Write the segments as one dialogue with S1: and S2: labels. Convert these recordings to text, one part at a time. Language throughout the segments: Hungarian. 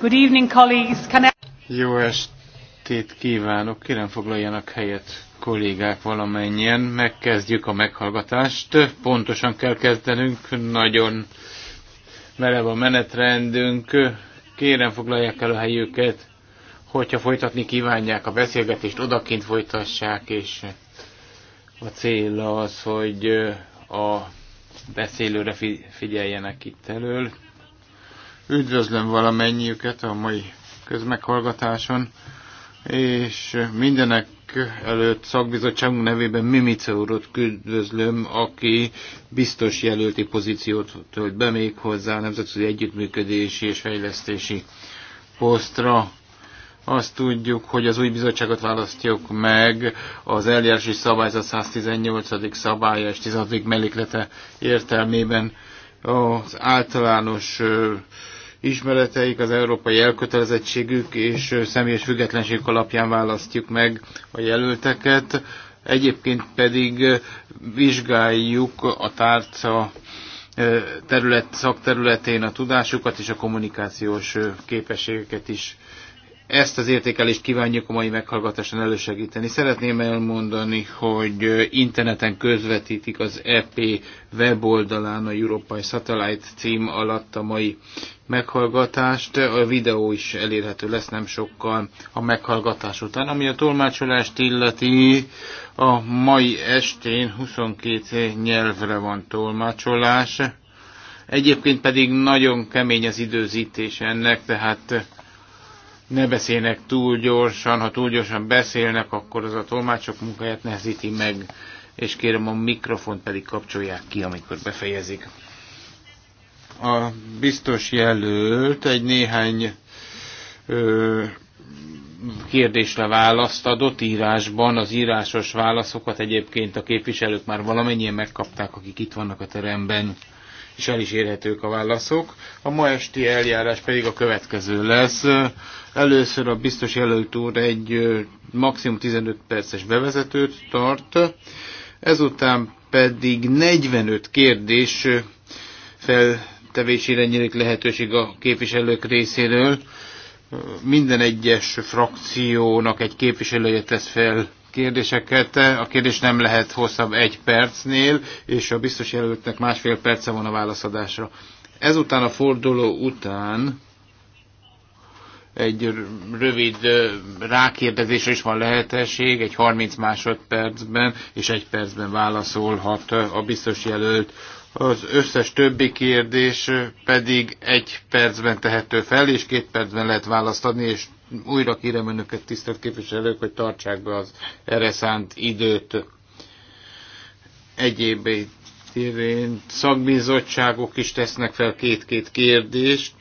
S1: Good evening, colleagues. Can I...
S2: Jó estét kívánok, kérem foglaljanak helyet kollégák valamennyien. Megkezdjük a meghallgatást. Pontosan kell kezdenünk, nagyon merev a menetrendünk. Kérem foglalják el a helyüket, hogyha folytatni kívánják a beszélgetést, odakint folytassák, és a cél az, hogy a beszélőre figyeljenek itt elől. Üdvözlöm valamennyiüket a mai közmeghallgatáson, és mindenek előtt szakbizottságunk nevében Mimice úrot üdvözlöm, aki biztos jelölti pozíciót tölt be még hozzá a Nemzetközi Együttműködési és Fejlesztési posztra azt tudjuk, hogy az új bizottságot választjuk meg az eljárási szabályzat 118. szabálya és 16. melléklete értelmében az általános ismereteik, az európai elkötelezettségük és személyes függetlenség alapján választjuk meg a jelölteket. Egyébként pedig vizsgáljuk a tárca terület, szakterületén a tudásukat és a kommunikációs képességeket is. Ezt az értékelést kívánjuk a mai meghallgatáson elősegíteni. Szeretném elmondani, hogy interneten közvetítik az EP weboldalán a Európai Satellite cím alatt a mai meghallgatást. A videó is elérhető lesz nem sokkal a meghallgatás után. Ami a tolmácsolást illeti, a mai estén 22 nyelvre van tolmácsolás. Egyébként pedig nagyon kemény az időzítés ennek, tehát ne beszélnek túl gyorsan, ha túl gyorsan beszélnek, akkor az a tolmácsok munkáját nehezíti meg, és kérem a mikrofont pedig kapcsolják ki, amikor befejezik. A biztos jelölt egy néhány ö, kérdésre választ adott írásban, az írásos válaszokat egyébként a képviselők már valamennyien megkapták, akik itt vannak a teremben, és el is érhetők a válaszok. A ma esti eljárás pedig a következő lesz. Először a biztos jelölt úr egy maximum 15 perces bevezetőt tart, ezután pedig 45 kérdés fel tevésére nyílik lehetőség a képviselők részéről. Minden egyes frakciónak egy képviselője tesz fel kérdéseket. A kérdés nem lehet hosszabb egy percnél, és a biztos jelöltnek másfél perce van a válaszadásra. Ezután a forduló után egy rövid rákérdezésre is van lehetőség, egy 30 másodpercben, és egy percben válaszolhat a biztos jelölt. Az összes többi kérdés pedig egy percben tehető fel, és két percben lehet választ adni, és újra kérem önöket, tisztelt képviselők, hogy tartsák be az erre szánt időt. Egyéb térén szakbizottságok is tesznek fel két-két kérdést.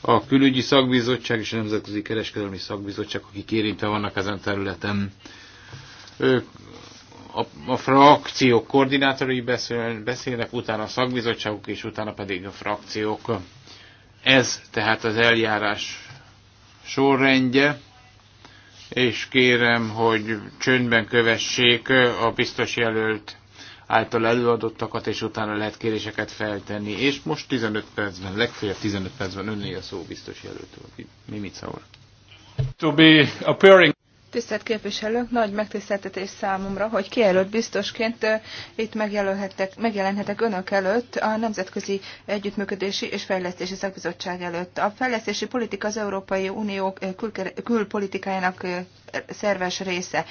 S2: A külügyi szakbizottság és a Nemzetközi Kereskedelmi Szakbizottság, akik érintve vannak ezen területen, ők a, a frakciók koordinátorai beszél, beszélnek, utána a szakbizottságok, és utána pedig a frakciók. Ez tehát az eljárás sorrendje, és kérem, hogy csöndben kövessék a biztos jelölt által előadottakat, és utána lehet kéréseket feltenni. És most 15 percben, legfeljebb 15 percben önné a szó biztos jelölt, Mimica úr. To be appearing
S3: Tisztelt képviselők, nagy megtiszteltetés számomra, hogy kijelölt biztosként itt megjelenhetek önök előtt a Nemzetközi Együttműködési és Fejlesztési Szakbizottság előtt. A fejlesztési politika az Európai Unió kül- külpolitikájának szerves része,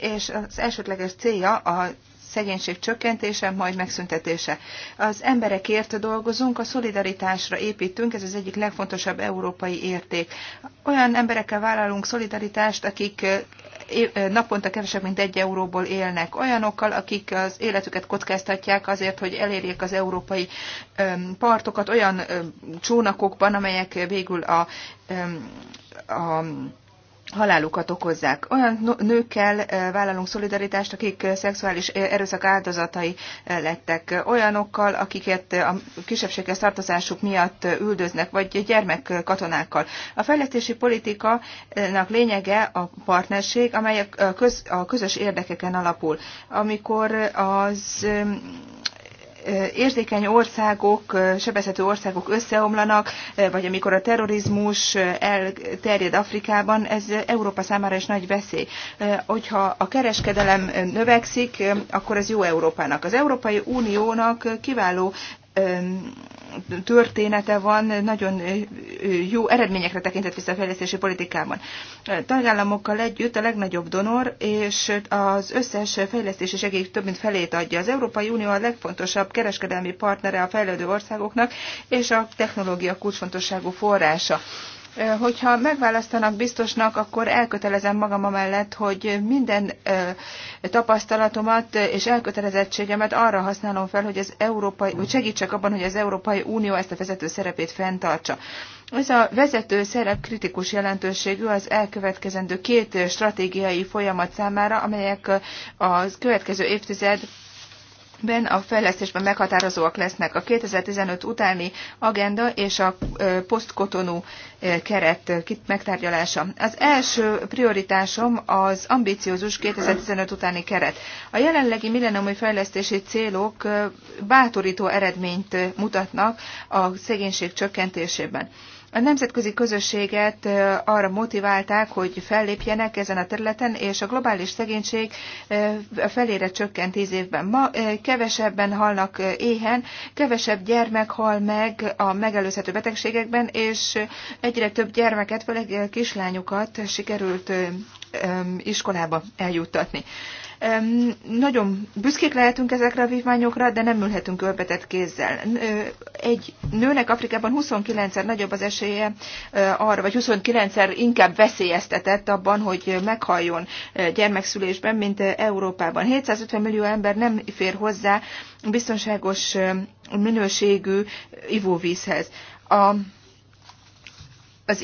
S3: és az elsődleges célja a szegénység csökkentése, majd megszüntetése. Az emberekért dolgozunk, a szolidaritásra építünk, ez az egyik legfontosabb európai érték. Olyan emberekkel vállalunk szolidaritást, akik naponta kevesebb, mint egy euróból élnek. Olyanokkal, akik az életüket kockáztatják azért, hogy elérjék az európai partokat olyan csónakokban, amelyek végül a, a halálukat okozzák. Olyan nőkkel vállalunk szolidaritást, akik szexuális erőszak áldozatai lettek, olyanokkal, akiket a kisebbséghez tartozásuk miatt üldöznek, vagy gyermekkatonákkal. A fejlesztési politikanak lényege a partnerség, amely a, a közös érdekeken alapul. Amikor az érzékeny országok, sebezhető országok összeomlanak, vagy amikor a terrorizmus elterjed Afrikában, ez Európa számára is nagy veszély. Hogyha a kereskedelem növekszik, akkor ez jó Európának. Az Európai Uniónak kiváló története van, nagyon jó eredményekre tekintett vissza a fejlesztési politikában. Tagállamokkal együtt a legnagyobb donor, és az összes fejlesztési segély több mint felét adja. Az Európai Unió a legfontosabb kereskedelmi partnere a fejlődő országoknak, és a technológia kulcsfontosságú forrása. Hogyha megválasztanak biztosnak, akkor elkötelezem magam amellett, hogy minden tapasztalatomat és elkötelezettségemet arra használom fel, hogy, az európai, hogy segítsek abban, hogy az Európai Unió ezt a vezető szerepét fenntartsa. Ez a vezető szerep kritikus jelentőségű az elkövetkezendő két stratégiai folyamat számára, amelyek a következő évtized ben a fejlesztésben meghatározóak lesznek a 2015 utáni agenda és a posztkotonú keret megtárgyalása. Az első prioritásom az ambiciózus 2015 utáni keret. A jelenlegi millenniumi fejlesztési célok bátorító eredményt mutatnak a szegénység csökkentésében. A nemzetközi közösséget arra motiválták, hogy fellépjenek ezen a területen, és a globális szegénység felére csökken tíz évben. Ma kevesebben halnak éhen, kevesebb gyermek hal meg a megelőzhető betegségekben, és egyre több gyermeket, főleg kislányokat sikerült iskolába eljuttatni. Nagyon büszkék lehetünk ezekre a vívmányokra, de nem ülhetünk ölbetett kézzel. Egy nőnek Afrikában 29-szer nagyobb az esélye arra, vagy 29-szer inkább veszélyeztetett abban, hogy meghalljon gyermekszülésben, mint Európában. 750 millió ember nem fér hozzá biztonságos minőségű ivóvízhez. A az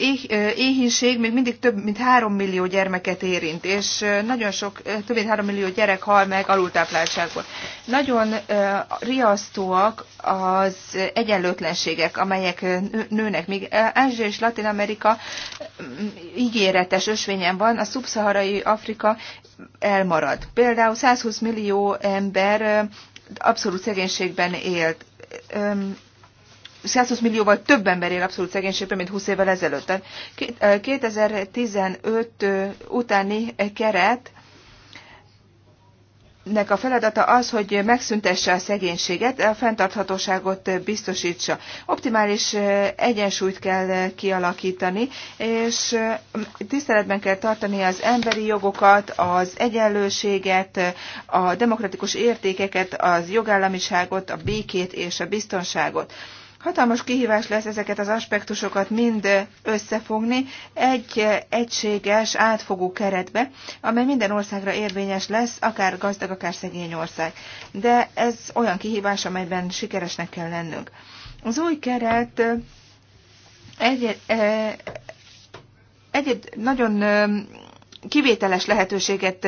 S3: éhínség még mindig több mint 3 millió gyermeket érint, és nagyon sok, több mint 3 millió gyerek hal meg alultápláltságból. Nagyon riasztóak az egyenlőtlenségek, amelyek nőnek. Még Ázsia és Latin Amerika mm, ígéretes ösvényen van, a szubszaharai Afrika elmarad. Például 120 millió ember abszolút szegénységben élt 120 millióval több ember él abszolút szegénységben, mint 20 évvel ezelőtt. 2015 eh, eh, utáni eh, keret nek a feladata az, hogy megszüntesse a szegénységet, a fenntarthatóságot biztosítsa. Optimális egyensúlyt kell kialakítani, és tiszteletben kell tartani az emberi jogokat, az egyenlőséget, a demokratikus értékeket, az jogállamiságot, a békét és a biztonságot. Hatalmas kihívás lesz ezeket az aspektusokat mind összefogni egy egységes, átfogó keretbe, amely minden országra érvényes lesz, akár gazdag, akár szegény ország. De ez olyan kihívás, amelyben sikeresnek kell lennünk. Az új keret egy, egy, nagyon kivételes lehetőséget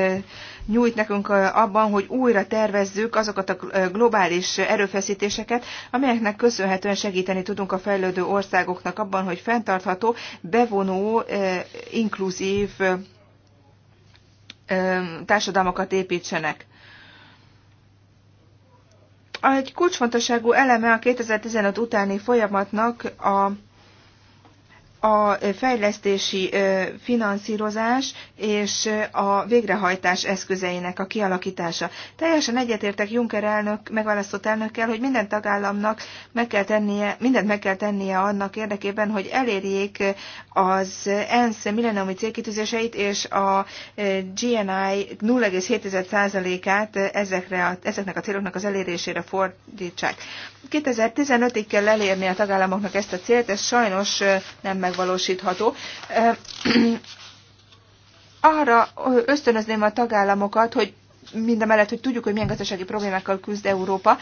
S3: nyújt nekünk abban, hogy újra tervezzük azokat a globális erőfeszítéseket, amelyeknek köszönhetően segíteni tudunk a fejlődő országoknak abban, hogy fenntartható, bevonó, inkluzív társadalmakat építsenek. Egy kulcsfontosságú eleme a 2015 utáni folyamatnak a a fejlesztési finanszírozás és a végrehajtás eszközeinek a kialakítása. Teljesen egyetértek Juncker elnök, megválasztott elnökkel, hogy minden tagállamnak meg kell tennie, mindent meg kell tennie annak érdekében, hogy elérjék az ENSZ millenniumi célkitűzéseit és a GNI 0,7%-át ezekre ezeknek a céloknak az elérésére fordítsák. 2015-ig kell elérni a tagállamoknak ezt a célt, ez sajnos nem meg megvalósítható. Arra ösztönözném a tagállamokat, hogy mindemellett, hogy tudjuk, hogy milyen gazdasági problémákkal küzd Európa,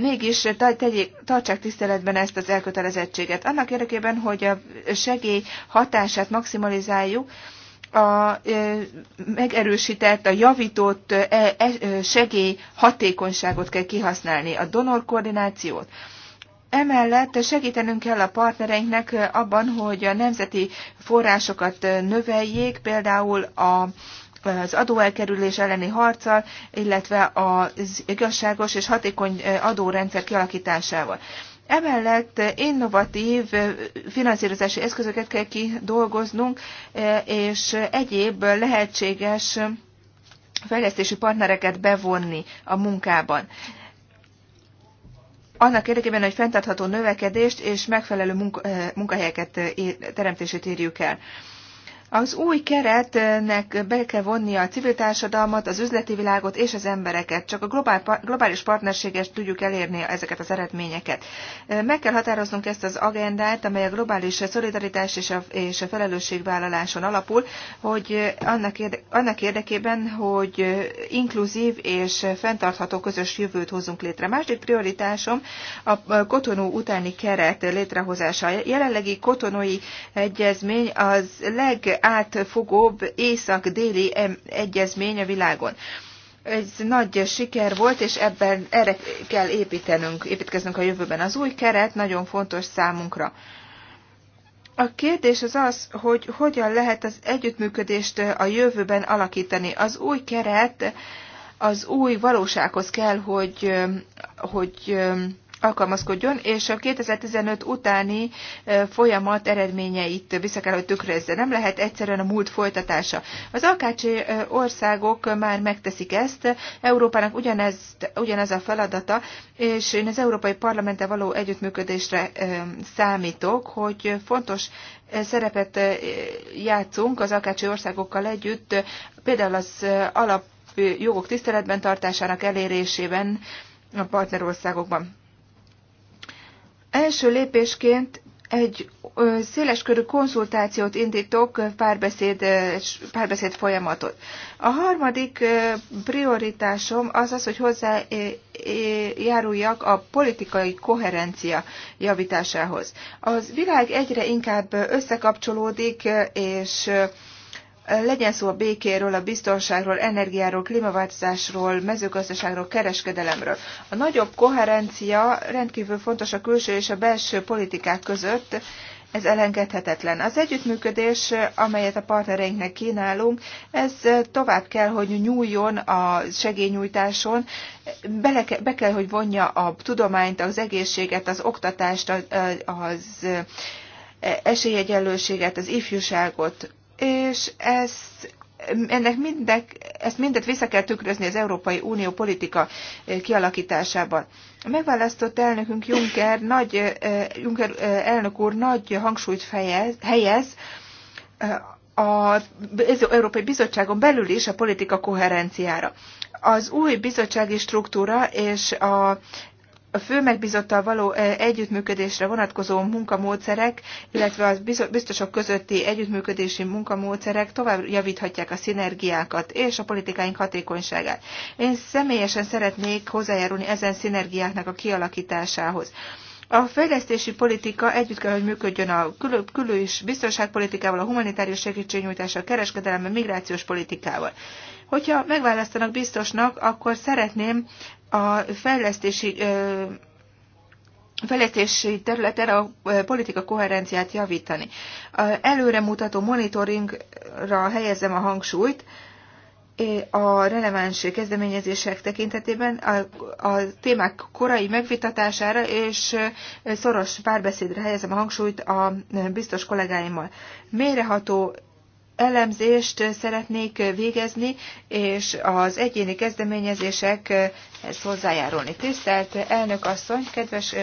S3: mégis tegyék, tartsák tiszteletben ezt az elkötelezettséget. Annak érdekében, hogy a segély hatását maximalizáljuk, a megerősített, a javított e, e, segély hatékonyságot kell kihasználni, a donor koordinációt, Emellett segítenünk kell a partnereinknek abban, hogy a nemzeti forrásokat növeljék, például a az adóelkerülés elleni harccal, illetve az igazságos és hatékony adórendszer kialakításával. Emellett innovatív finanszírozási eszközöket kell kidolgoznunk, és egyéb lehetséges fejlesztési partnereket bevonni a munkában annak érdekében, hogy fenntartható növekedést és megfelelő eh, munkahelyeket teremtését érjük el. Az új keretnek be kell vonnia a civil társadalmat, az üzleti világot és az embereket. Csak a globális partnerséges tudjuk elérni ezeket az eredményeket. Meg kell határoznunk ezt az agendát, amely a globális szolidaritás és a, és a felelősségvállaláson alapul, hogy annak, érde, annak érdekében, hogy inkluzív és fenntartható közös jövőt hozzunk létre. Másik prioritásom a kotonó utáni keret létrehozása. A jelenlegi kotonói egyezmény az leg legátfogóbb észak-déli egyezmény a világon. Ez nagy siker volt, és ebben erre kell építenünk, építkeznünk a jövőben. Az új keret nagyon fontos számunkra. A kérdés az az, hogy hogyan lehet az együttműködést a jövőben alakítani. Az új keret az új valósághoz kell, hogy, hogy alkalmazkodjon, és a 2015 utáni folyamat eredményeit vissza kell, hogy tükrözze. Nem lehet egyszerűen a múlt folytatása. Az alkácsi országok már megteszik ezt, Európának ugyanez, ugyanez a feladata, és én az Európai Parlamenttel való együttműködésre számítok, hogy fontos szerepet játszunk az alkácsi országokkal együtt, például az alapjogok tiszteletben tartásának elérésében a partnerországokban. Első lépésként egy széleskörű konzultációt indítok, párbeszéd, párbeszéd folyamatot. A harmadik prioritásom az az, hogy hozzájáruljak a politikai koherencia javításához. Az világ egyre inkább összekapcsolódik, és legyen szó a békéről, a biztonságról, energiáról, klímaváltozásról, mezőgazdaságról, kereskedelemről. A nagyobb koherencia rendkívül fontos a külső és a belső politikák között, ez elengedhetetlen. Az együttműködés, amelyet a partnereinknek kínálunk, ez tovább kell, hogy nyúljon a segélynyújtáson, Bele, be kell, hogy vonja a tudományt, az egészséget, az oktatást, az esélyegyenlőséget, az ifjúságot, és ez ennek mindek, ezt mindet vissza kell tükrözni az Európai Unió politika kialakításában. A megválasztott elnökünk Juncker, nagy, Juncker elnök úr nagy hangsúlyt fejez, helyez az Európai Bizottságon belül is a politika koherenciára. Az új bizottsági struktúra és a a fő főmegbizottal való együttműködésre vonatkozó munkamódszerek, illetve a biztosok közötti együttműködési munkamódszerek tovább javíthatják a szinergiákat és a politikáink hatékonyságát. Én személyesen szeretnék hozzájárulni ezen szinergiáknak a kialakításához. A fejlesztési politika együtt kell, hogy működjön a kül- kül- és biztonságpolitikával, a humanitárius segítségnyújtással, a kereskedelemmel, migrációs politikával. Hogyha megválasztanak biztosnak, akkor szeretném a fejlesztési fejlesztési területen a politika koherenciát javítani. Előremutató monitoringra helyezem a hangsúlyt, a releváns kezdeményezések tekintetében a, a témák korai megvitatására és szoros párbeszédre helyezem a hangsúlyt a biztos kollégáimmal. Méreható elemzést szeretnék végezni, és az egyéni kezdeményezések hozzájárulni. Tisztelt elnök asszony, kedves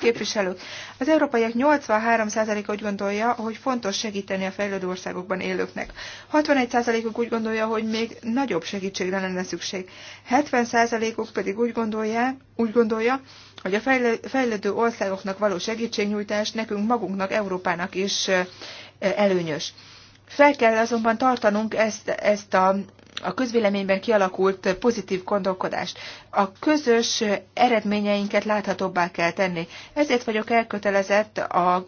S3: képviselők! Az európaiak 83%-a úgy gondolja, hogy fontos segíteni a fejlődő országokban élőknek. 61%-uk úgy gondolja, hogy még nagyobb segítségre lenne szükség. 70%-uk pedig úgy gondolja, úgy gondolja, hogy a fejlődő országoknak való segítségnyújtás nekünk magunknak, Európának is előnyös. Fel kell azonban tartanunk ezt, ezt a, a közvéleményben kialakult pozitív gondolkodást. A közös eredményeinket láthatóbbá kell tenni. Ezért vagyok elkötelezett a, a,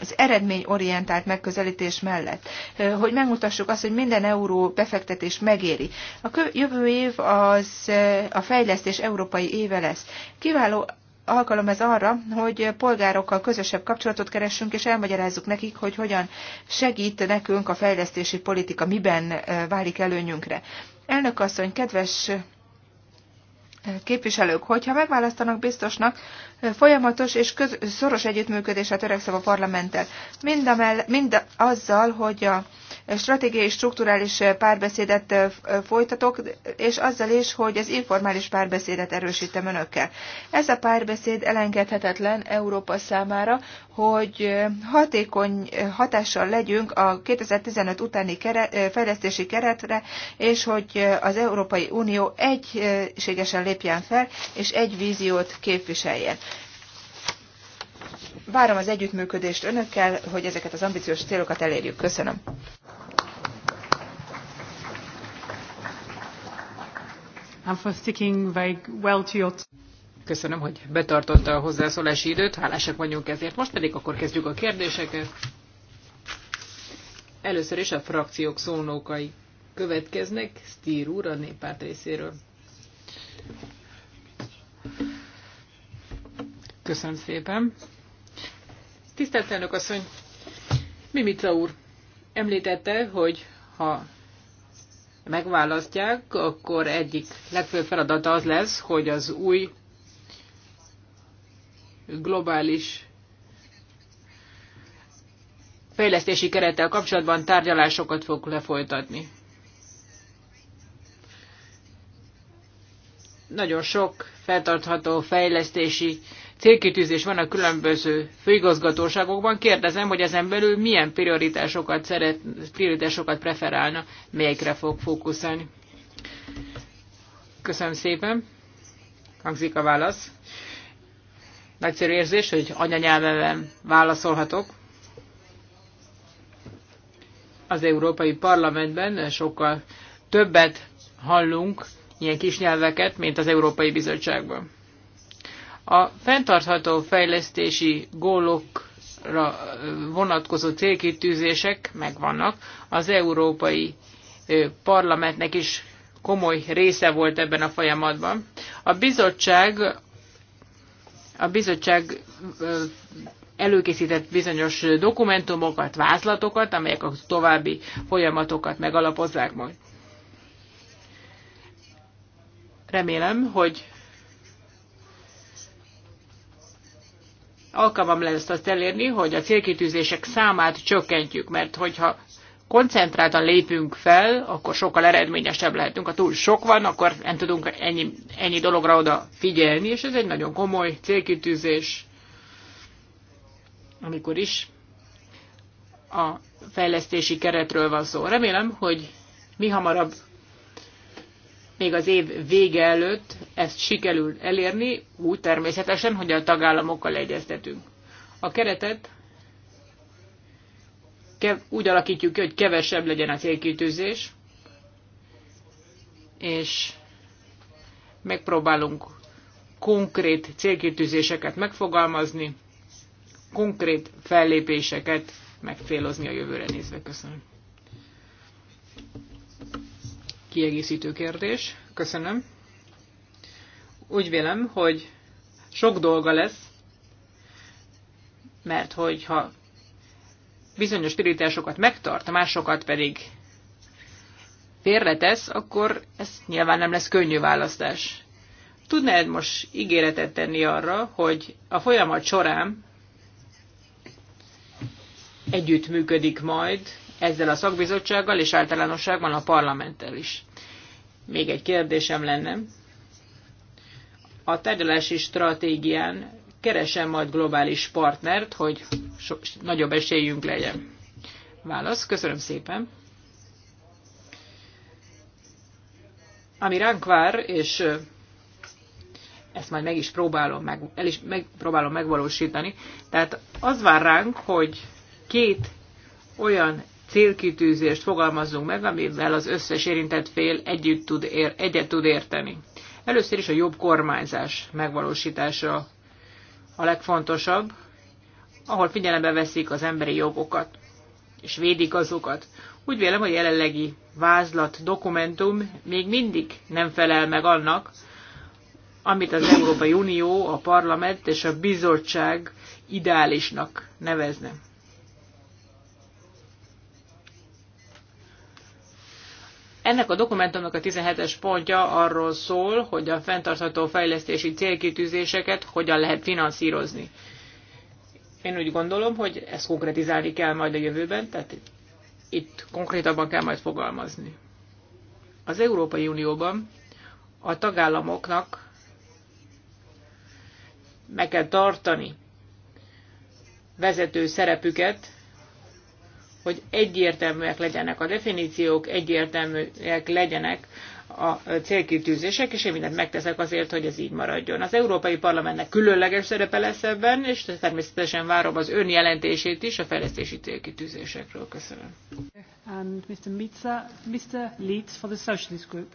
S3: az eredményorientált megközelítés mellett, hogy megmutassuk azt, hogy minden euró befektetés megéri. A jövő év az a fejlesztés európai éve lesz. Kiváló alkalom ez arra, hogy polgárokkal közösebb kapcsolatot keressünk, és elmagyarázzuk nekik, hogy hogyan segít nekünk a fejlesztési politika, miben eh, válik előnyünkre. Elnök asszony, kedves eh, képviselők, hogyha megválasztanak biztosnak, folyamatos és köz, szoros együttműködésre törekszem a parlamenttel. Mind, amell, mind azzal, hogy a stratégiai strukturális párbeszédet folytatok, és azzal is, hogy az informális párbeszédet erősítem önökkel. Ez a párbeszéd elengedhetetlen Európa számára, hogy hatékony hatással legyünk a 2015 utáni keret, fejlesztési keretre, és hogy az Európai Unió egységesen lépjen fel, és egy víziót képviseljen várom az együttműködést önökkel, hogy ezeket az ambiciós célokat elérjük. Köszönöm.
S1: Köszönöm, hogy betartotta a hozzászólási időt, hálásak vagyunk ezért. Most pedig akkor kezdjük a kérdéseket. Először is a frakciók szónókai következnek, Stír úr a néppárt részéről. Köszönöm szépen. Tisztelt elnök asszony, Mimica úr említette, hogy ha megválasztják, akkor egyik legfőbb feladata az lesz, hogy az új globális fejlesztési kerettel kapcsolatban tárgyalásokat fog lefolytatni. Nagyon sok feltartható fejlesztési célkitűzés van a különböző főigazgatóságokban. Kérdezem, hogy ezen belül milyen prioritásokat, szeret, prioritásokat preferálna, melyikre fog fókuszálni. Köszönöm szépen. Hangzik a válasz. Nagyszerű érzés, hogy anyanyelvemen válaszolhatok. Az Európai Parlamentben sokkal többet hallunk ilyen kis nyelveket, mint az Európai Bizottságban. A fenntartható fejlesztési gólokra vonatkozó célkitűzések megvannak. Az Európai Parlamentnek is komoly része volt ebben a folyamatban. A bizottság, a bizottság előkészített bizonyos dokumentumokat, vázlatokat, amelyek a további folyamatokat megalapozzák majd. Remélem, hogy alkalmam lesz azt elérni, hogy a célkitűzések számát csökkentjük, mert hogyha koncentráltan lépünk fel, akkor sokkal eredményesebb lehetünk. Ha túl sok van, akkor nem tudunk ennyi, ennyi dologra oda figyelni, és ez egy nagyon komoly célkitűzés, amikor is a fejlesztési keretről van szó. Remélem, hogy mi hamarabb még az év vége előtt ezt sikerül elérni, úgy természetesen, hogy a tagállamokkal egyeztetünk. A keretet úgy alakítjuk ki, hogy kevesebb legyen a célkítőzés, és megpróbálunk konkrét célkítőzéseket megfogalmazni, konkrét fellépéseket megfélozni a jövőre nézve. Köszönöm kiegészítő kérdés. Köszönöm. Úgy vélem, hogy sok dolga lesz, mert hogyha bizonyos pirításokat megtart, másokat pedig félretesz, akkor ez nyilván nem lesz könnyű választás. Tudnád most ígéretet tenni arra, hogy a folyamat során együttműködik majd ezzel a szakbizottsággal és általánosságban a parlamenttel is. Még egy kérdésem lenne. A tárgyalási stratégián keresem majd globális partnert, hogy so- nagyobb esélyünk legyen. Válasz, köszönöm szépen. Ami ránk vár, és ezt majd meg is próbálom, meg, el is megpróbálom megvalósítani. Tehát az vár ránk, hogy két olyan célkitűzést fogalmazzunk meg, amivel az összes érintett fél együtt tud ér, egyet tud érteni. Először is a jobb kormányzás megvalósítása a legfontosabb, ahol figyelembe veszik az emberi jogokat, és védik azokat. Úgy vélem, hogy jelenlegi vázlat, dokumentum még mindig nem felel meg annak, amit az Európai Unió, a Parlament és a Bizottság ideálisnak nevezne. Ennek a dokumentumnak a 17-es pontja arról szól, hogy a fenntartható fejlesztési célkitűzéseket hogyan lehet finanszírozni. Én úgy gondolom, hogy ezt konkretizálni kell majd a jövőben, tehát itt konkrétabban kell majd fogalmazni. Az Európai Unióban a tagállamoknak meg kell tartani vezető szerepüket hogy egyértelműek legyenek a definíciók, egyértelműek legyenek a célkitűzések, és én mindent megteszek azért, hogy ez így maradjon. Az Európai Parlamentnek különleges szerepe lesz ebben, és természetesen várom az ön jelentését is a fejlesztési célkitűzésekről. Köszönöm. And Mr. Mitza, Mr. Leeds for the Socialist Group.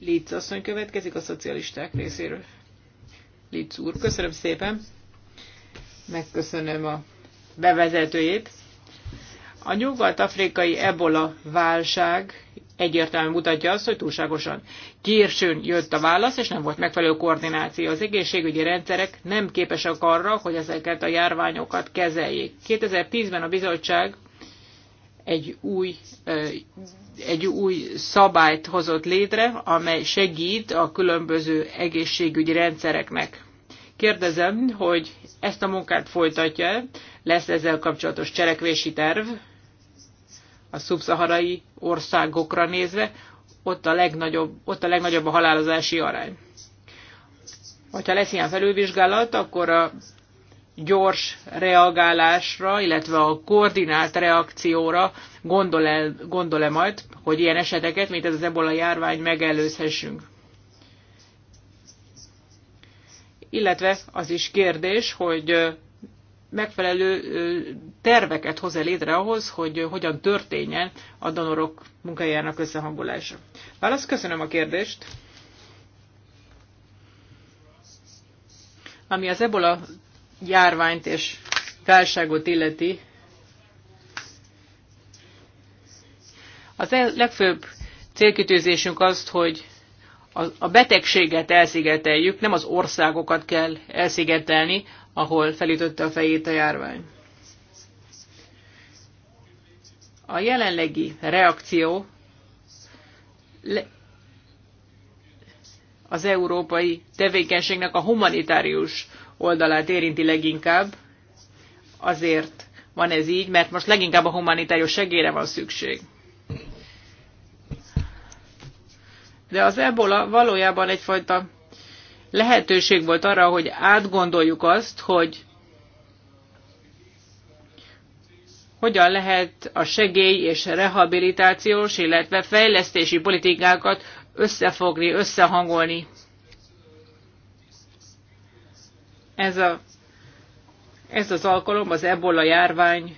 S1: Leeds asszony következik a szocialisták részéről. Leeds úr, köszönöm szépen. Megköszönöm a bevezetőjét. A nyugat-afrikai ebola válság egyértelműen mutatja azt, hogy túlságosan kérsőn jött a válasz, és nem volt megfelelő koordináció. Az egészségügyi rendszerek nem képesek arra, hogy ezeket a járványokat kezeljék. 2010-ben a bizottság egy új, egy új szabályt hozott létre, amely segít a különböző egészségügyi rendszereknek. Kérdezem, hogy ezt a munkát folytatja, lesz ezzel kapcsolatos cselekvési terv, a szubszaharai országokra nézve, ott a legnagyobb, ott a, legnagyobb a halálozási arány. Ha lesz ilyen felülvizsgálat, akkor a gyors reagálásra, illetve a koordinált reakcióra gondol-e gondol -e majd, hogy ilyen eseteket, mint ez az ebola járvány megelőzhessünk. Illetve az is kérdés, hogy megfelelő terveket hoz el létre ahhoz, hogy hogyan történjen a donorok munkájának összehangolása. Válasz, köszönöm a kérdést. Ami az ebola járványt és válságot illeti, az legfőbb célkitűzésünk az, hogy a betegséget elszigeteljük, nem az országokat kell elszigetelni, ahol felütötte a fejét a járvány. A jelenlegi reakció az európai tevékenységnek a humanitárius oldalát érinti leginkább. Azért van ez így, mert most leginkább a humanitárius segélyre van szükség. De az ebola valójában egyfajta lehetőség volt arra, hogy átgondoljuk azt, hogy hogyan lehet a segély és rehabilitációs, illetve fejlesztési politikákat összefogni, összehangolni. Ez, a, ez az alkalom, az ebola járvány,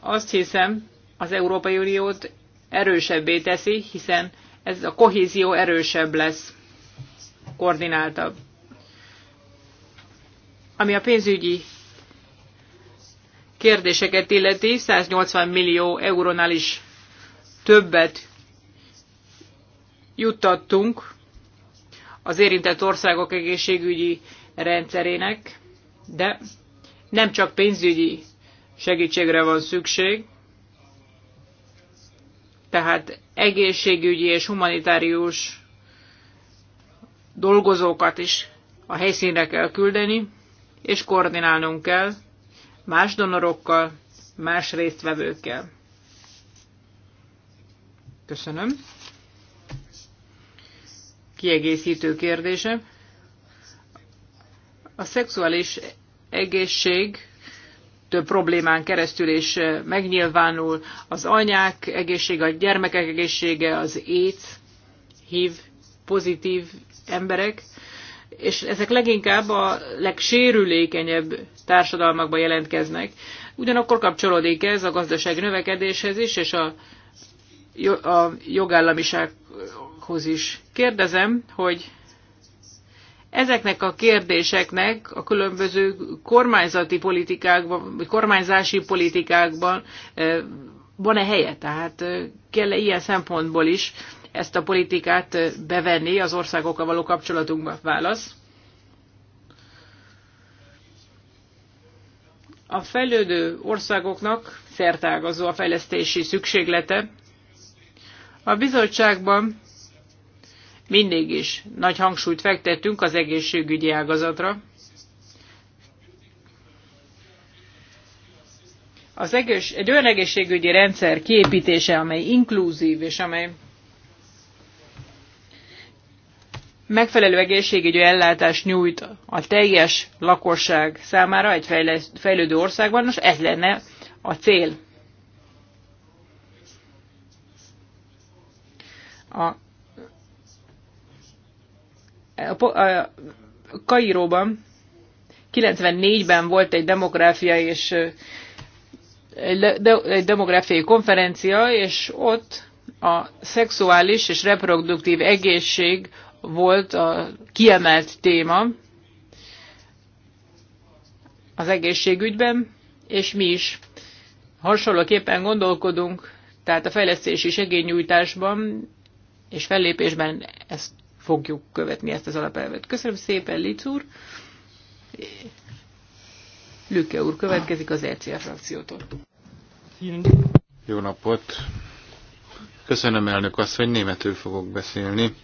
S1: azt hiszem, az Európai Uniót erősebbé teszi, hiszen ez a kohézió erősebb lesz koordináltabb. Ami a pénzügyi kérdéseket illeti, 180 millió eurónál is többet juttattunk az érintett országok egészségügyi rendszerének, de nem csak pénzügyi segítségre van szükség, tehát egészségügyi és humanitárius dolgozókat is a helyszínre kell küldeni, és koordinálnunk kell más donorokkal, más résztvevőkkel. Köszönöm. Kiegészítő kérdése. A szexuális egészség több problémán keresztül is megnyilvánul. Az anyák egészsége, a gyermekek egészsége, az ét, hív, pozitív emberek, és ezek leginkább a legsérülékenyebb társadalmakban jelentkeznek. Ugyanakkor kapcsolódik ez a gazdaság növekedéshez is, és a, a jogállamisághoz is. Kérdezem, hogy ezeknek a kérdéseknek a különböző kormányzati politikákban, vagy kormányzási politikákban eh, van-e helye? Tehát eh, kell -e ilyen szempontból is ezt a politikát bevenni az országokkal való kapcsolatunkba? Válasz. A fejlődő országoknak szertágazó a fejlesztési szükséglete. A bizottságban mindig is nagy hangsúlyt fektettünk az egészségügyi ágazatra. Az egész, egy olyan egészségügyi rendszer kiépítése, amely inkluzív és amely megfelelő egészségügyi ellátást nyújt a teljes lakosság számára egy fejlődő országban, most ez lenne a cél. A, a, a Kairóban 94-ben volt egy demográfia és egy demográfiai konferencia, és ott a szexuális és reproduktív egészség volt a kiemelt téma az egészségügyben, és mi is hasonlóképpen gondolkodunk, tehát a fejlesztési segélynyújtásban és fellépésben ezt fogjuk követni, ezt az alapelvet. Köszönöm szépen, Lic úr. Lüke úr következik az ECR frakciótól.
S2: Jó napot! Köszönöm elnök azt, hogy németül fogok beszélni.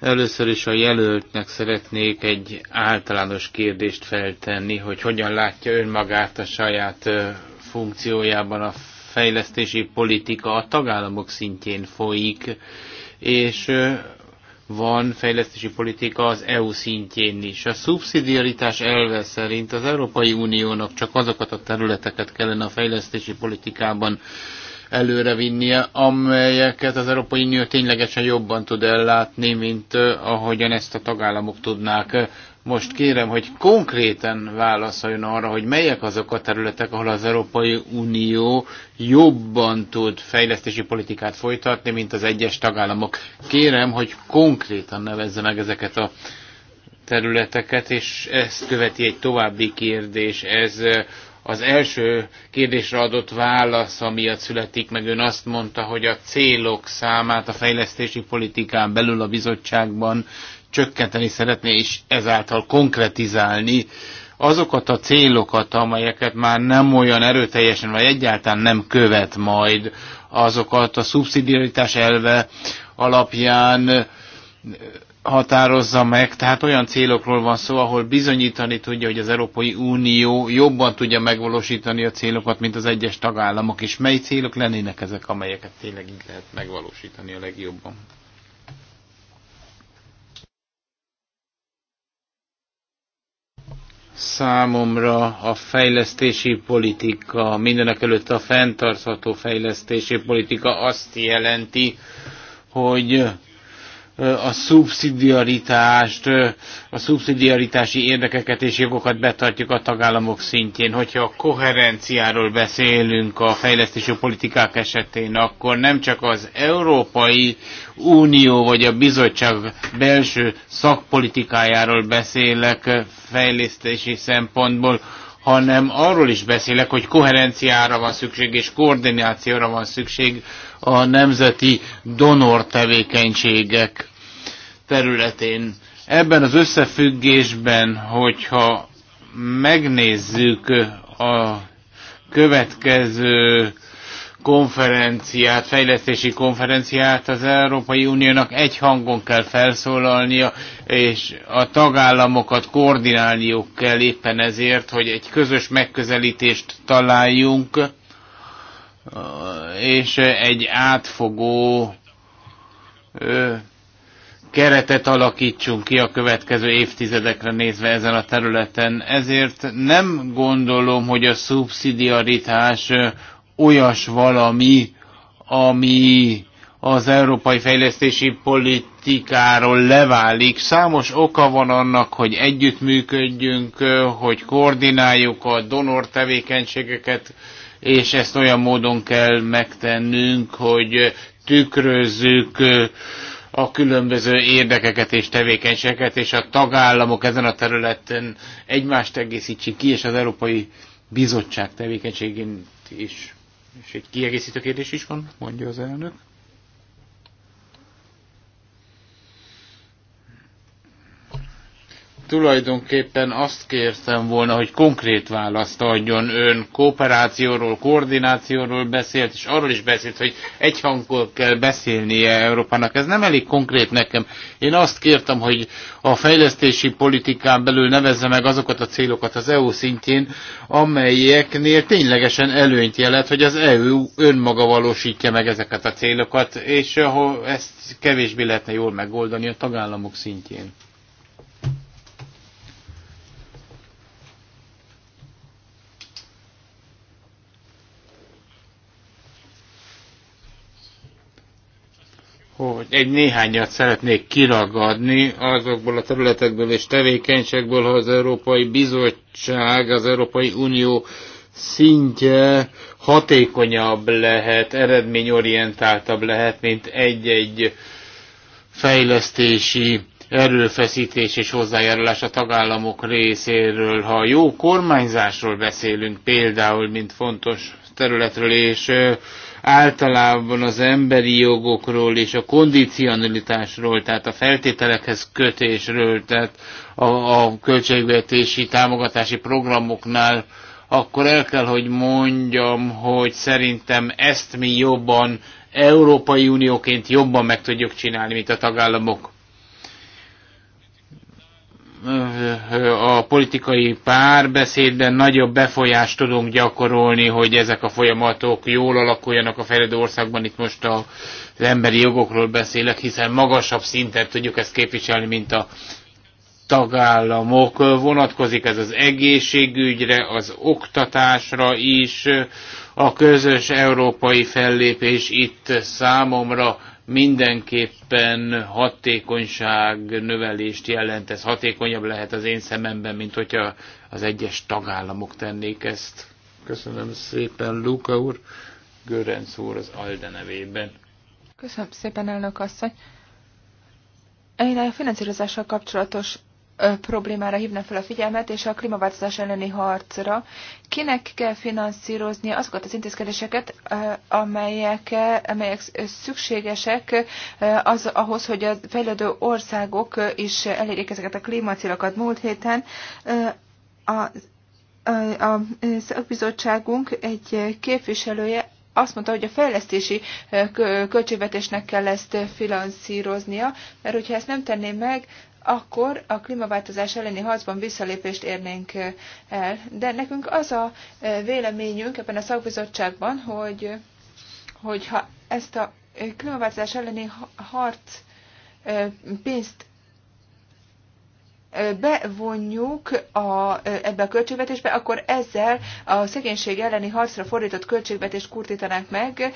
S2: Először is a jelöltnek szeretnék egy általános kérdést feltenni, hogy hogyan látja önmagát a saját funkciójában a fejlesztési politika a tagállamok szintjén folyik, és van fejlesztési politika az EU szintjén is. A szubszidiaritás elve szerint az Európai Uniónak csak azokat a területeket kellene a fejlesztési politikában előrevinnie, amelyeket az Európai Unió ténylegesen jobban tud ellátni, mint ahogyan ezt a tagállamok tudnák. Most kérem, hogy konkrétan válaszoljon arra, hogy melyek azok a területek, ahol az Európai Unió jobban tud fejlesztési politikát folytatni, mint az egyes tagállamok. Kérem, hogy konkrétan nevezze meg ezeket a területeket, és ezt követi egy további kérdés. Ez az első kérdésre adott válasz, amiatt születik meg, ön azt mondta, hogy a célok számát a fejlesztési politikán belül a bizottságban csökkenteni szeretné, és ezáltal konkretizálni azokat a célokat, amelyeket már nem olyan erőteljesen, vagy egyáltalán nem követ majd, azokat a szubszidiaritás elve alapján határozza meg, tehát olyan célokról van szó, ahol bizonyítani tudja, hogy az Európai Unió jobban tudja megvalósítani a célokat, mint az egyes tagállamok, és mely célok lennének ezek, amelyeket tényleg így lehet megvalósítani a legjobban. számomra a fejlesztési politika, mindenek előtt a fenntartható fejlesztési politika azt jelenti, hogy a szubszidiaritást, a szubszidiaritási érdekeket és jogokat betartjuk a tagállamok szintjén. Hogyha a koherenciáról beszélünk a fejlesztési politikák esetén, akkor nem csak az Európai Unió vagy a bizottság belső szakpolitikájáról beszélek fejlesztési szempontból, hanem arról is beszélek, hogy koherenciára van szükség és koordinációra van szükség a nemzeti donor tevékenységek területén. Ebben az összefüggésben, hogyha megnézzük a következő konferenciát, fejlesztési konferenciát az Európai Uniónak egy hangon kell felszólalnia, és a tagállamokat koordinálniuk kell éppen ezért, hogy egy közös megközelítést találjunk és egy átfogó keretet alakítsunk ki a következő évtizedekre nézve ezen a területen. Ezért nem gondolom, hogy a szubszidiaritás olyas valami, ami az európai fejlesztési politikáról leválik. Számos oka van annak, hogy együttműködjünk, hogy koordináljuk a donor tevékenységeket, és ezt olyan módon kell megtennünk, hogy tükrözzük a különböző érdekeket és tevékenységeket, és a tagállamok ezen a területen egymást egészítsék ki, és az Európai Bizottság tevékenységén is. És egy kiegészítő kérdés is van, mondja az elnök. tulajdonképpen azt kértem volna, hogy konkrét választ adjon ön. Kooperációról, koordinációról beszélt, és arról is beszélt, hogy egyhangból kell beszélnie Európának. Ez nem elég konkrét nekem. Én azt kértem, hogy a fejlesztési politikán belül nevezze meg azokat a célokat az EU szintjén, amelyeknél ténylegesen előnyt jelent, hogy az EU önmaga valósítja meg ezeket a célokat, és ahol ezt kevésbé lehetne jól megoldani a tagállamok szintjén. egy néhányat szeretnék kiragadni azokból a területekből és tevékenységből, ha az Európai Bizottság, az Európai Unió szintje hatékonyabb lehet, eredményorientáltabb lehet, mint egy-egy fejlesztési erőfeszítés és hozzájárulás a tagállamok részéről. Ha jó kormányzásról beszélünk például, mint fontos területről, és általában az emberi jogokról és a kondicionalitásról, tehát a feltételekhez kötésről, tehát a, a költségvetési támogatási programoknál, akkor el kell, hogy mondjam, hogy szerintem ezt mi jobban, Európai Unióként jobban meg tudjuk csinálni, mint a tagállamok a politikai párbeszédben nagyobb befolyást tudunk gyakorolni, hogy ezek a folyamatok jól alakuljanak a fejlődő országban. Itt most az emberi jogokról beszélek, hiszen magasabb szinten tudjuk ezt képviselni, mint a tagállamok. Vonatkozik ez az egészségügyre, az oktatásra is, a közös európai fellépés itt számomra mindenképpen hatékonyság növelést jelent, ez hatékonyabb lehet az én szememben, mint hogyha az egyes tagállamok tennék ezt. Köszönöm szépen, Luka úr, Görenc úr az Alde nevében.
S3: Köszönöm szépen, elnök asszony. Én a finanszírozással kapcsolatos problémára hívna fel a figyelmet, és a klímaváltozás elleni harcra. Kinek kell finanszírozni azokat az intézkedéseket, amelyek, amelyek szükségesek az, ahhoz, hogy a fejlődő országok is elérjék ezeket a klímacélokat. Múlt héten a a szakbizottságunk egy képviselője azt mondta, hogy a fejlesztési költségvetésnek kell ezt finanszíroznia, mert hogyha ezt nem tenné meg, akkor a klímaváltozás elleni harcban visszalépést érnénk eh, el. De nekünk az a eh, véleményünk ebben a szakbizottságban, hogy ha ezt a eh, klímaváltozás elleni harc pénzt bevonjuk a, ebbe a költségvetésbe, akkor ezzel a szegénység elleni harcra fordított költségvetést kurtítanánk meg,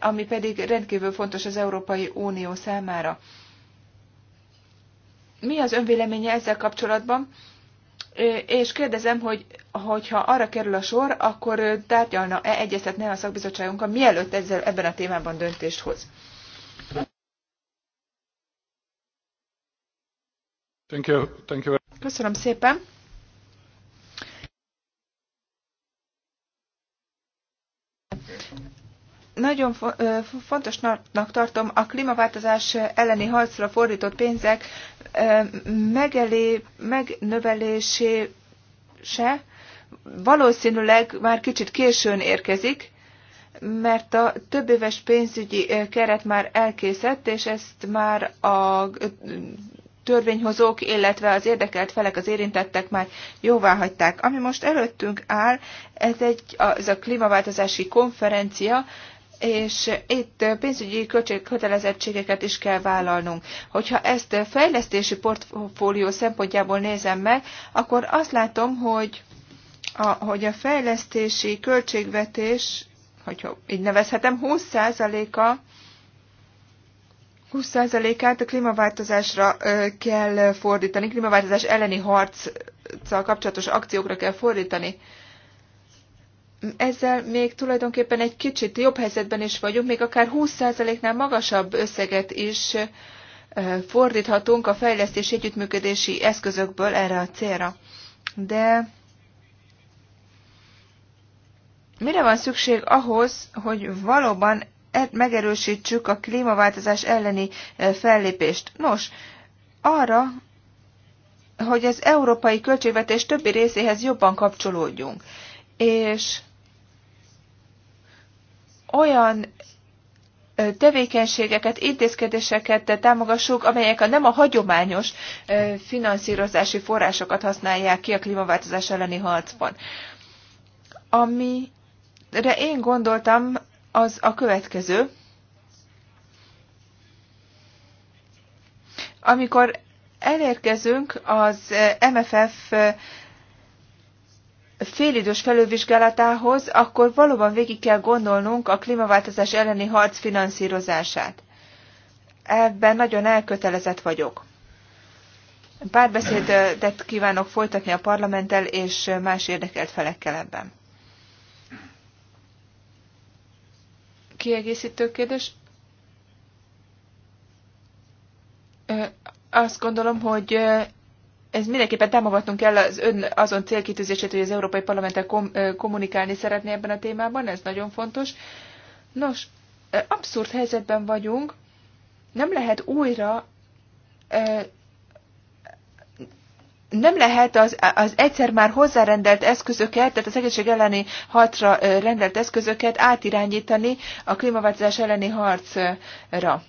S3: ami pedig rendkívül fontos az Európai Unió számára mi az önvéleménye ezzel kapcsolatban, és kérdezem, hogy hogyha arra kerül a sor, akkor tárgyalna-e, egyeztetne a szakbizottságunkkal, mielőtt ezzel, ebben a témában döntést hoz.
S4: Thank you. Thank you.
S3: Köszönöm szépen. nagyon fontosnak tartom a klímaváltozás elleni harcra fordított pénzek megelé, megnövelése valószínűleg már kicsit későn érkezik, mert a több éves pénzügyi keret már elkészett, és ezt már a törvényhozók, illetve az érdekelt felek, az érintettek már jóvá hagyták. Ami most előttünk áll, ez, egy, ez a klímaváltozási konferencia, és itt pénzügyi költségkötelezettségeket is kell vállalnunk. Hogyha ezt fejlesztési portfólió szempontjából nézem meg, akkor azt látom, hogy a, hogy a fejlesztési költségvetés, hogyha így nevezhetem, 20%-a 20%-át a klímaváltozásra kell fordítani, klímaváltozás elleni harccal kapcsolatos akciókra kell fordítani ezzel még tulajdonképpen egy kicsit jobb helyzetben is vagyunk, még akár 20%-nál magasabb összeget is fordíthatunk a fejlesztési együttműködési eszközökből erre a célra. De mire van szükség ahhoz, hogy valóban e- megerősítsük a klímaváltozás elleni fellépést? Nos, arra, hogy az európai költségvetés többi részéhez jobban kapcsolódjunk. És olyan tevékenységeket, intézkedéseket támogassuk, amelyek a nem a hagyományos finanszírozási forrásokat használják ki a klímaváltozás elleni harcban. Amire én gondoltam, az a következő. Amikor elérkezünk az MFF félidős felülvizsgálatához, akkor valóban végig kell gondolnunk a klímaváltozás elleni harc finanszírozását. Ebben nagyon elkötelezett vagyok. Párbeszédet kívánok folytatni a parlamenttel és más érdekelt felekkel ebben. Kiegészítő kérdés? Azt gondolom, hogy ez mindenképpen támogatnunk kell az ön azon célkitűzését, hogy az Európai Parlamenttel kom, kommunikálni szeretné ebben a témában, ez nagyon fontos. Nos, abszurd helyzetben vagyunk, nem lehet újra nem lehet az, az egyszer már hozzárendelt eszközöket, tehát az egészség elleni hatra rendelt eszközöket átirányítani a klímaváltozás elleni harcra.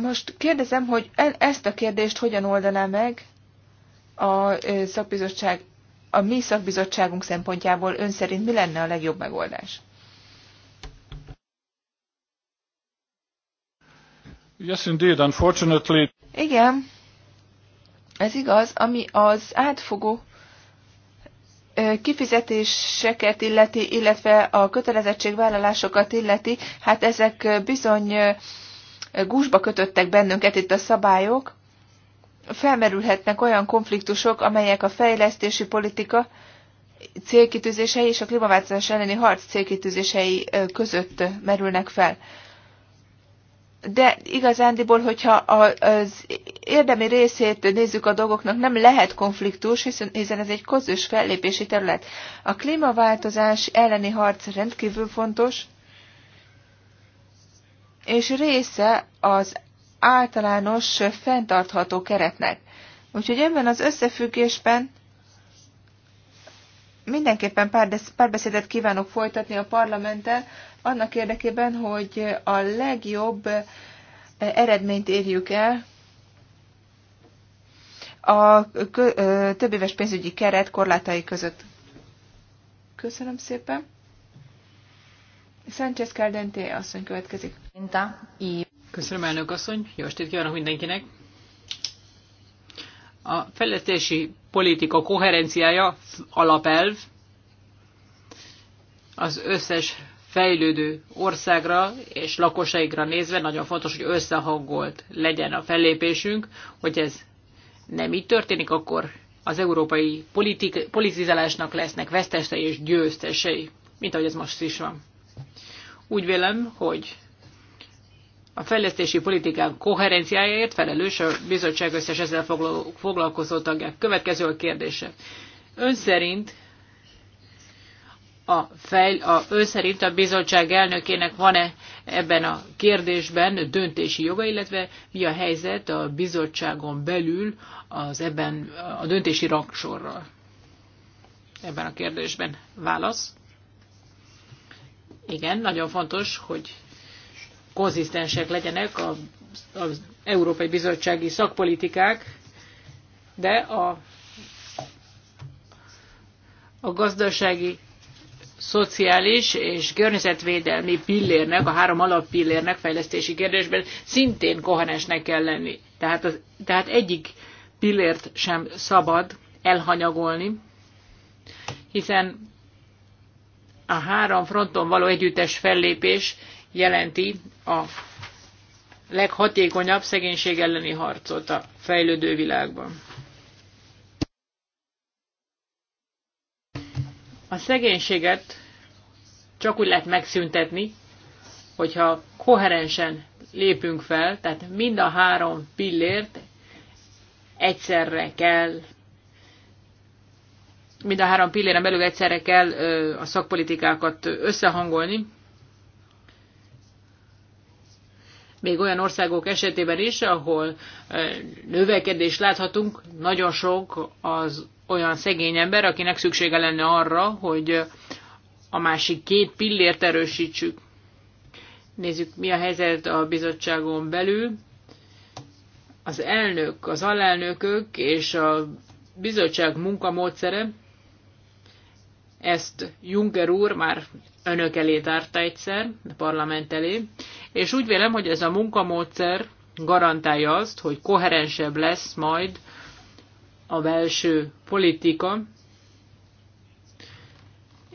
S3: Most kérdezem, hogy e- ezt a kérdést hogyan oldaná meg a szakbizottság, a mi szakbizottságunk szempontjából ön szerint mi lenne a legjobb megoldás?
S4: Yes, indeed, unfortunately.
S3: Igen, ez igaz, ami az átfogó kifizetéseket illeti, illetve a kötelezettségvállalásokat illeti, hát ezek bizony gúzsba kötöttek bennünket itt a szabályok, felmerülhetnek olyan konfliktusok, amelyek a fejlesztési politika célkitűzései és a klímaváltozás elleni harc célkitűzései között merülnek fel. De igazándiból, hogyha az érdemi részét nézzük a dolgoknak, nem lehet konfliktus, hiszen ez egy közös fellépési terület. A klímaváltozás elleni harc rendkívül fontos, és része az általános fenntartható keretnek. Úgyhogy ebben az összefüggésben mindenképpen párbeszédet kívánok folytatni a parlamenttel, annak érdekében, hogy a legjobb eh, eredményt érjük el a eh, többéves pénzügyi keret korlátai között. Köszönöm szépen! Sánchez Caldente asszony következik.
S1: Köszönöm, elnök asszony. Jó estét kívánok mindenkinek. A fejlesztési politika koherenciája alapelv az összes fejlődő országra és lakosaikra nézve nagyon fontos, hogy összehangolt legyen a fellépésünk, hogy ez nem így történik, akkor az európai politik, politizálásnak lesznek vesztesei és győztesei, mint ahogy ez most is van. Úgy vélem, hogy a fejlesztési politikán koherenciájáért felelős a bizottság összes ezzel foglalkozó tagja. Következő a kérdése. Ön szerint a, fejl, a ő szerint a bizottság elnökének van-e ebben a kérdésben döntési joga, illetve mi a helyzet a bizottságon belül az ebben a döntési rangsorral? Ebben a kérdésben válasz igen, nagyon fontos, hogy konzisztensek legyenek az, az Európai Bizottsági szakpolitikák, de a, a gazdasági, szociális és környezetvédelmi pillérnek, a három alappillérnek fejlesztési kérdésben szintén kohanesnek kell lenni. Tehát, az, tehát egyik pillért sem szabad elhanyagolni, hiszen a három fronton való együttes fellépés jelenti a leghatékonyabb szegénység elleni harcot a fejlődő világban. A szegénységet csak úgy lehet megszüntetni, hogyha koherensen lépünk fel, tehát mind a három pillért egyszerre kell mind a három pilléren belül egyszerre kell a szakpolitikákat összehangolni. Még olyan országok esetében is, ahol növekedést láthatunk, nagyon sok az olyan szegény ember, akinek szüksége lenne arra, hogy a másik két pillért erősítsük. Nézzük, mi a helyzet a bizottságon belül. Az elnök, az alelnökök és a bizottság munkamódszere ezt Juncker úr már önök elé tárta egyszer, a parlament elé, és úgy vélem, hogy ez a munkamódszer garantálja azt, hogy koherensebb lesz majd a belső politika,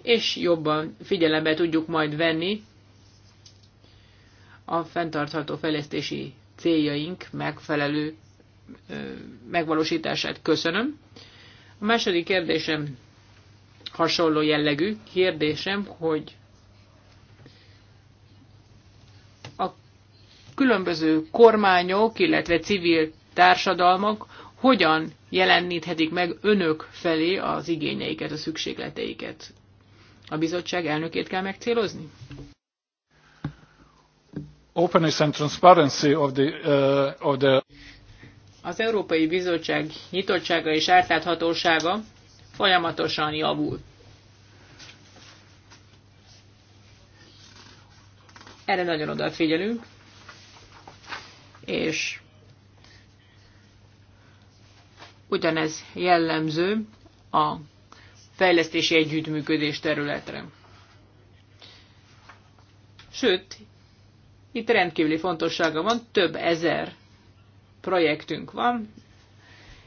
S1: és jobban figyelembe tudjuk majd venni a fenntartható fejlesztési céljaink megfelelő megvalósítását. Köszönöm. A második kérdésem hasonló jellegű kérdésem, hogy a különböző kormányok, illetve civil társadalmak hogyan jeleníthetik meg önök felé az igényeiket, a szükségleteiket? A bizottság elnökét kell megcélozni?
S4: Openness and transparency of the, uh, of the...
S1: Az Európai Bizottság nyitottsága és átláthatósága folyamatosan javul. Erre nagyon odafigyelünk, és ugyanez jellemző a fejlesztési együttműködés területre. Sőt, itt rendkívüli fontossága van, több ezer projektünk van,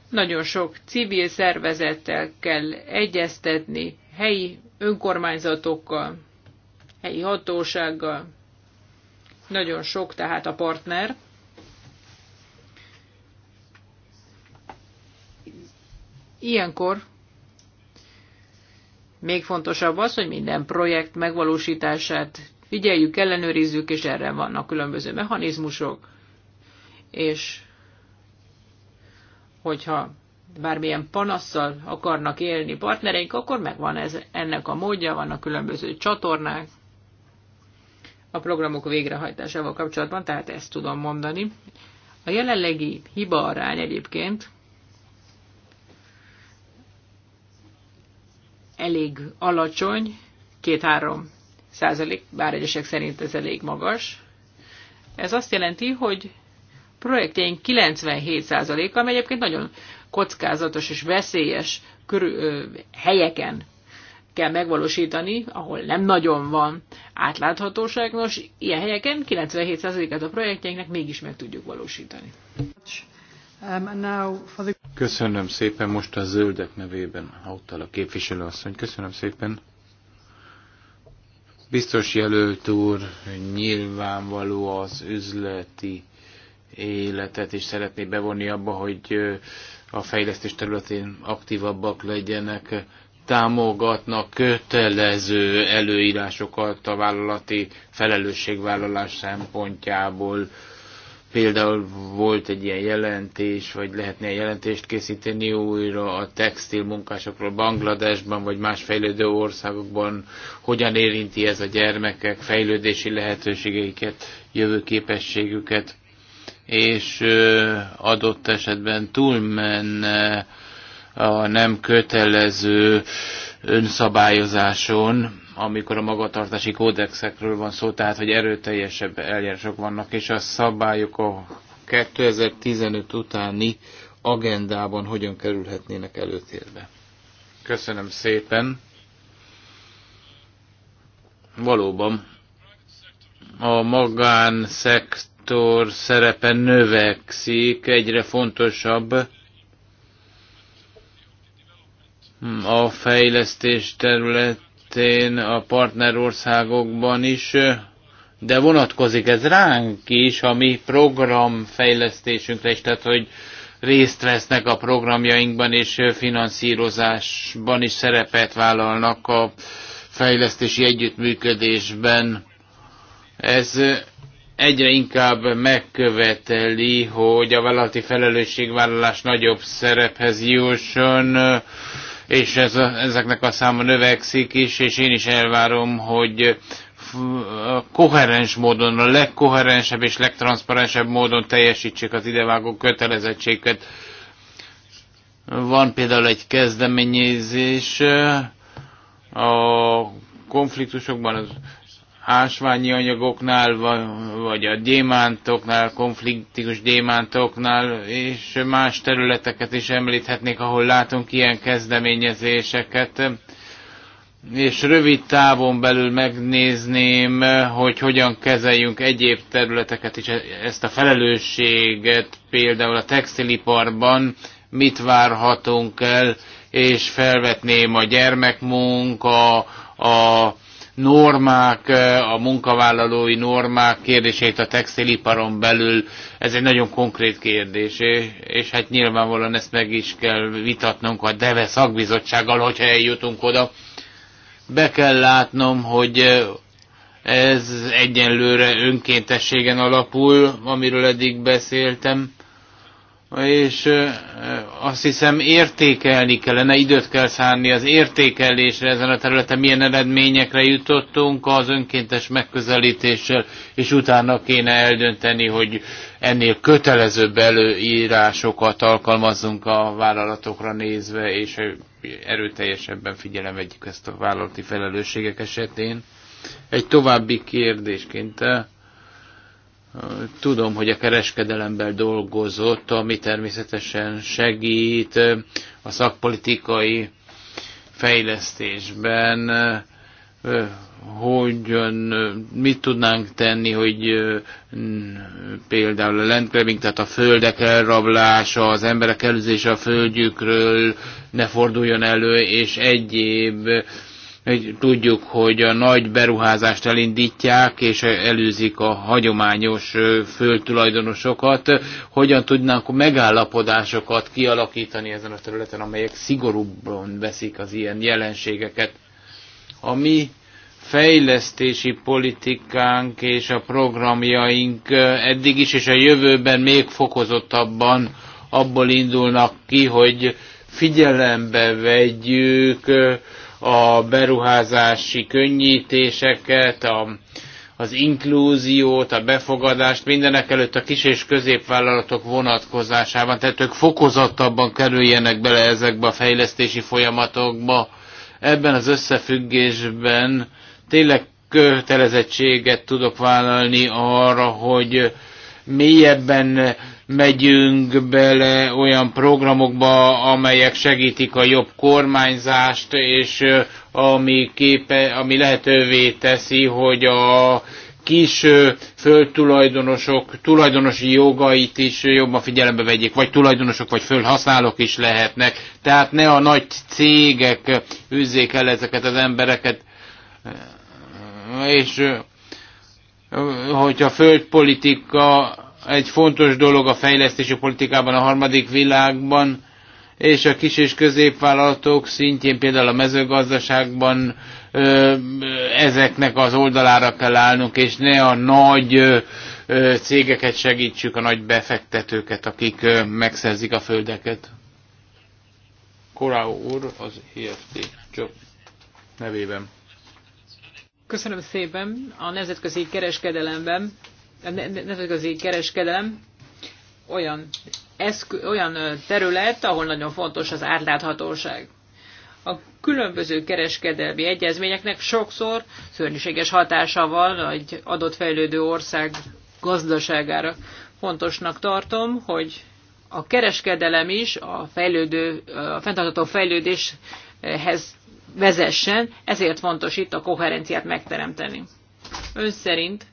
S1: nagyon sok civil szervezettel kell egyeztetni, helyi önkormányzatokkal, helyi hatósággal. Nagyon sok tehát a partner. Ilyenkor még fontosabb az, hogy minden projekt megvalósítását figyeljük, ellenőrizzük, és erre vannak különböző mechanizmusok, és hogyha bármilyen panasszal akarnak élni partnereink, akkor megvan ez, ennek a módja, vannak különböző csatornák a programok végrehajtásával kapcsolatban, tehát ezt tudom mondani. A jelenlegi hiba arány egyébként elég alacsony, 2-3 százalék, bár egyesek szerint ez elég magas. Ez azt jelenti, hogy projektjeink 97%-a, ami egyébként nagyon kockázatos és veszélyes körül, ö, helyeken kell megvalósítani, ahol nem nagyon van átláthatóság. Nos, ilyen helyeken 97%-át a projektjeinknek mégis meg tudjuk valósítani.
S4: Um,
S2: Köszönöm szépen most a zöldek nevében, Hauttal a képviselő asszony. Köszönöm szépen. Biztos jelölt úr, nyilvánvaló az üzleti életet, és szeretné bevonni abba, hogy a fejlesztés területén aktívabbak legyenek, támogatnak kötelező előírásokat a vállalati felelősségvállalás szempontjából. Például volt egy ilyen jelentés, vagy lehetne ilyen jelentést készíteni újra a textil munkásokról Bangladesban, vagy más fejlődő országokban, hogyan érinti ez a gyermekek fejlődési lehetőségeiket, jövőképességüket és adott esetben túlmenne a nem kötelező önszabályozáson, amikor a magatartási kódexekről van szó, tehát hogy erőteljesebb eljárások vannak, és a szabályok a 2015 utáni agendában hogyan kerülhetnének előtérbe. Köszönöm szépen. Valóban a magánszektor szektor szerepe növekszik, egyre fontosabb hmm, a fejlesztés területén, a partnerországokban is, de vonatkozik ez ránk is, a mi programfejlesztésünkre is, tehát hogy részt vesznek a programjainkban és finanszírozásban is szerepet vállalnak a fejlesztési együttműködésben. Ez egyre inkább megköveteli, hogy a vállalati felelősségvállalás nagyobb szerephez jusson, és ez a, ezeknek a száma növekszik is, és én is elvárom, hogy koherens módon, a legkoherensebb és legtranszparensebb módon teljesítsék az idevágó kötelezettséget. Van például egy kezdeményezés a konfliktusokban az ásványi anyagoknál, vagy a gyémántoknál, konfliktikus gyémántoknál, és más területeket is említhetnék, ahol látunk ilyen kezdeményezéseket. És rövid távon belül megnézném, hogy hogyan kezeljünk egyéb területeket is, ezt a felelősséget, például a textiliparban mit várhatunk el, és felvetném a gyermekmunka, a, a normák, eh, a munkavállalói normák kérdését a textiliparon belül, ez egy nagyon konkrét kérdés, eh, és hát nyilvánvalóan ezt meg is kell vitatnunk a DEVE szakbizottsággal, hogyha eljutunk oda. Be kell látnom, hogy eh, ez egyenlőre önkéntességen alapul, amiről eddig beszéltem és azt hiszem értékelni kellene, időt kell szánni az értékelésre ezen a területen, milyen eredményekre jutottunk az önkéntes megközelítéssel, és utána kéne eldönteni, hogy ennél kötelezőbb előírásokat alkalmazzunk a vállalatokra nézve, és erőteljesebben figyelem vegyük ezt a vállalati felelősségek esetén. Egy további kérdésként Tudom, hogy a kereskedelemben dolgozott, ami természetesen segít a szakpolitikai fejlesztésben, hogy mit tudnánk tenni, hogy például a landgrabbing, tehát a földek elrablása, az emberek előzése a földjükről ne forduljon elő, és egyéb Tudjuk, hogy a nagy beruházást elindítják, és előzik a hagyományos földtulajdonosokat. Hogyan tudnánk megállapodásokat kialakítani ezen a területen, amelyek szigorúbban veszik az ilyen jelenségeket? A mi fejlesztési politikánk és a programjaink eddig is, és a jövőben még fokozottabban abból indulnak ki, hogy figyelembe vegyük a beruházási könnyítéseket, a, az inklúziót, a befogadást, mindenek előtt a kis és középvállalatok vonatkozásában, tehát ők fokozottabban kerüljenek bele ezekbe a fejlesztési folyamatokba. Ebben az összefüggésben tényleg kötelezettséget tudok vállalni arra, hogy mélyebben megyünk bele olyan programokba, amelyek segítik a jobb kormányzást, és ami, képe, ami lehetővé teszi, hogy a kis földtulajdonosok tulajdonosi jogait is jobban figyelembe vegyék, vagy tulajdonosok, vagy földhasználók is lehetnek. Tehát ne a nagy cégek üzzék el ezeket az embereket, és hogyha földpolitika egy fontos dolog a fejlesztési politikában a harmadik világban, és a kis és középvállalatok szintjén, például a mezőgazdaságban ezeknek az oldalára kell állnunk, és ne a nagy cégeket segítsük, a nagy befektetőket, akik megszerzik a földeket. Korau úr az IFT e csak nevében.
S1: Köszönöm szépen. A nemzetközi kereskedelemben ne, nemzetközi kereskedelem olyan, eszkü, olyan terület, ahol nagyon fontos az átláthatóság. A különböző kereskedelmi egyezményeknek sokszor szörnyűséges hatása van egy adott fejlődő ország gazdaságára. Fontosnak tartom, hogy a kereskedelem is a, fejlődő, a fenntartható fejlődéshez vezessen, ezért fontos itt a koherenciát megteremteni. Ön szerint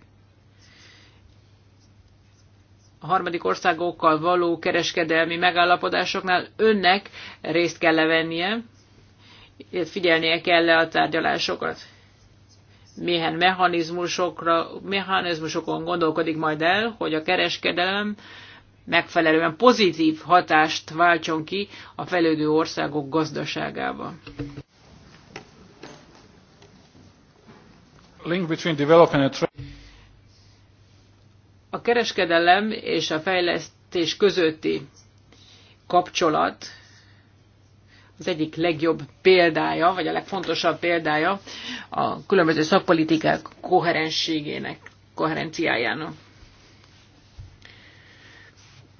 S1: a harmadik országokkal való kereskedelmi megállapodásoknál önnek részt kell levennie, figyelnie kell le a tárgyalásokat. Milyen mechanizmusokra, mechanizmusokon gondolkodik majd el, hogy a kereskedelem megfelelően pozitív hatást váltson ki a fejlődő országok gazdaságába.
S4: Link between development and
S1: a kereskedelem és a fejlesztés közötti kapcsolat az egyik legjobb példája, vagy a legfontosabb példája a különböző szakpolitikák koherenségének, koherenciájának.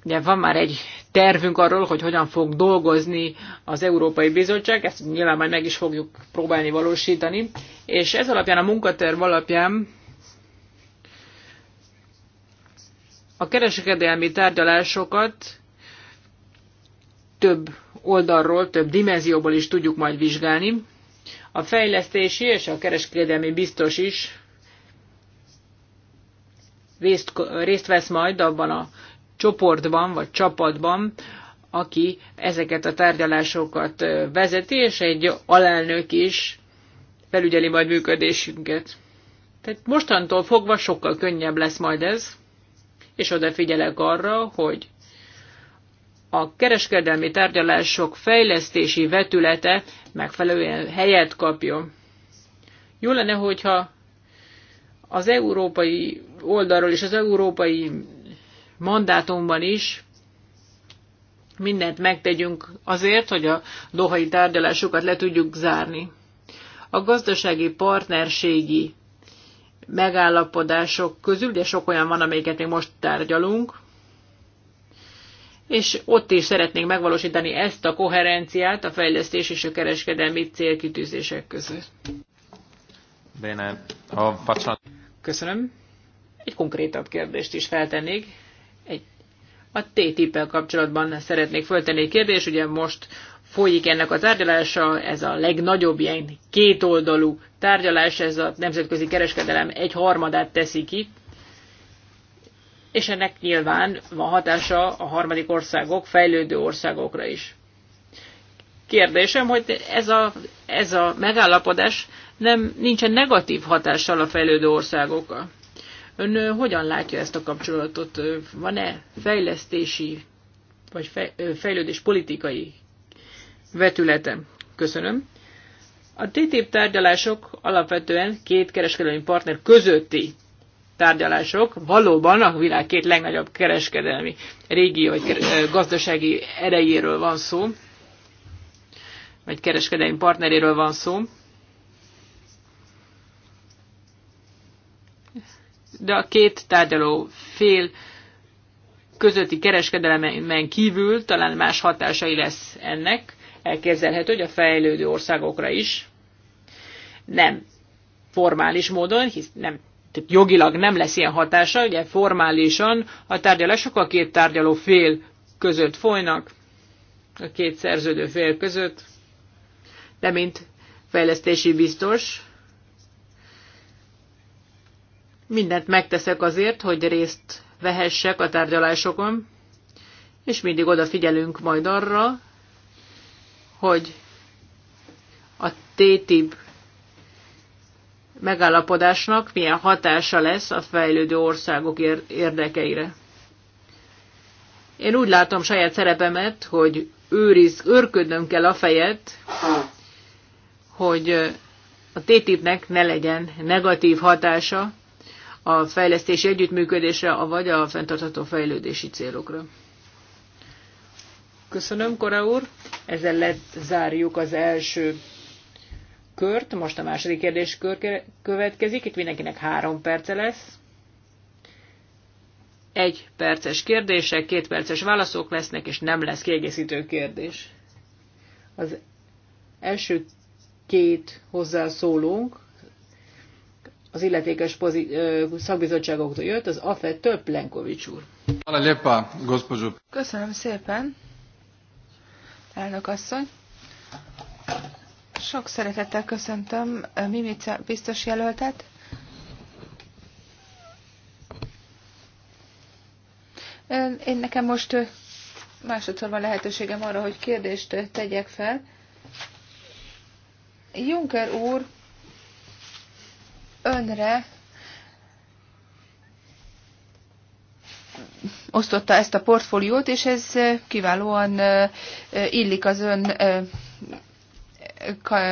S1: Ugye van már egy tervünk arról, hogy hogyan fog dolgozni az Európai Bizottság, ezt nyilván majd meg is fogjuk próbálni valósítani, és ez alapján, a munkaterv alapján a kereskedelmi tárgyalásokat több oldalról, több dimenzióból is tudjuk majd vizsgálni. A fejlesztési és a kereskedelmi biztos is részt, részt vesz majd abban a csoportban vagy csapatban, aki ezeket a tárgyalásokat vezeti, és egy alelnök is felügyeli majd működésünket. Tehát mostantól fogva sokkal könnyebb lesz majd ez és odafigyelek arra, hogy a kereskedelmi tárgyalások fejlesztési vetülete megfelelően helyet kapjon. Jó lenne, hogyha az európai oldalról és az európai mandátumban is mindent megtegyünk azért, hogy a dohai tárgyalásokat le tudjuk zárni. A gazdasági partnerségi megállapodások közül, de sok olyan van, amelyiket még most tárgyalunk, és ott is szeretnénk megvalósítani ezt a koherenciát a fejlesztés és a kereskedelmi célkitűzések között.
S2: Bene, a facsa...
S1: Köszönöm. Egy konkrétabb kérdést is feltennék. Egy, a TTIP-el kapcsolatban szeretnék föltenni egy kérdést. Ugye most folyik ennek a tárgyalása, ez a legnagyobb ilyen kétoldalú tárgyalás, ez a nemzetközi kereskedelem egy harmadát teszi ki, és ennek nyilván van hatása a harmadik országok, fejlődő országokra is. Kérdésem, hogy ez a, ez a megállapodás nem nincsen negatív hatással a fejlődő országokra. Ön hogyan látja ezt a kapcsolatot? Van-e fejlesztési vagy fejlődés politikai vetülete. Köszönöm. A TTIP tárgyalások alapvetően két kereskedelmi partner közötti tárgyalások, valóban a világ két legnagyobb kereskedelmi régió vagy gazdasági erejéről van szó, vagy kereskedelmi partneréről van szó. De a két tárgyaló fél közötti kereskedelemen kívül talán más hatásai lesz ennek elképzelhető, hogy a fejlődő országokra is nem formális módon, hisz nem, tehát jogilag nem lesz ilyen hatása, ugye formálisan a tárgyalások a két tárgyaló fél között folynak, a két szerződő fél között, de mint fejlesztési biztos, mindent megteszek azért, hogy részt vehessek a tárgyalásokon, és mindig odafigyelünk majd arra, hogy a TTIP megállapodásnak milyen hatása lesz a fejlődő országok érdekeire. Én úgy látom saját szerepemet, hogy őriz, őrködnöm kell a fejet, hogy a TTIP-nek ne legyen negatív hatása a fejlesztési együttműködésre, vagy a fenntartható fejlődési célokra. Köszönöm, Kora úr. Ezzel lezárjuk az első kört. Most a második kérdéskör következik. Itt mindenkinek három perce lesz. Egy perces kérdések, két perces válaszok lesznek, és nem lesz kiegészítő kérdés. Az első két hozzászólónk az illetékes szakbizottságoktól jött, az AFE több úr.
S3: Köszönöm szépen elnök asszony. Sok szeretettel köszöntöm Mimica biztos jelöltet. Én nekem most másodszor van lehetőségem arra, hogy kérdést tegyek fel. Juncker úr önre osztotta ezt a portfóliót, és ez kiválóan illik az ön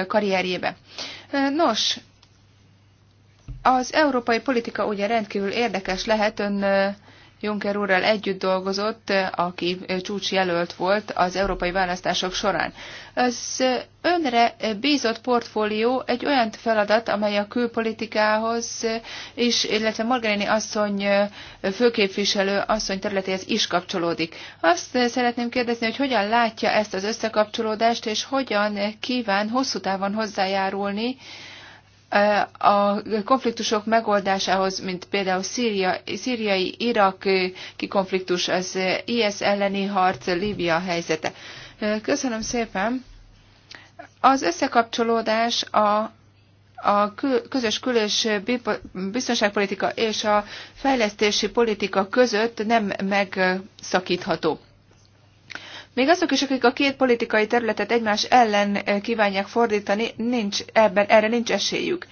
S3: karrierjébe. Nos, az európai politika ugye rendkívül érdekes lehet, ön Juncker úrral együtt dolgozott, aki csúcsjelölt volt az európai választások során. Az önre bízott portfólió egy olyan feladat, amely a külpolitikához is, illetve Margarini asszony főképviselő asszony területéhez is kapcsolódik. Azt szeretném kérdezni, hogy hogyan látja ezt az összekapcsolódást, és hogyan kíván hosszú távon hozzájárulni, a konfliktusok megoldásához, mint például Szíria, szíriai, iraki konfliktus, az IS elleni harc, Líbia helyzete. Köszönöm szépen. Az összekapcsolódás a a közös külös biztonságpolitika és a fejlesztési politika között nem megszakítható. Még azok is, akik a két politikai területet egymás ellen eh, kívánják fordítani, nincs ebben, erre nincs esélyük.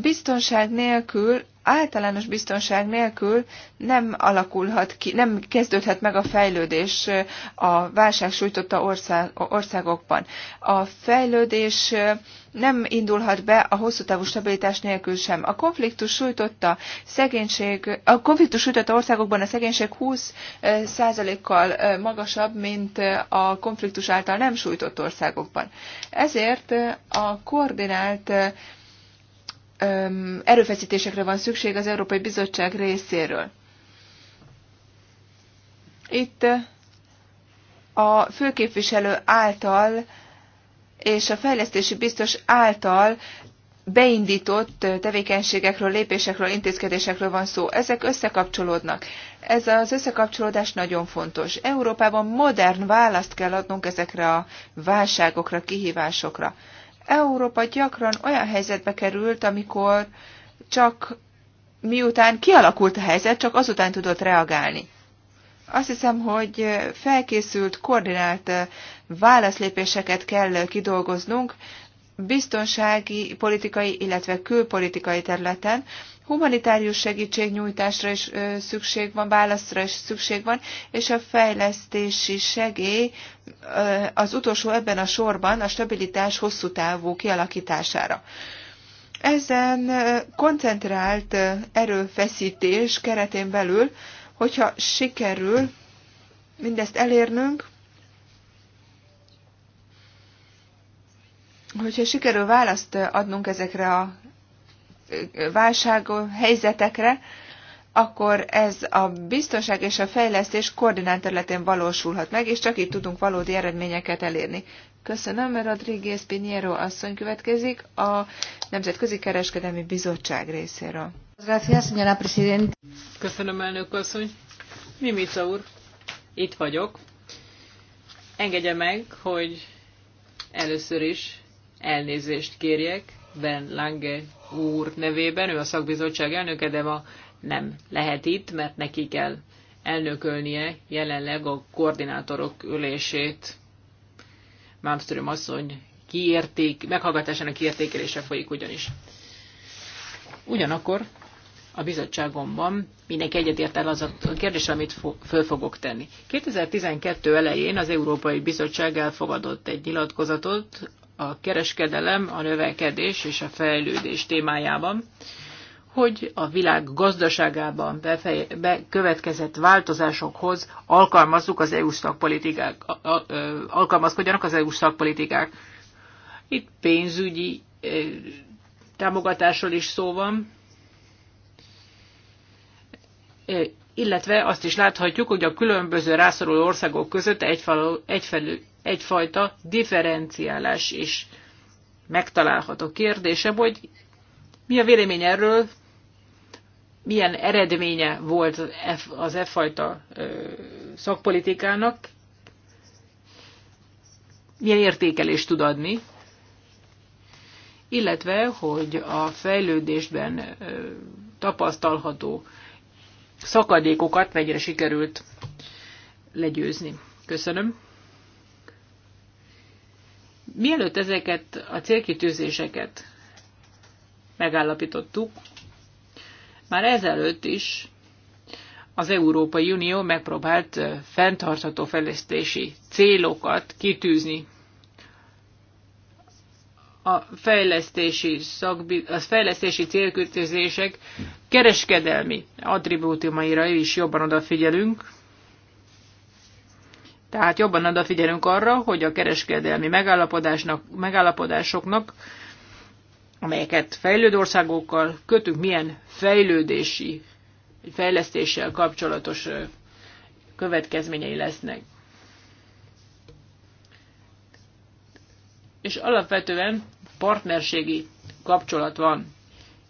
S3: Biztonság nélkül általános biztonság nélkül nem alakulhat ki, nem kezdődhet meg a fejlődés a válság sújtotta ország, országokban. A fejlődés nem indulhat be a hosszú távú stabilitás nélkül sem. A konfliktus sújtotta szegénység, a konfliktus sújtotta országokban a szegénység 20%-kal magasabb, mint a konfliktus által nem sújtott országokban. Ezért a koordinált erőfeszítésekre van szükség az Európai Bizottság részéről. Itt a főképviselő által és a fejlesztési biztos által beindított tevékenységekről, lépésekről, intézkedésekről van szó. Ezek összekapcsolódnak. Ez az összekapcsolódás nagyon fontos. Európában modern választ kell adnunk ezekre a válságokra, kihívásokra. Európa gyakran olyan helyzetbe került, amikor csak miután kialakult a helyzet, csak azután tudott reagálni. Azt hiszem, hogy felkészült, koordinált válaszlépéseket kell kidolgoznunk biztonsági, politikai, illetve külpolitikai területen, humanitárius segítségnyújtásra is szükség van, válaszra is szükség van, és a fejlesztési segély az utolsó ebben a sorban a stabilitás hosszú távú kialakítására. Ezen koncentrált erőfeszítés keretén belül, hogyha sikerül mindezt elérnünk, hogyha sikerül választ adnunk ezekre a válság helyzetekre, akkor ez a biztonság és a fejlesztés koordinált területén valósulhat meg, és csak így tudunk valódi eredményeket elérni. Köszönöm, Rodríguez Pinheiro asszony következik a Nemzetközi Kereskedelmi Bizottság részéről.
S1: Köszönöm, elnök asszony. Mimica úr, itt vagyok. Engedje meg, hogy először is elnézést kérjek Ben Lange úr nevében, ő a szakbizottság elnöke, de ma nem lehet itt, mert neki kell elnökölnie jelenleg a koordinátorok ülését. Malmström asszony kiérték, meghallgatásának kiértékelése folyik ugyanis. Ugyanakkor a bizottságomban mindenki egyetért el az a kérdés, amit föl fogok tenni. 2012 elején az Európai Bizottság elfogadott egy nyilatkozatot a kereskedelem, a növekedés és a fejlődés témájában, hogy a világ gazdaságában bekövetkezett változásokhoz alkalmazzuk az EU szakpolitikák, alkalmazkodjanak az EU szakpolitikák. Itt pénzügyi támogatásról is szó van, illetve azt is láthatjuk, hogy a különböző rászoruló országok között egyfelől, egyfelől, egyfajta differenciálás is megtalálható. kérdése, hogy mi a vélemény erről, milyen eredménye volt az e fajta szakpolitikának, milyen értékelést tud adni, illetve, hogy a fejlődésben tapasztalható szakadékokat mennyire sikerült legyőzni. Köszönöm. Mielőtt ezeket a célkitűzéseket megállapítottuk, már ezelőtt is az Európai Unió megpróbált fenntartható fejlesztési célokat kitűzni. A fejlesztési, szakbi, a fejlesztési célkütőzések kereskedelmi attribútumaira is jobban odafigyelünk, tehát jobban odafigyelünk arra, hogy a kereskedelmi megállapodásnak, megállapodásoknak, amelyeket fejlődő országokkal kötünk, milyen fejlődési, fejlesztéssel kapcsolatos következményei lesznek. És alapvetően partnerségi kapcsolat van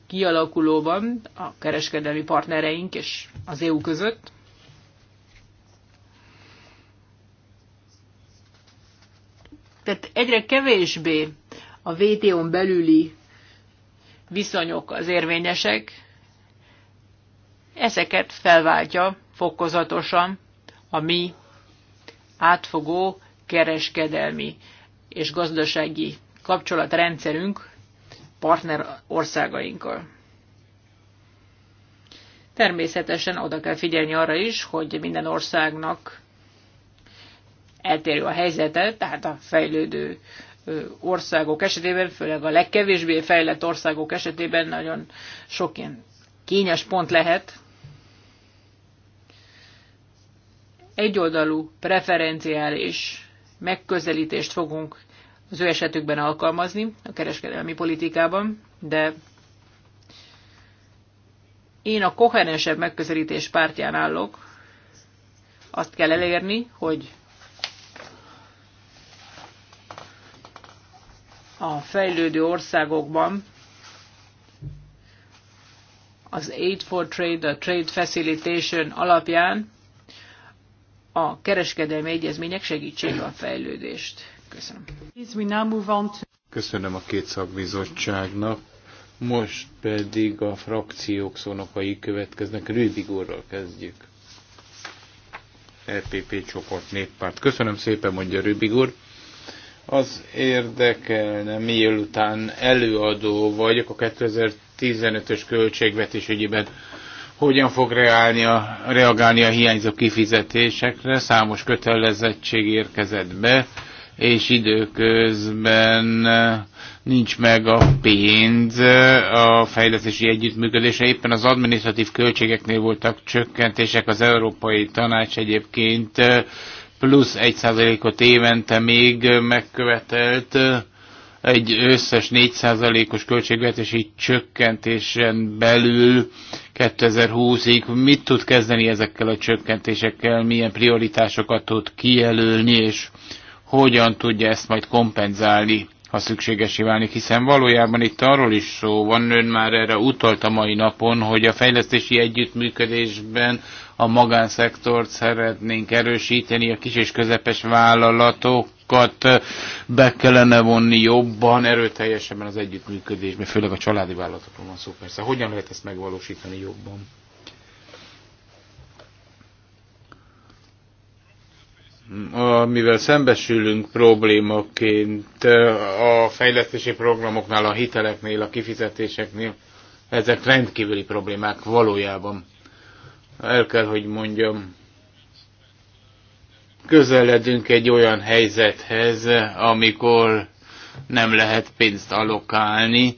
S1: kialakulóban a kereskedelmi partnereink és az EU között, Tehát egyre kevésbé a vto n belüli viszonyok az érvényesek, ezeket felváltja fokozatosan a mi átfogó kereskedelmi és gazdasági kapcsolatrendszerünk partner országainkkal. Természetesen oda kell figyelni arra is, hogy minden országnak eltérő a helyzete, tehát a fejlődő országok esetében, főleg a legkevésbé fejlett országok esetében nagyon sok ilyen kényes pont lehet. Egyoldalú preferenciális megközelítést fogunk az ő esetükben alkalmazni a kereskedelmi politikában, de én a koherensebb megközelítés pártján állok. Azt kell elérni, hogy a fejlődő országokban az Aid for Trade, a Trade Facilitation alapján a kereskedelmi egyezmények segítsége a fejlődést.
S4: Köszönöm.
S2: Köszönöm a két szakbizottságnak. Most pedig a frakciók szónokai következnek. Rübig úrral kezdjük. EPP csoport néppárt. Köszönöm szépen, mondja Rübig úr az érdekelne, miután előadó vagyok a 2015-ös költségvetés ügyében, hogyan fog reálni a, reagálni a hiányzó kifizetésekre, számos kötelezettség érkezett be, és időközben nincs meg a pénz a fejlesztési együttműködése Éppen az adminisztratív költségeknél voltak csökkentések, az Európai Tanács egyébként plusz 1%-ot évente még megkövetelt egy összes 4%-os költségvetési csökkentésen belül 2020-ig mit tud kezdeni ezekkel a csökkentésekkel, milyen prioritásokat tud kijelölni, és hogyan tudja ezt majd kompenzálni, ha szükségesé válni, hiszen valójában itt arról is szó van, ön már erre utalt a mai napon, hogy a fejlesztési együttműködésben a magánszektort szeretnénk erősíteni, a kis és közepes vállalatokat be kellene vonni jobban, erőteljesebben az együttműködésbe, főleg a családi vállalatokról van szó persze. Hogyan lehet ezt megvalósítani jobban? Mivel szembesülünk problémaként a fejlesztési programoknál, a hiteleknél, a kifizetéseknél, ezek rendkívüli problémák valójában el kell, hogy mondjam, közeledünk egy olyan helyzethez, amikor nem lehet pénzt alokálni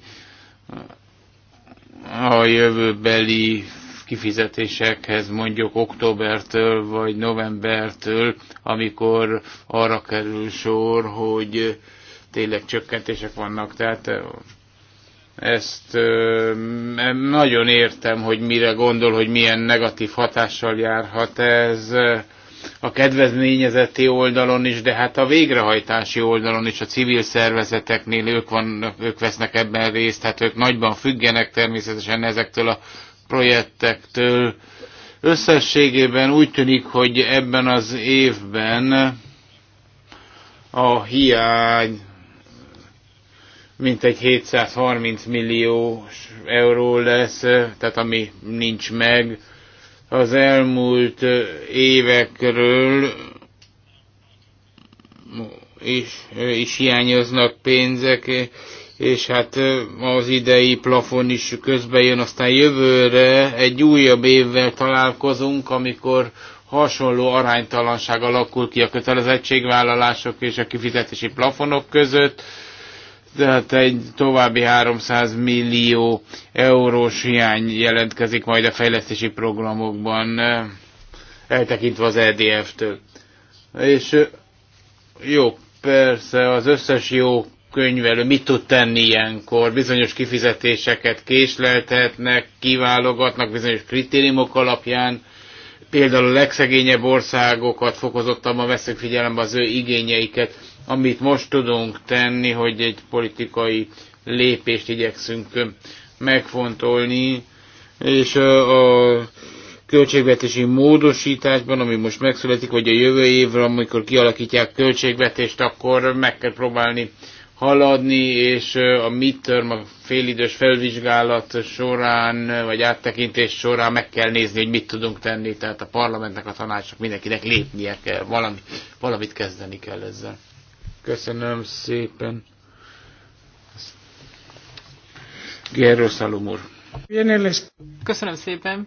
S2: a jövőbeli kifizetésekhez mondjuk októbertől vagy novembertől, amikor arra kerül sor, hogy tényleg csökkentések vannak. Tehát ezt ö, nagyon értem, hogy mire gondol, hogy milyen negatív hatással járhat ez a kedvezményezeti oldalon is, de hát a végrehajtási oldalon is, a civil szervezeteknél ők, vannak, ők vesznek ebben részt, hát ők nagyban függenek természetesen ezektől a projektektől. Összességében úgy tűnik, hogy ebben az évben a hiány mintegy 730 millió euró lesz, tehát ami nincs meg. Az elmúlt évekről is, is hiányoznak pénzek, és hát az idei plafon is közben jön, aztán jövőre egy újabb évvel találkozunk, amikor hasonló aránytalanság alakul ki a kötelezettségvállalások és a kifizetési plafonok között de hát egy további 300 millió eurós hiány jelentkezik majd a fejlesztési programokban, eh, eltekintve az EDF-től. És eh, jó, persze az összes jó könyvelő mit tud tenni ilyenkor? Bizonyos kifizetéseket késleltetnek, kiválogatnak bizonyos kritériumok alapján, például a legszegényebb országokat fokozottabban veszük figyelembe az ő igényeiket amit most tudunk tenni, hogy egy politikai lépést igyekszünk megfontolni, és a költségvetési módosításban, ami most megszületik, vagy a jövő évre, amikor kialakítják költségvetést, akkor meg kell próbálni haladni, és a midterm, a félidős felvizsgálat során, vagy áttekintés során meg kell nézni, hogy mit tudunk tenni, tehát a parlamentnek, a tanácsnak, mindenkinek lépnie kell, valami, valamit kezdeni kell ezzel. Köszönöm szépen. Gerro Szalom
S1: Köszönöm szépen.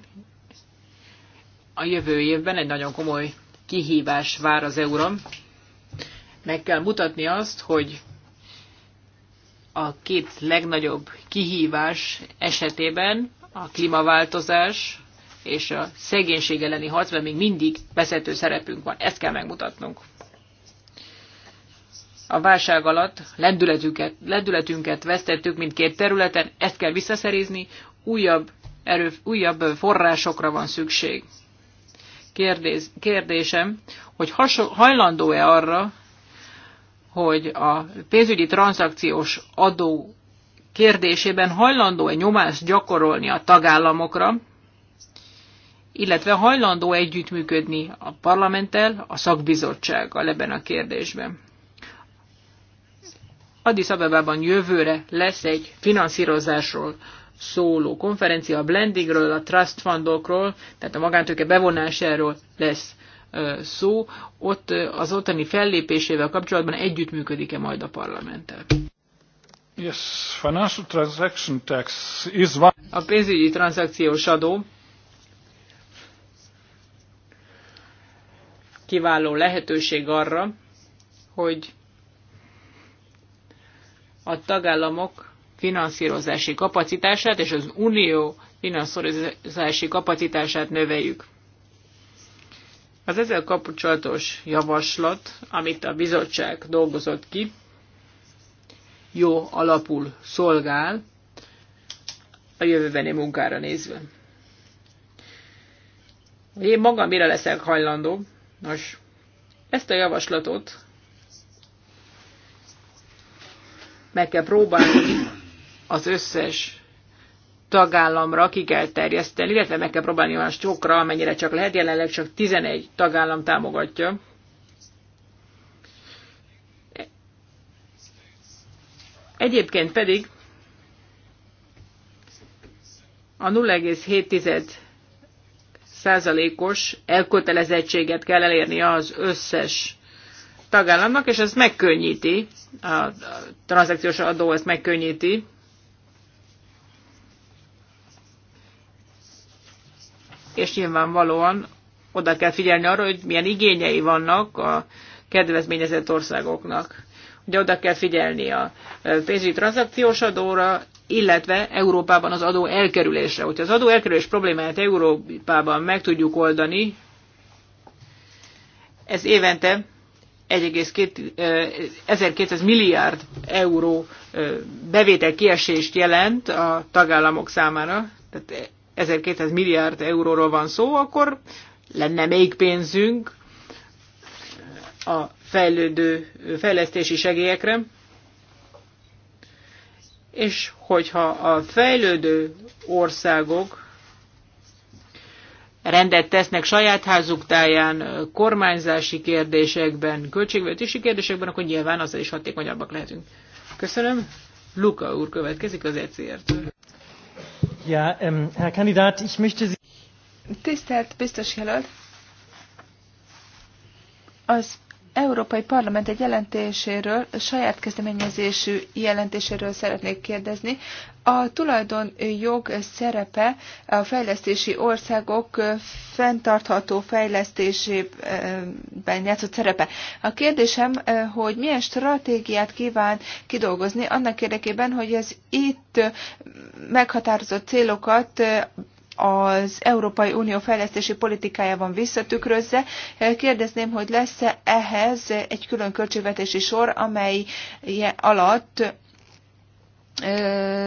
S1: A jövő évben egy nagyon komoly kihívás vár az euró. Meg kell mutatni azt, hogy a két legnagyobb kihívás esetében a klímaváltozás és a szegénység elleni harcban még mindig vezető szerepünk van. Ezt kell megmutatnunk a válság alatt lendületünket, lendületünket vesztettük mindkét területen, ezt kell visszaszerizni, újabb, erő, újabb forrásokra van szükség. Kérdés, kérdésem, hogy hajlandó-e arra, hogy a pénzügyi tranzakciós adó kérdésében hajlandó-e nyomást gyakorolni a tagállamokra, illetve hajlandó együttműködni a parlamenttel, a szakbizottsággal ebben a kérdésben. Addis Abebában jövőre lesz egy finanszírozásról szóló konferencia, a blendingről, a trust fundokról, tehát a magántőke bevonásáról lesz szó. Ott az ottani fellépésével kapcsolatban együttműködik-e majd a parlamenttel?
S4: Yes, financial transaction tax is one. A pénzügyi tranzakciós adó
S1: kiváló lehetőség arra, hogy a tagállamok finanszírozási kapacitását és az unió finanszírozási kapacitását növeljük. Az ezzel kapcsolatos javaslat, amit a bizottság dolgozott ki, jó alapul szolgál a jövőbeni munkára nézve. Én magam mire leszek hajlandó? Nos, ezt a javaslatot meg kell próbálni az összes tagállamra ki kell terjeszteni, illetve meg kell próbálni olyan sokra, amennyire csak lehet, jelenleg csak 11 tagállam támogatja. Egyébként pedig a 0,7 százalékos elkötelezettséget kell elérni az összes tagállamnak, és ez megkönnyíti, a tranzakciós adó ezt megkönnyíti. És nyilvánvalóan oda kell figyelni arra, hogy milyen igényei vannak a kedvezményezett országoknak. Ugye oda kell figyelni a e, pénzügyi tranzakciós adóra, illetve Európában az adó elkerülésre. Hogyha az adó elkerülés problémáját Európában meg tudjuk oldani, ez évente 1200 milliárd euró bevétel kiesést jelent a tagállamok számára, tehát 1200 milliárd euróról van szó, akkor lenne még pénzünk a fejlődő fejlesztési segélyekre, és hogyha a fejlődő országok rendet tesznek saját házuk táján, kormányzási kérdésekben, költségvetési kérdésekben, akkor nyilván azzal is hatékonyabbak lehetünk. Köszönöm. Luka úr következik az ECR-t.
S4: Ja, um, Herr Kandidat, ich möchte Sie... Tisztelt biztos jelölt!
S3: Az Európai Parlament egy jelentéséről, saját kezdeményezésű jelentéséről szeretnék kérdezni. A tulajdonjog szerepe a fejlesztési országok fenntartható fejlesztésében játszott szerepe. A kérdésem, hogy milyen stratégiát kíván kidolgozni annak érdekében, hogy az itt meghatározott célokat az Európai Unió fejlesztési politikájában visszatükrözze. Kérdezném, hogy lesz-e ehhez egy külön költségvetési sor, amely alatt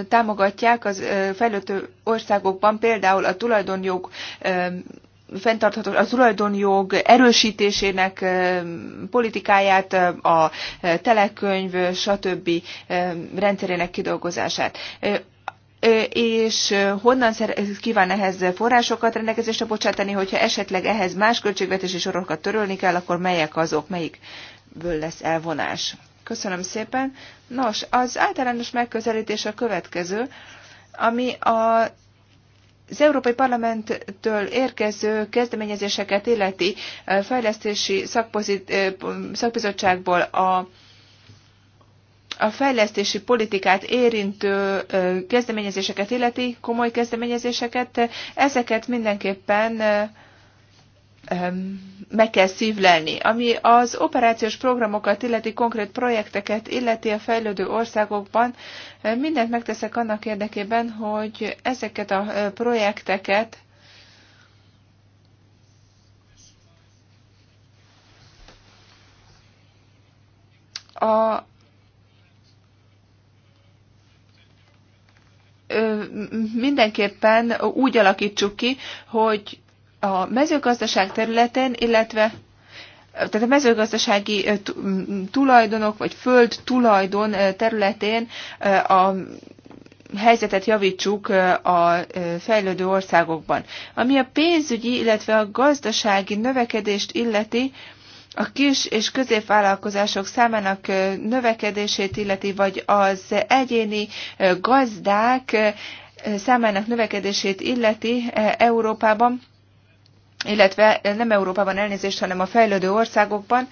S3: támogatják az fejlődő országokban például a tulajdonjog fenntartható a tulajdonjog erősítésének politikáját, a telekönyv, stb. rendszerének kidolgozását és honnan kíván ehhez forrásokat rendelkezésre bocsátani, hogyha esetleg ehhez más költségvetési sorokat törölni kell, akkor melyek azok, melyikből lesz elvonás. Köszönöm szépen. Nos, az általános megközelítés a következő, ami a az Európai Parlamenttől érkező kezdeményezéseket illeti fejlesztési szakbizottságból a a fejlesztési politikát érintő kezdeményezéseket illeti, komoly kezdeményezéseket, ezeket mindenképpen meg kell szívlelni. Ami az operációs programokat illeti, konkrét projekteket illeti a fejlődő országokban, mindent megteszek annak érdekében, hogy ezeket a projekteket a mindenképpen úgy alakítsuk ki, hogy a mezőgazdaság területén, illetve tehát a mezőgazdasági tulajdonok vagy föld tulajdon területén a helyzetet javítsuk a fejlődő országokban. Ami a pénzügyi, illetve a gazdasági növekedést illeti, a kis és középvállalkozások számának növekedését illeti, vagy az egyéni gazdák számának növekedését illeti Európában, illetve nem Európában elnézést, hanem a fejlődő országokban,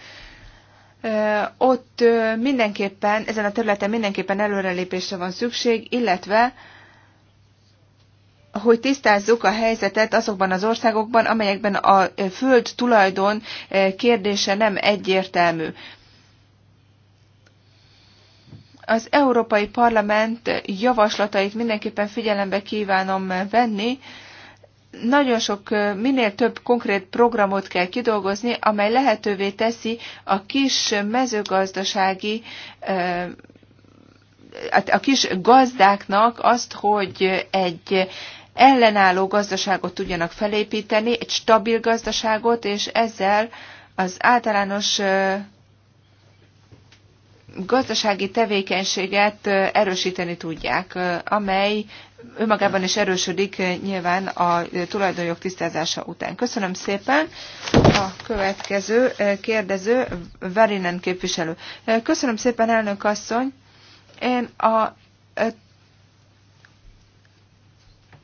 S3: ott mindenképpen, ezen a területen mindenképpen előrelépésre van szükség, illetve hogy tisztázzuk a helyzetet azokban az országokban, amelyekben a föld tulajdon kérdése nem egyértelmű. Az Európai Parlament javaslatait mindenképpen figyelembe kívánom venni. Nagyon sok, minél több konkrét programot kell kidolgozni, amely lehetővé teszi a kis mezőgazdasági hát a kis gazdáknak azt, hogy egy ellenálló gazdaságot tudjanak felépíteni, egy stabil gazdaságot, és ezzel az általános gazdasági tevékenységet erősíteni tudják, amely önmagában is erősödik nyilván a tulajdonjog tisztázása után. Köszönöm szépen a következő kérdező, Verinen képviselő. Köszönöm szépen, elnök asszony. Én a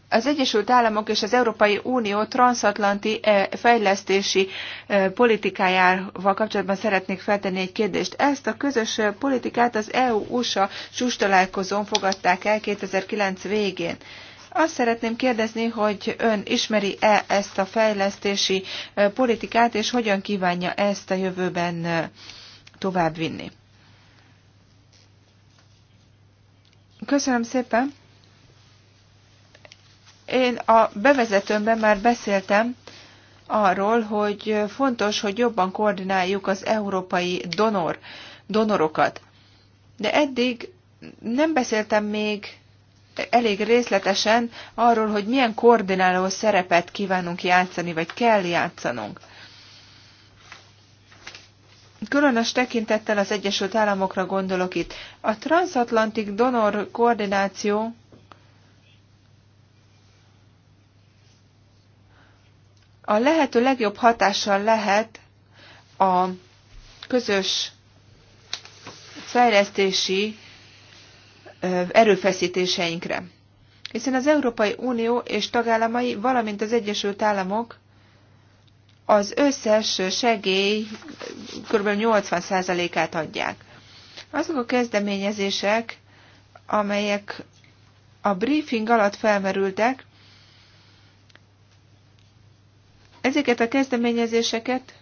S3: az Egyesült Államok és az Európai Unió transatlanti eh, fejlesztési eh, politikájával kapcsolatban szeretnék feltenni egy kérdést. Ezt a közös eh, politikát az EU-USA csústalálkozón fogadták el 2009 végén. Azt szeretném kérdezni, hogy ön ismeri-e ezt a fejlesztési politikát, és hogyan kívánja ezt a jövőben továbbvinni. Köszönöm szépen! Én a bevezetőmben már beszéltem arról, hogy fontos, hogy jobban koordináljuk az európai donor, donorokat. De eddig nem beszéltem még elég részletesen arról, hogy milyen koordináló szerepet kívánunk játszani, vagy kell játszanunk. Különös tekintettel az Egyesült Államokra gondolok itt. A transatlantik donor koordináció a lehető legjobb hatással lehet a közös fejlesztési erőfeszítéseinkre. Hiszen az Európai Unió és tagállamai, valamint az Egyesült Államok az összes segély kb. 80%-át adják. Azok a kezdeményezések, amelyek a briefing alatt felmerültek, Ezeket a kezdeményezéseket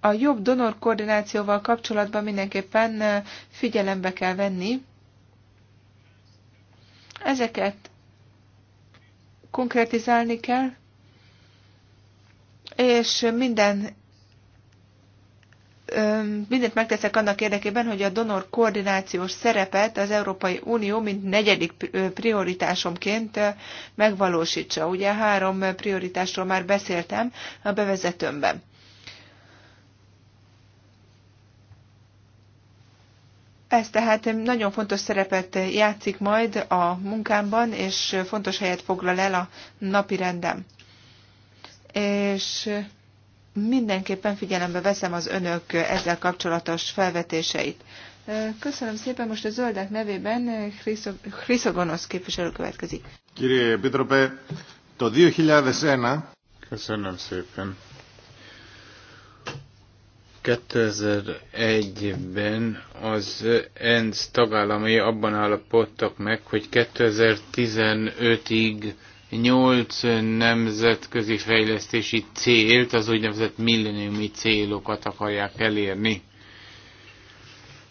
S3: a jobb donor koordinációval kapcsolatban mindenképpen figyelembe kell venni. Ezeket konkretizálni kell, és minden mindent megteszek annak érdekében, hogy a donor koordinációs szerepet az Európai Unió mint negyedik prioritásomként megvalósítsa. Ugye három prioritásról már beszéltem a bevezetőmben. Ez tehát nagyon fontos szerepet játszik majd a munkámban, és fontos helyet foglal el a napi rendem. És mindenképpen figyelembe veszem az önök ezzel kapcsolatos felvetéseit. Köszönöm szépen, most a zöldek nevében Chrisogonosz képviselő következik.
S2: Kérje Petrope, to 2001. Köszönöm szépen. 2001-ben az ENSZ tagállamai abban állapodtak meg, hogy 2015-ig nyolc nemzetközi fejlesztési célt, az úgynevezett milleniumi célokat akarják elérni.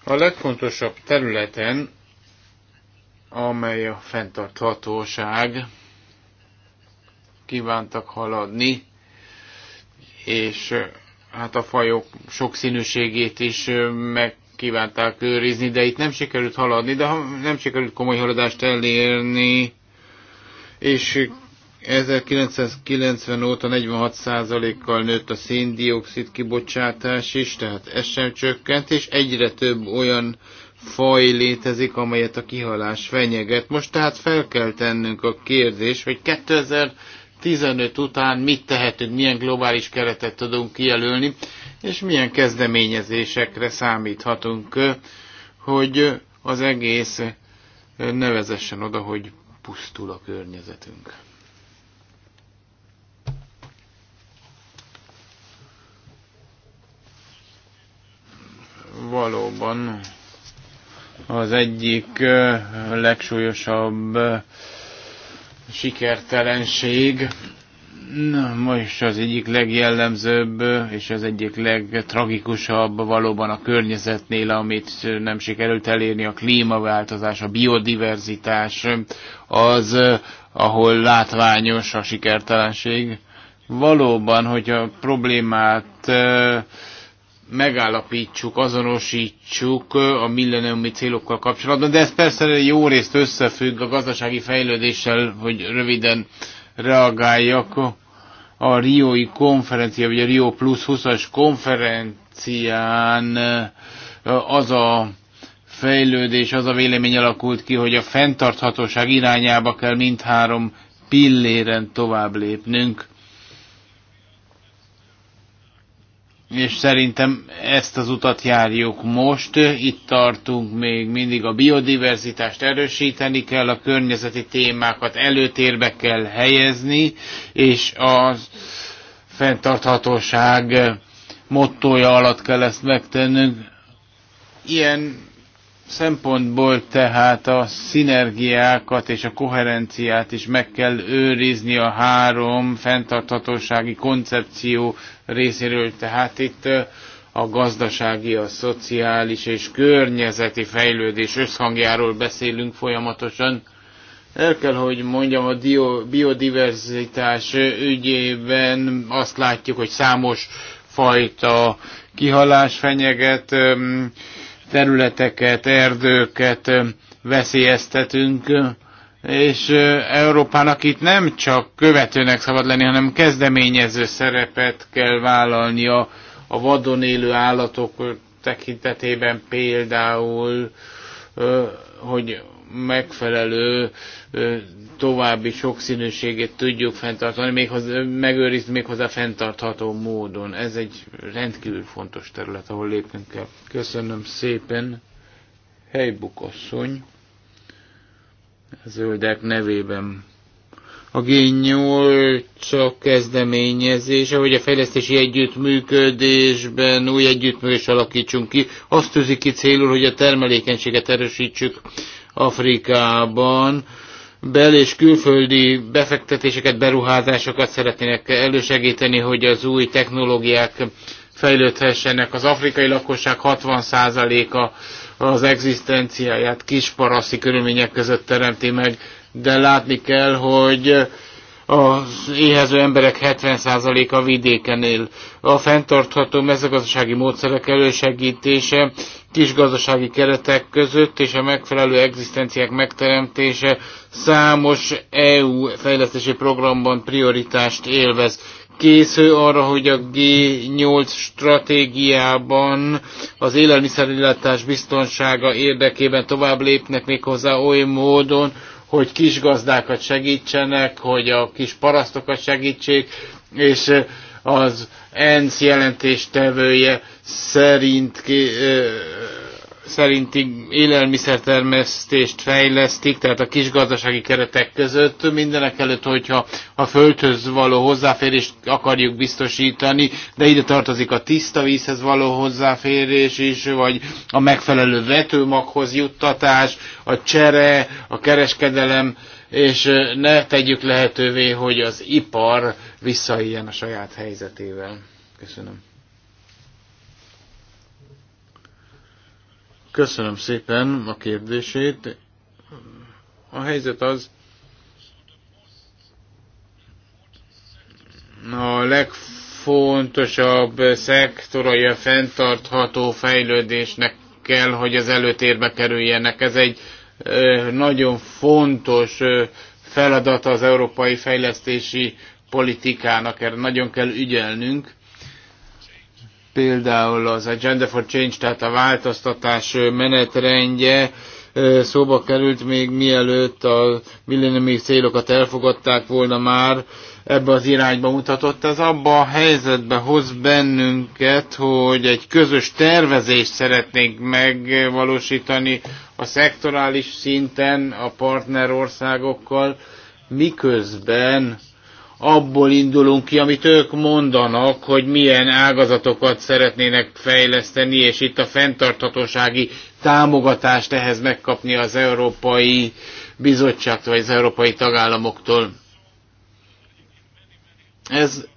S2: A legfontosabb területen, amely a fenntarthatóság, kívántak haladni, és hát a fajok sokszínűségét is meg kívánták őrizni, de itt nem sikerült haladni, de nem sikerült komoly haladást elérni, és 1990 óta 46%-kal nőtt a széndiokszid kibocsátás is, tehát ez sem csökkent, és egyre több olyan faj létezik, amelyet a kihalás fenyeget. Most tehát fel kell tennünk a kérdés, hogy 2015 után mit tehetünk, milyen globális keretet tudunk kijelölni, és milyen kezdeményezésekre számíthatunk, hogy az egész nevezessen oda, hogy pusztul a környezetünk. Valóban az egyik legsúlyosabb sikertelenség Na, ma is az egyik legjellemzőbb és az egyik legtragikusabb valóban a környezetnél, amit nem sikerült elérni, a klímaváltozás, a biodiverzitás, az, ahol látványos a sikertelenség. Valóban, hogy a problémát megállapítsuk, azonosítsuk a milleniumi célokkal kapcsolatban, de ez persze jó részt összefügg a gazdasági fejlődéssel, hogy röviden reagáljak a Riói konferencia, vagy a Rio Plus 20-as konferencián eh, az a fejlődés, az a vélemény alakult ki, hogy a fenntarthatóság irányába kell mindhárom pilléren tovább lépnünk. és szerintem ezt az utat járjuk most. Itt tartunk még mindig a biodiverzitást erősíteni kell, a környezeti témákat előtérbe kell helyezni, és a fenntarthatóság mottoja alatt kell ezt megtennünk. Ilyen szempontból tehát a szinergiákat és a koherenciát is meg kell őrizni a három fenntarthatósági koncepció részéről. Tehát itt a gazdasági, a szociális és környezeti fejlődés összhangjáról beszélünk folyamatosan. El kell, hogy mondjam, a biodiverzitás ügyében azt látjuk, hogy számos fajta kihalás fenyeget területeket, erdőket veszélyeztetünk, és Európának itt nem csak követőnek szabad lenni, hanem kezdeményező szerepet kell vállalnia a vadon élő állatok tekintetében például, hogy megfelelő további sokszínűségét tudjuk fenntartani, méghozzá, megőrizni méghozzá fenntartható módon. Ez egy rendkívül fontos terület, ahol lépnünk kell. Köszönöm szépen, helybukasszony, a zöldek nevében a G8 kezdeményezése, hogy a fejlesztési együttműködésben új együttműködés alakítsunk ki. Azt tűzi ki célul, hogy a termelékenységet erősítsük Afrikában bel- és külföldi befektetéseket, beruházásokat szeretnének elősegíteni, hogy az új technológiák fejlődhessenek. Az afrikai lakosság 60%-a az egzisztenciáját kisparaszti körülmények között teremti meg, de látni kell, hogy az éhező emberek 70%-a vidéken él. A fenntartható mezőgazdasági módszerek elősegítése kis gazdasági keretek között és a megfelelő egzisztenciák megteremtése számos EU fejlesztési programban prioritást élvez. Készül arra, hogy a G8 stratégiában az élelmiszerillátás biztonsága érdekében tovább lépnek méghozzá oly módon, hogy kis gazdákat segítsenek, hogy a kis parasztokat segítsék, és az ENSZ jelentéstevője szerint ki, ö, szerinti élelmiszertermesztést fejlesztik, tehát a kisgazdasági keretek között mindenek előtt, hogyha a földhöz való hozzáférést akarjuk biztosítani, de ide tartozik a tiszta vízhez való hozzáférés is, vagy a megfelelő vetőmaghoz juttatás, a csere, a kereskedelem, és ne tegyük lehetővé, hogy az ipar visszaéljen a saját helyzetével. Köszönöm. Köszönöm szépen a kérdését. A helyzet az, a legfontosabb szektorai a fenntartható fejlődésnek kell, hogy az előtérbe kerüljenek. Ez egy nagyon fontos feladata az európai fejlesztési politikának, erre nagyon kell ügyelnünk Például az Agenda for Change, tehát a változtatás menetrendje szóba került még mielőtt a millenniumi célokat elfogadták volna már, ebbe az irányba mutatott, ez abba a helyzetbe hoz bennünket, hogy egy közös tervezést szeretnénk megvalósítani a szektorális szinten a partnerországokkal, miközben abból indulunk ki, amit ők mondanak, hogy milyen ágazatokat szeretnének fejleszteni, és itt a fenntarthatósági támogatást ehhez megkapni az Európai Bizottságtól, vagy az európai tagállamoktól. Ez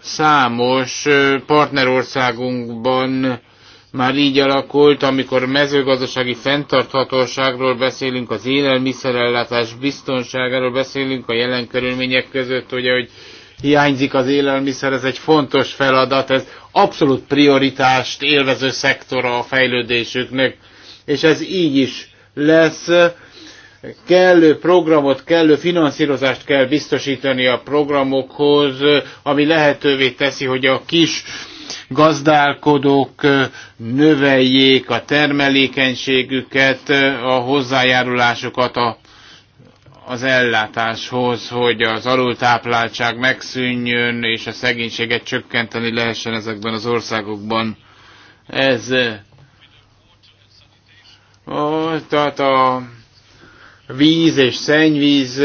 S2: számos partnerországunkban már így alakult, amikor mezőgazdasági fenntarthatóságról beszélünk, az élelmiszerellátás biztonságáról beszélünk a jelen körülmények között, ugye, hogy hiányzik az élelmiszer, ez egy fontos feladat, ez abszolút prioritást élvező szektora a fejlődésüknek, és ez így is lesz. Kellő programot, kellő finanszírozást kell biztosítani a programokhoz, ami lehetővé teszi, hogy a kis gazdálkodók növeljék a termelékenységüket, a hozzájárulásokat a az ellátáshoz, hogy az alultápláltság megszűnjön, és a szegénységet csökkenteni lehessen ezekben az országokban. Ez ó, tehát a víz és szennyvíz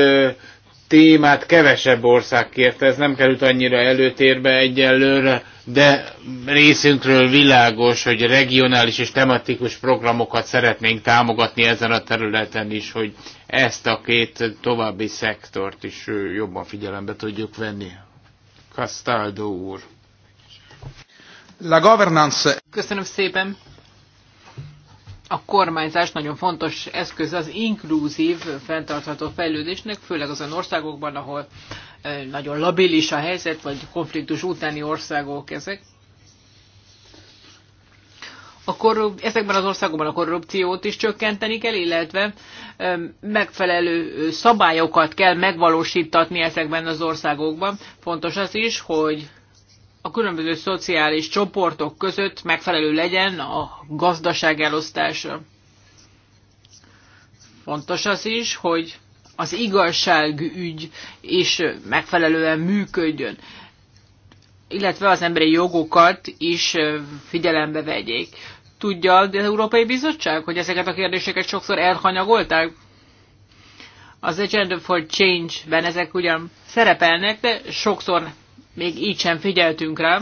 S2: témát kevesebb ország kérte, ez nem került annyira előtérbe egyelőre, de részünkről világos, hogy regionális és tematikus programokat szeretnénk támogatni ezen a területen is, hogy ezt a két további szektort is jobban figyelembe tudjuk venni. Castaldo úr. La governance.
S1: Köszönöm szépen a kormányzás nagyon fontos eszköz az inkluzív fenntartható fejlődésnek, főleg azon országokban, ahol nagyon labilis a helyzet, vagy konfliktus utáni országok ezek. A korrup- ezekben az országokban a korrupciót is csökkenteni kell, illetve megfelelő szabályokat kell megvalósítatni ezekben az országokban. Fontos az is, hogy a különböző szociális csoportok között megfelelő legyen a gazdaság elosztása. Fontos az is, hogy az igazságügy is megfelelően működjön, illetve az emberi jogokat is figyelembe vegyék. Tudja az Európai Bizottság, hogy ezeket a kérdéseket sokszor elhanyagolták? Az Agenda for Change-ben ezek ugyan szerepelnek, de sokszor még így sem figyeltünk rá,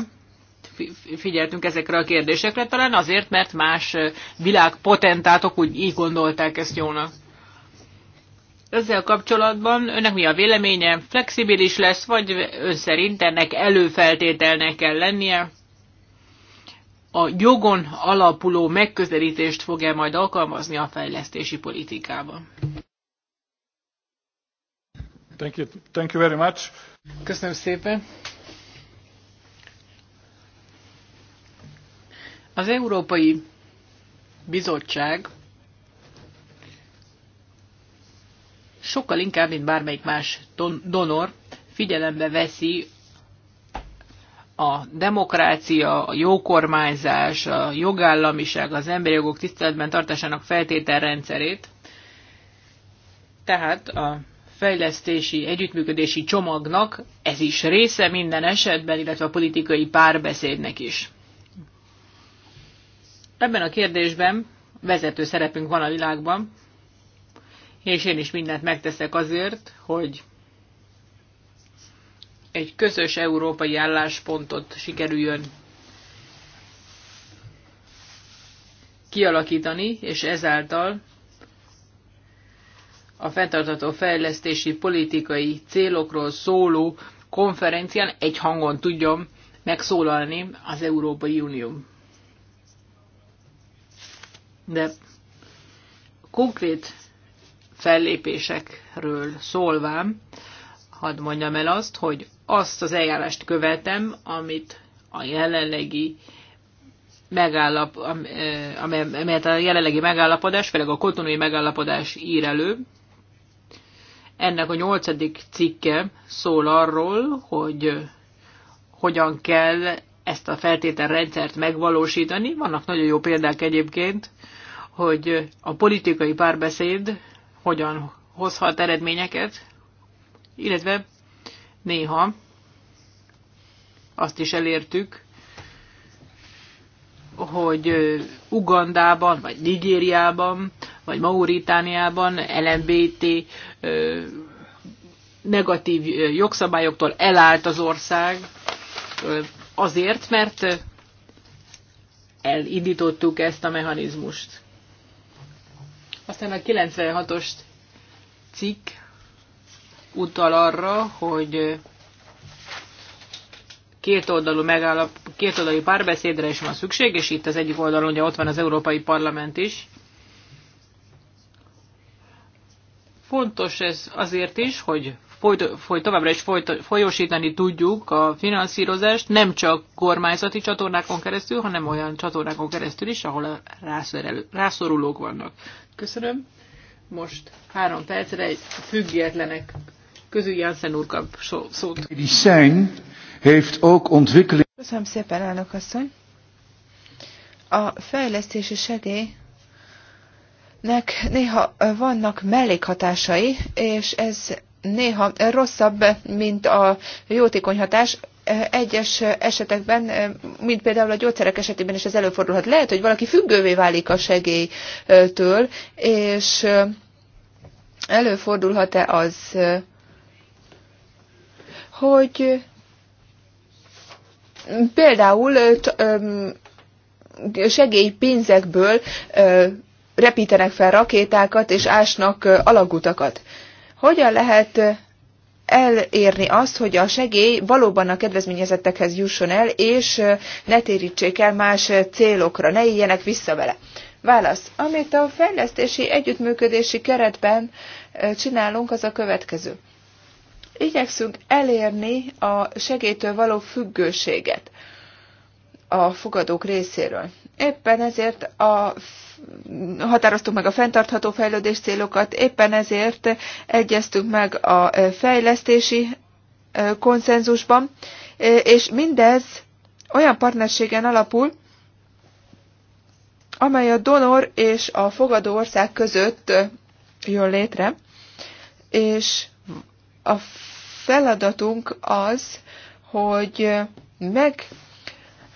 S1: figyeltünk ezekre a kérdésekre, talán azért, mert más világpotentátok úgy így gondolták ezt jónak. Ezzel kapcsolatban önnek mi a véleménye? Flexibilis lesz, vagy ön szerint ennek előfeltételnek kell lennie? A jogon alapuló megközelítést fog-e majd alkalmazni a fejlesztési politikában?
S4: Thank you, thank you very much. Köszönöm szépen.
S1: Az Európai Bizottság sokkal inkább, mint bármelyik más donor figyelembe veszi a demokrácia, a jókormányzás, a jogállamiság, az emberi jogok tiszteletben tartásának feltételrendszerét. Tehát a fejlesztési, együttműködési csomagnak ez is része minden esetben, illetve a politikai párbeszédnek is. Ebben a kérdésben vezető szerepünk van a világban, és én is mindent megteszek azért, hogy egy közös európai álláspontot sikerüljön kialakítani, és ezáltal a fenntartató fejlesztési politikai célokról szóló konferencián egy hangon tudjon megszólalni az Európai Unió de konkrét fellépésekről szólván, hadd mondjam el azt, hogy azt az eljárást követem, amit a jelenlegi megállap, eh, amelyet a jelenlegi megállapodás, főleg a kotonói megállapodás ír elő. Ennek a nyolcadik cikke szól arról, hogy hogyan kell ezt a feltételrendszert megvalósítani. Vannak nagyon jó példák egyébként hogy a politikai párbeszéd hogyan hozhat eredményeket, illetve néha azt is elértük, hogy Ugandában, vagy Nigériában, vagy Mauritániában LMBT negatív jogszabályoktól elállt az ország azért, mert elindítottuk ezt a mechanizmust. Aztán a 96-os cikk utal arra, hogy kétoldalú megállap, kétoldalú párbeszédre is van szükség, és itt az egyik oldalon ugye ott van az Európai Parlament is. Fontos ez azért is, hogy folyt, folyt, továbbra is folyt, folyosítani tudjuk a finanszírozást, nem csak kormányzati csatornákon keresztül, hanem olyan csatornákon keresztül is, ahol a rászorulók vannak. Köszönöm. Most három percre egy függetlenek közül Janssen úr kap szót.
S3: Köszönöm szépen, elnök asszony. A fejlesztési segély nek néha vannak mellékhatásai, és ez néha rosszabb, mint a jótékony hatás egyes esetekben, mint például a gyógyszerek esetében is ez előfordulhat. Lehet, hogy valaki függővé válik a segélytől, és előfordulhat-e az, hogy például segélypénzekből repítenek fel rakétákat és ásnak alagutakat. Hogyan lehet elérni azt, hogy a segély valóban a kedvezményezettekhez jusson el, és ne térítsék el más célokra, ne éljenek vissza vele. Válasz. Amit a fejlesztési együttműködési keretben csinálunk, az a következő. Igyekszünk elérni a segélytől való függőséget a fogadók részéről. Éppen ezért a határoztuk meg a fenntartható fejlődés célokat, éppen ezért egyeztünk meg a fejlesztési konszenzusban, és mindez olyan partnerségen alapul, amely a donor és a fogadó ország között jön létre, és a feladatunk az, hogy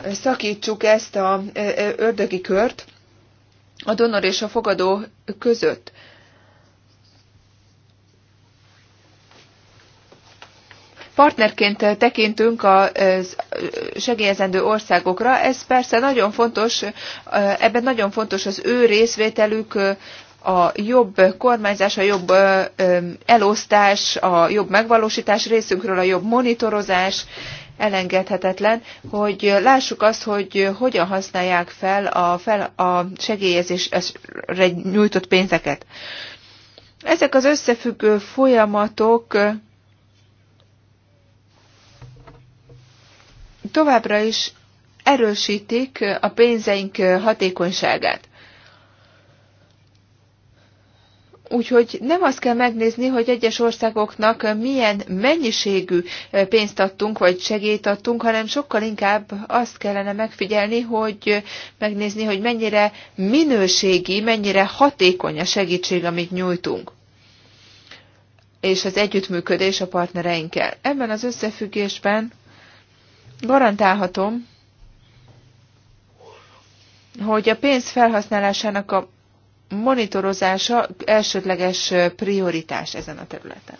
S3: megszakítsuk ezt a ördögi kört, a donor és a fogadó között. partnerként tekintünk a segélyezendő országokra. Ez persze nagyon fontos, ebben nagyon fontos az ő részvételük, a jobb kormányzás, a jobb elosztás, a jobb megvalósítás részünkről, a jobb monitorozás, elengedhetetlen, hogy lássuk azt, hogy hogyan használják fel a, fel a segélyezésre nyújtott pénzeket. Ezek az összefüggő folyamatok továbbra is erősítik a pénzeink hatékonyságát. Úgyhogy nem azt kell megnézni, hogy egyes országoknak milyen mennyiségű pénzt adtunk, vagy segélyt adtunk, hanem sokkal inkább azt kellene megfigyelni, hogy megnézni, hogy mennyire minőségi, mennyire hatékony a segítség, amit nyújtunk és az együttműködés a partnereinkkel. Ebben az összefüggésben garantálhatom, hogy a pénz felhasználásának a monitorozása elsődleges prioritás ezen a területen.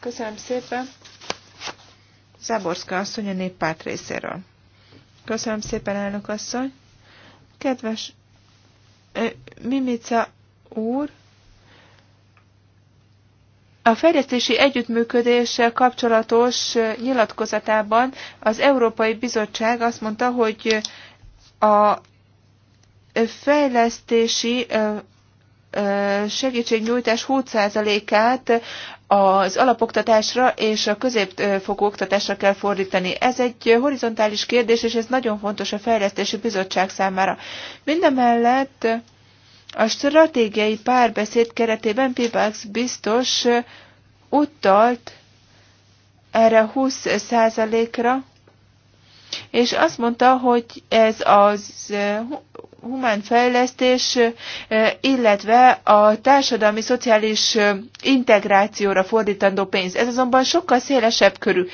S3: Köszönöm szépen. Záborszka asszony a néppárt részéről. Köszönöm szépen, elnök asszony. Kedves Mimica úr, a fejlesztési együttműködéssel kapcsolatos nyilatkozatában az Európai Bizottság azt mondta, hogy a fejlesztési segítségnyújtás 20%-át az alapoktatásra és a középfokú oktatásra kell fordítani. Ez egy horizontális kérdés, és ez nagyon fontos a Fejlesztési Bizottság számára. Mindemellett a stratégiai párbeszéd keretében Pibax biztos utalt erre 20%-ra, és azt mondta, hogy ez az humán fejlesztés, illetve a társadalmi szociális integrációra fordítandó pénz. Ez azonban sokkal szélesebb körű.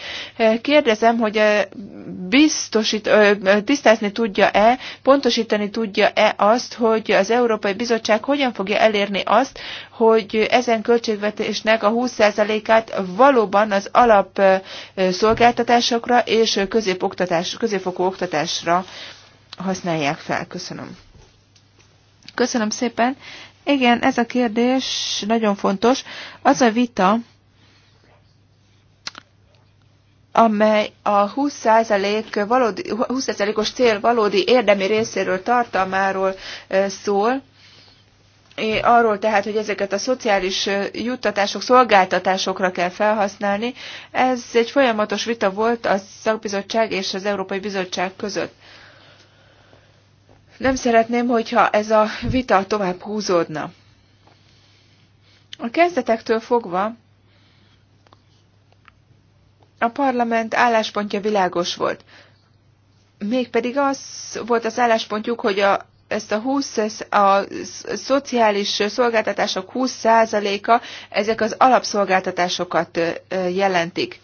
S3: Kérdezem, hogy biztosít, tisztázni tudja-e, pontosítani tudja-e azt, hogy az Európai Bizottság hogyan fogja elérni azt, hogy ezen költségvetésnek a 20%-át valóban az alap szolgáltatásokra és középoktatás, középfokú oktatásra használják fel. Köszönöm. Köszönöm szépen. Igen, ez a kérdés nagyon fontos. Az a vita, amely a 20%, valódi, 20%-os cél valódi érdemi részéről, tartalmáról szól, arról tehát, hogy ezeket a szociális juttatások, szolgáltatásokra kell felhasználni. Ez egy folyamatos vita volt a szakbizottság és az Európai Bizottság között. Nem szeretném, hogyha ez a vita tovább húzódna. A kezdetektől fogva a parlament álláspontja világos volt. Mégpedig az volt az álláspontjuk, hogy a, ezt a 20, a szociális szolgáltatások 20%-a ezek az alapszolgáltatásokat jelentik,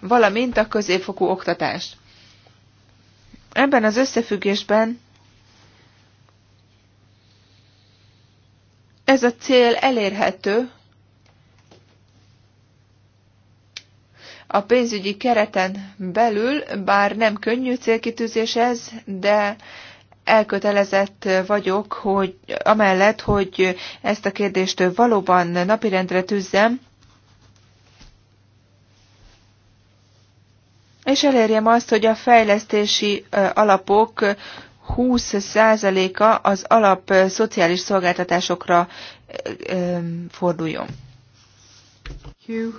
S3: valamint a középfokú oktatást. Ebben az összefüggésben ez a cél elérhető a pénzügyi kereten belül, bár nem könnyű célkitűzés ez, de elkötelezett vagyok, hogy amellett, hogy ezt a kérdést valóban napirendre tűzzem, és elérjem azt, hogy a fejlesztési alapok 20%-a az alap szociális szolgáltatásokra forduljon. Uh,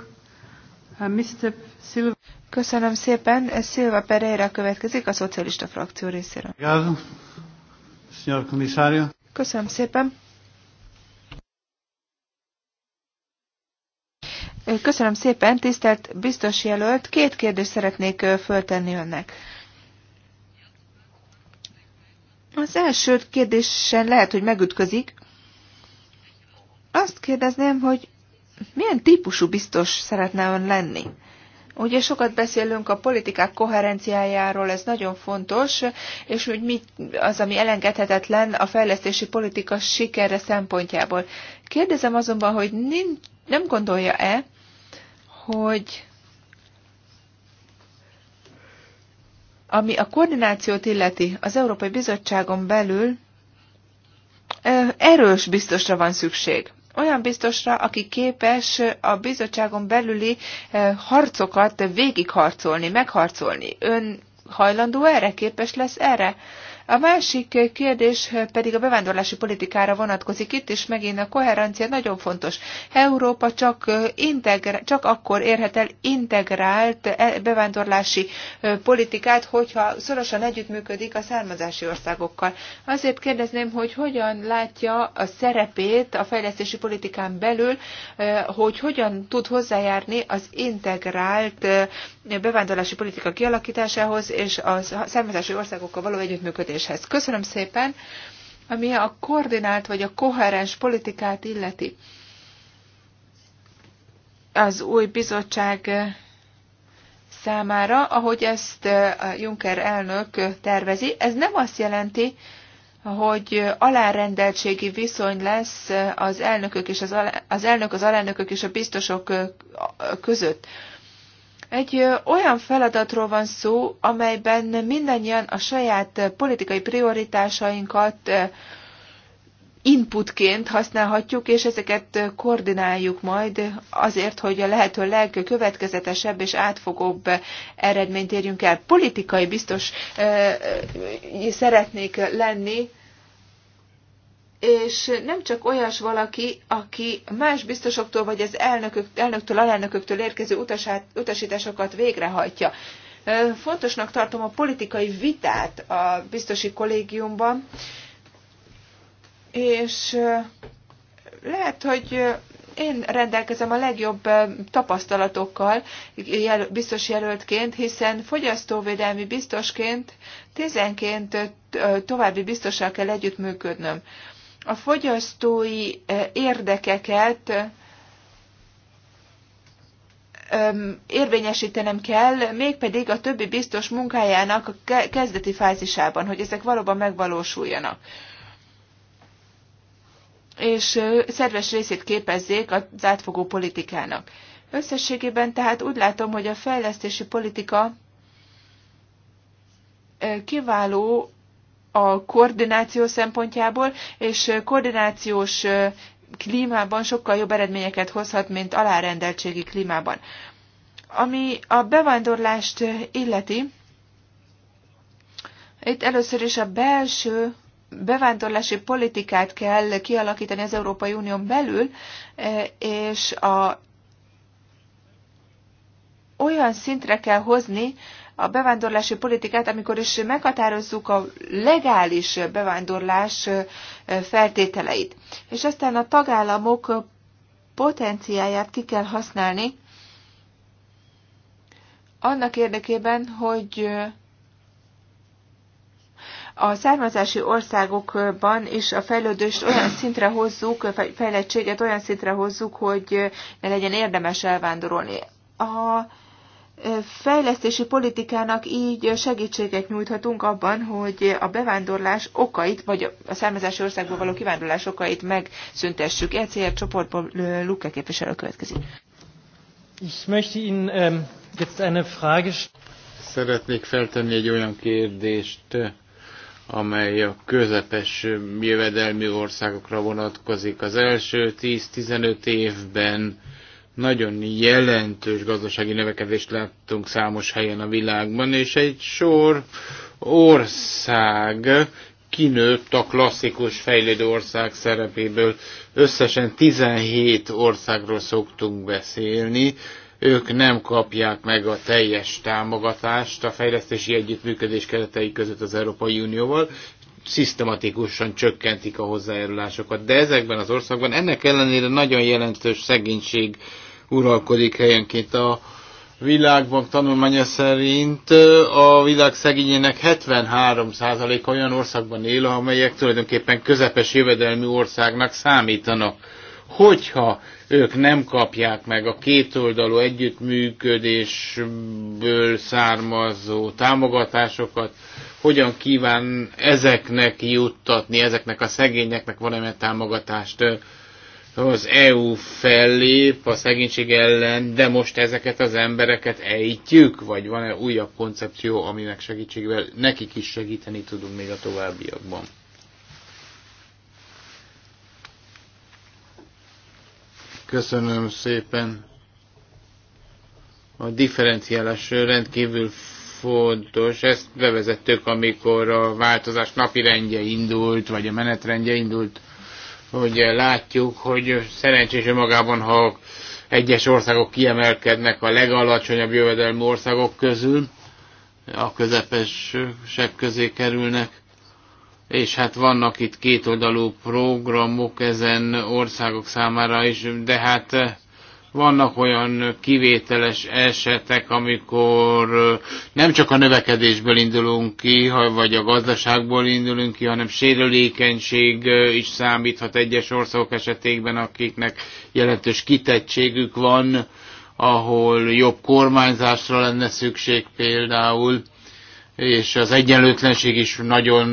S3: köszönöm szépen. Silva Pereira következik a szocialista frakció részéről. Köszönöm szépen. Köszönöm szépen, tisztelt biztos jelölt. Két kérdést szeretnék föltenni önnek. Az első kérdésen lehet, hogy megütközik. Azt kérdezném, hogy milyen típusú biztos szeretne ön lenni? Ugye sokat beszélünk a politikák koherenciájáról, ez nagyon fontos, és hogy mi az, ami elengedhetetlen a fejlesztési politika sikere szempontjából. Kérdezem azonban, hogy nem gondolja-e, hogy Ami a koordinációt illeti, az Európai Bizottságon belül erős biztosra van szükség. Olyan biztosra, aki képes a bizottságon belüli harcokat végigharcolni, megharcolni. Ön hajlandó erre, képes lesz erre? A másik kérdés pedig a bevándorlási politikára vonatkozik. Itt is megint a koherencia nagyon fontos. Európa csak, integra- csak akkor érhet el integrált e, bevándorlási politikát, hogyha szorosan együttműködik a származási országokkal. Azért kérdezném, hogy hogyan látja a szerepét a fejlesztési politikán belül, hogy hogyan tud hozzájárni az integrált bevándorlási politika kialakításához és a származási országokkal való együttműködéshez kérdéshez. Köszönöm szépen, ami a koordinált vagy a koherens politikát illeti. Az új bizottság számára, ahogy ezt eh, a Juncker elnök tervezi. Ez nem azt jelenti, hogy alárendeltségi viszony lesz az elnökök és az, alá, az elnök, az alelnökök és a biztosok eh, között. Egy olyan feladatról van szó, amelyben mindannyian a saját politikai prioritásainkat inputként használhatjuk, és ezeket koordináljuk majd azért, hogy a lehető legkövetkezetesebb és átfogóbb eredményt érjünk el. Politikai biztos szeretnék lenni, és nem csak olyas valaki, aki más biztosoktól vagy az elnökök, elnöktől, alelnököktől érkező utasát, utasításokat végrehajtja. Fontosnak tartom a politikai vitát a biztosi kollégiumban, és lehet, hogy én rendelkezem a legjobb tapasztalatokkal biztos jelöltként, hiszen fogyasztóvédelmi biztosként tizenként további biztossal kell együttműködnöm a fogyasztói érdekeket érvényesítenem kell, mégpedig a többi biztos munkájának a kezdeti fázisában, hogy ezek valóban megvalósuljanak. És szerves részét képezzék az átfogó politikának. Összességében tehát úgy látom, hogy a fejlesztési politika kiváló a koordináció szempontjából, és koordinációs klímában sokkal jobb eredményeket hozhat, mint alárendeltségi klímában. Ami a bevándorlást illeti, itt először is a belső bevándorlási politikát kell kialakítani az Európai Unión belül, és a olyan szintre kell hozni, a bevándorlási politikát, amikor is meghatározzuk a legális bevándorlás feltételeit. És aztán a tagállamok potenciáját ki kell használni annak érdekében, hogy a származási országokban is a fejlődést olyan szintre hozzuk, fejlettséget olyan szintre hozzuk, hogy ne legyen érdemes elvándorolni. A fejlesztési politikának így segítséget nyújthatunk abban, hogy a bevándorlás okait, vagy a származási országból való kivándorlás okait megszüntessük. ECR csoportból Luke képviselő következik.
S2: Ähm, Szeretnék feltenni egy olyan kérdést, amely a közepes jövedelmi országokra vonatkozik. Az első 10-15 évben nagyon jelentős gazdasági növekedést láttunk számos helyen a világban, és egy sor ország kinőtt a klasszikus fejlődő ország szerepéből. Összesen 17 országról szoktunk beszélni, ők nem kapják meg a teljes támogatást a fejlesztési együttműködés keretei között az Európai Unióval, szisztematikusan csökkentik a hozzájárulásokat. De ezekben az országban ennek ellenére nagyon jelentős szegénység uralkodik helyenként. A Világbank tanulmánya szerint a világ szegényének 73 olyan országban él, amelyek tulajdonképpen közepes jövedelmi országnak számítanak. Hogyha ők nem kapják meg a kétoldalú együttműködésből származó támogatásokat, hogyan kíván ezeknek juttatni, ezeknek a szegényeknek valamilyen támogatást az EU fellép a szegénység ellen, de most ezeket az embereket ejtjük, vagy van-e újabb koncepció, aminek segítségével nekik is segíteni tudunk még a továbbiakban? Köszönöm szépen. A differenciálás rendkívül fontos. Ezt bevezettük, amikor a változás napirendje indult, vagy a menetrendje indult hogy látjuk, hogy szerencsés magában, ha egyes országok kiemelkednek a legalacsonyabb jövedelmű országok közül, a közepesek közé kerülnek, és hát vannak itt kétoldalú programok ezen országok számára is, de hát vannak olyan kivételes esetek, amikor nem csak a növekedésből indulunk ki, vagy a gazdaságból indulunk ki, hanem sérülékenység is számíthat egyes országok esetében, akiknek jelentős kitettségük van, ahol jobb kormányzásra lenne szükség például és az egyenlőtlenség is nagyon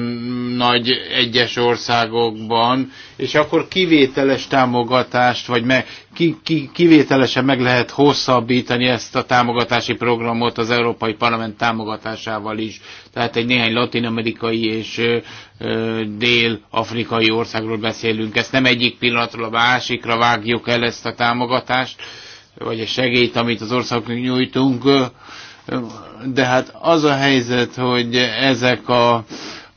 S2: nagy egyes országokban, és akkor kivételes támogatást, vagy meg, ki, ki, kivételesen meg lehet hosszabbítani ezt a támogatási programot az Európai Parlament támogatásával is. Tehát egy néhány latinamerikai és dél-afrikai országról beszélünk. Ezt nem egyik pillanatról a másikra vágjuk el ezt a támogatást, vagy a segélyt, amit az országnak nyújtunk. Ö, de hát az a helyzet, hogy ezek a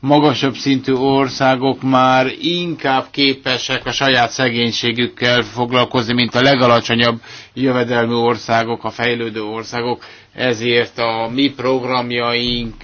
S2: magasabb szintű országok már inkább képesek a saját szegénységükkel foglalkozni, mint a legalacsonyabb jövedelmű országok, a fejlődő országok. Ezért a mi programjaink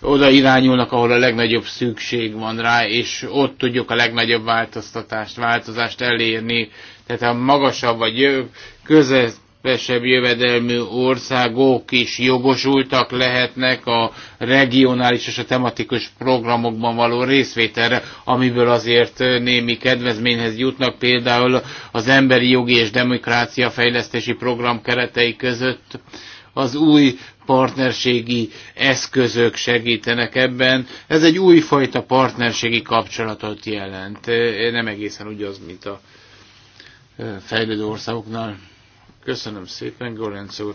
S2: oda irányulnak, ahol a legnagyobb szükség van rá, és ott tudjuk a legnagyobb változtatást, változást elérni. Tehát a magasabb vagy közel, kevesebb jövedelmű országok is jogosultak lehetnek a regionális és a tematikus programokban való részvételre, amiből azért némi kedvezményhez jutnak, például az Emberi Jogi és Demokrácia Fejlesztési Program keretei között az új partnerségi eszközök segítenek ebben. Ez egy újfajta partnerségi kapcsolatot jelent. Nem egészen ugyanaz, mint a fejlődő országoknál. Köszönöm szépen, Gorenc úr.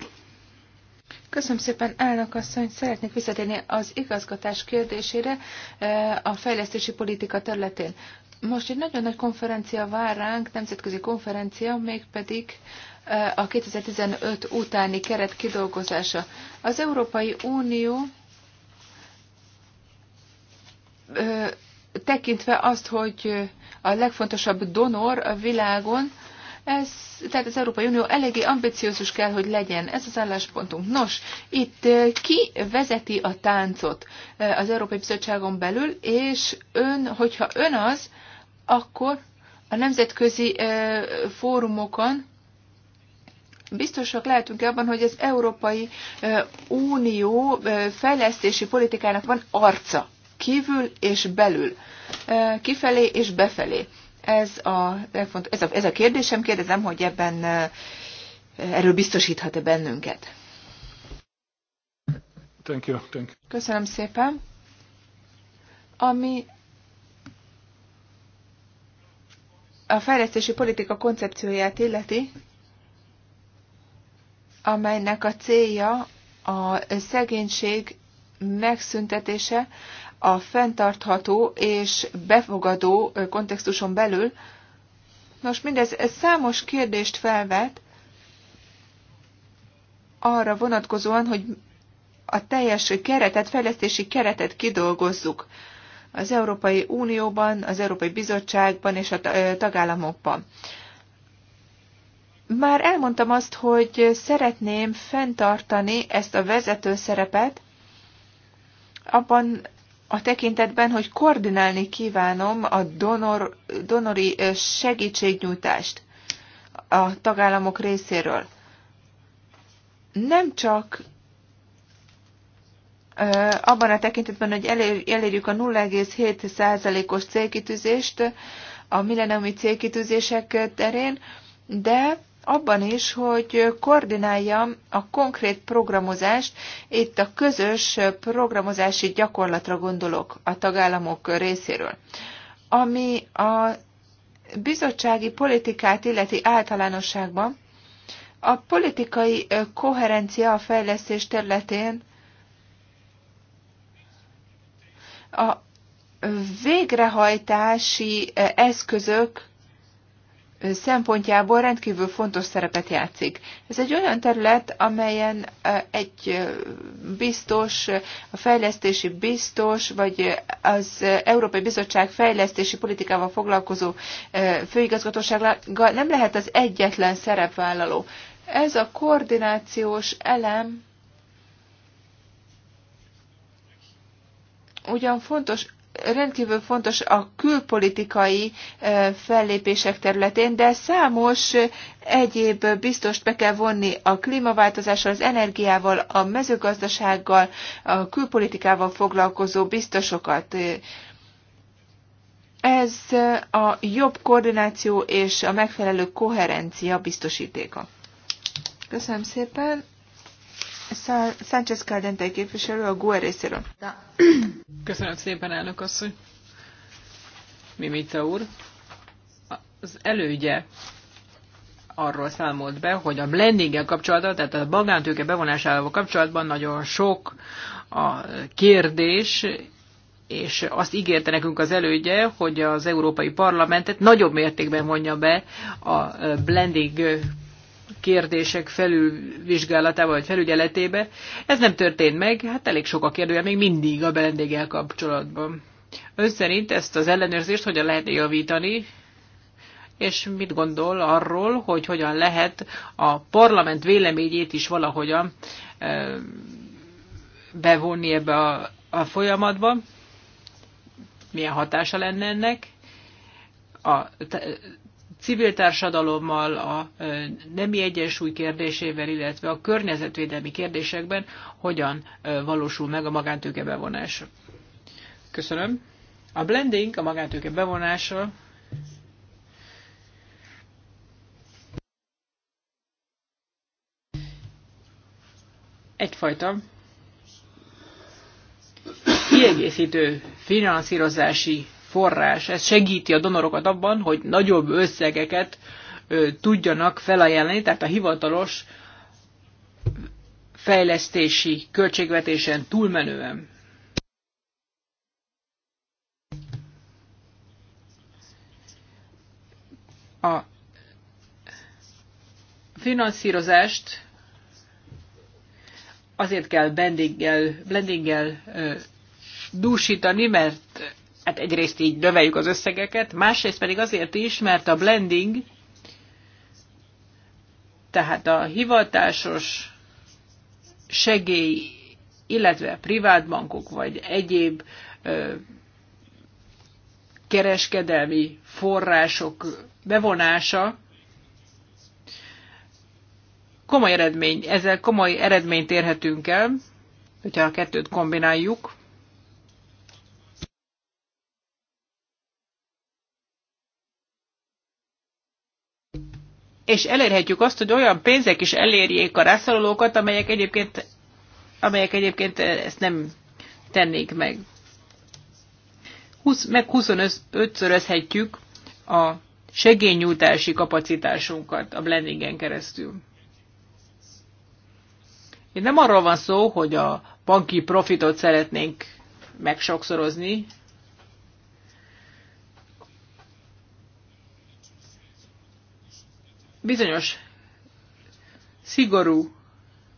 S3: Köszönöm szépen, elnök asszony. Szeretnék visszatérni az igazgatás kérdésére eh, a fejlesztési politika területén. Most egy nagyon nagy konferencia vár ránk, nemzetközi konferencia, mégpedig eh, a 2015 utáni keret kidolgozása. Az Európai Unió eh, tekintve azt, hogy a legfontosabb donor a világon, ez, tehát az Európai Unió eléggé ambiciózus kell, hogy legyen. Ez az álláspontunk. Nos, itt ki vezeti a táncot az Európai Bizottságon belül, és ön, hogyha ön az, akkor a nemzetközi fórumokon biztosak lehetünk abban, hogy az Európai Unió fejlesztési politikának van arca, kívül és belül, kifelé és befelé. Ez a, ez a, ez a kérdésem, kérdezem, hogy ebben erről biztosíthat-e bennünket.
S4: Thank you, thank you.
S3: Köszönöm szépen. Ami a fejlesztési politika koncepcióját illeti, amelynek a célja a szegénység megszüntetése, a fenntartható és befogadó kontextuson belül. Nos, mindez számos kérdést felvet arra vonatkozóan, hogy a teljes keretet, fejlesztési keretet kidolgozzuk az Európai Unióban, az Európai Bizottságban és a tagállamokban. Már elmondtam azt, hogy szeretném fenntartani ezt a vezető szerepet, abban a tekintetben, hogy koordinálni kívánom a donor, donori segítségnyújtást a tagállamok részéről. Nem csak abban a tekintetben, hogy elérjük a 0,7%-os célkitűzést a millenniumi célkitűzések terén, de abban is, hogy koordinálja a konkrét programozást, itt a közös programozási gyakorlatra gondolok a tagállamok részéről. Ami a bizottsági politikát illeti általánosságban, a politikai koherencia a fejlesztés területén a végrehajtási eszközök szempontjából rendkívül fontos szerepet játszik. Ez egy olyan terület, amelyen egy biztos, a fejlesztési biztos, vagy az Európai Bizottság fejlesztési politikával foglalkozó főigazgatósággal nem lehet az egyetlen szerepvállaló. Ez a koordinációs elem ugyan fontos rendkívül fontos a külpolitikai fellépések területén, de számos egyéb biztost be kell vonni a klímaváltozással, az energiával, a mezőgazdasággal, a külpolitikával foglalkozó biztosokat. Ez a jobb koordináció és a megfelelő koherencia biztosítéka. Köszönöm szépen. Sánchez Caldente képviselő a GUE részéről.
S1: Köszönöm szépen, elnök asszony. Mimica úr. Az elődje arról számolt be, hogy a blendinggel kapcsolatban, tehát a magántőke bevonásával kapcsolatban nagyon sok a kérdés, és azt ígérte nekünk az elődje, hogy az Európai Parlamentet nagyobb mértékben vonja be a blending kérdések felülvizsgálatába vagy felügyeletébe. Ez nem történt meg, hát elég sok a kérdője még mindig a belendéggel kapcsolatban. Ön szerint ezt az ellenőrzést hogyan lehet javítani, és mit gondol arról, hogy hogyan lehet a parlament véleményét is valahogyan bevonni ebbe a, a folyamatba, milyen hatása lenne ennek, a civil társadalommal, a nemi egyensúly kérdésével, illetve a környezetvédelmi kérdésekben hogyan valósul meg a magántőke bevonása. Köszönöm. A blending, a magántőke bevonása egyfajta kiegészítő finanszírozási forrás. Ez segíti a donorokat abban, hogy nagyobb összegeket tudjanak felajánlani, tehát a hivatalos fejlesztési költségvetésen túlmenően. A finanszírozást azért kell blendinggel, blendinggel dúsítani, mert hát egyrészt így növeljük az összegeket, másrészt pedig azért is, mert a blending, tehát a hivatásos segély, illetve privát bankok vagy egyéb ö, kereskedelmi források bevonása komoly eredmény, ezzel komoly eredményt érhetünk el, hogyha a kettőt kombináljuk, és elérhetjük azt, hogy olyan pénzek is elérjék a rászorulókat, amelyek egyébként, amelyek egyébként eh, ezt nem tennék meg. 20, meg 25-szörözhetjük a segényújtási kapacitásunkat a blendingen keresztül. Itt nem arról van szó, hogy a banki profitot szeretnénk megsokszorozni, bizonyos szigorú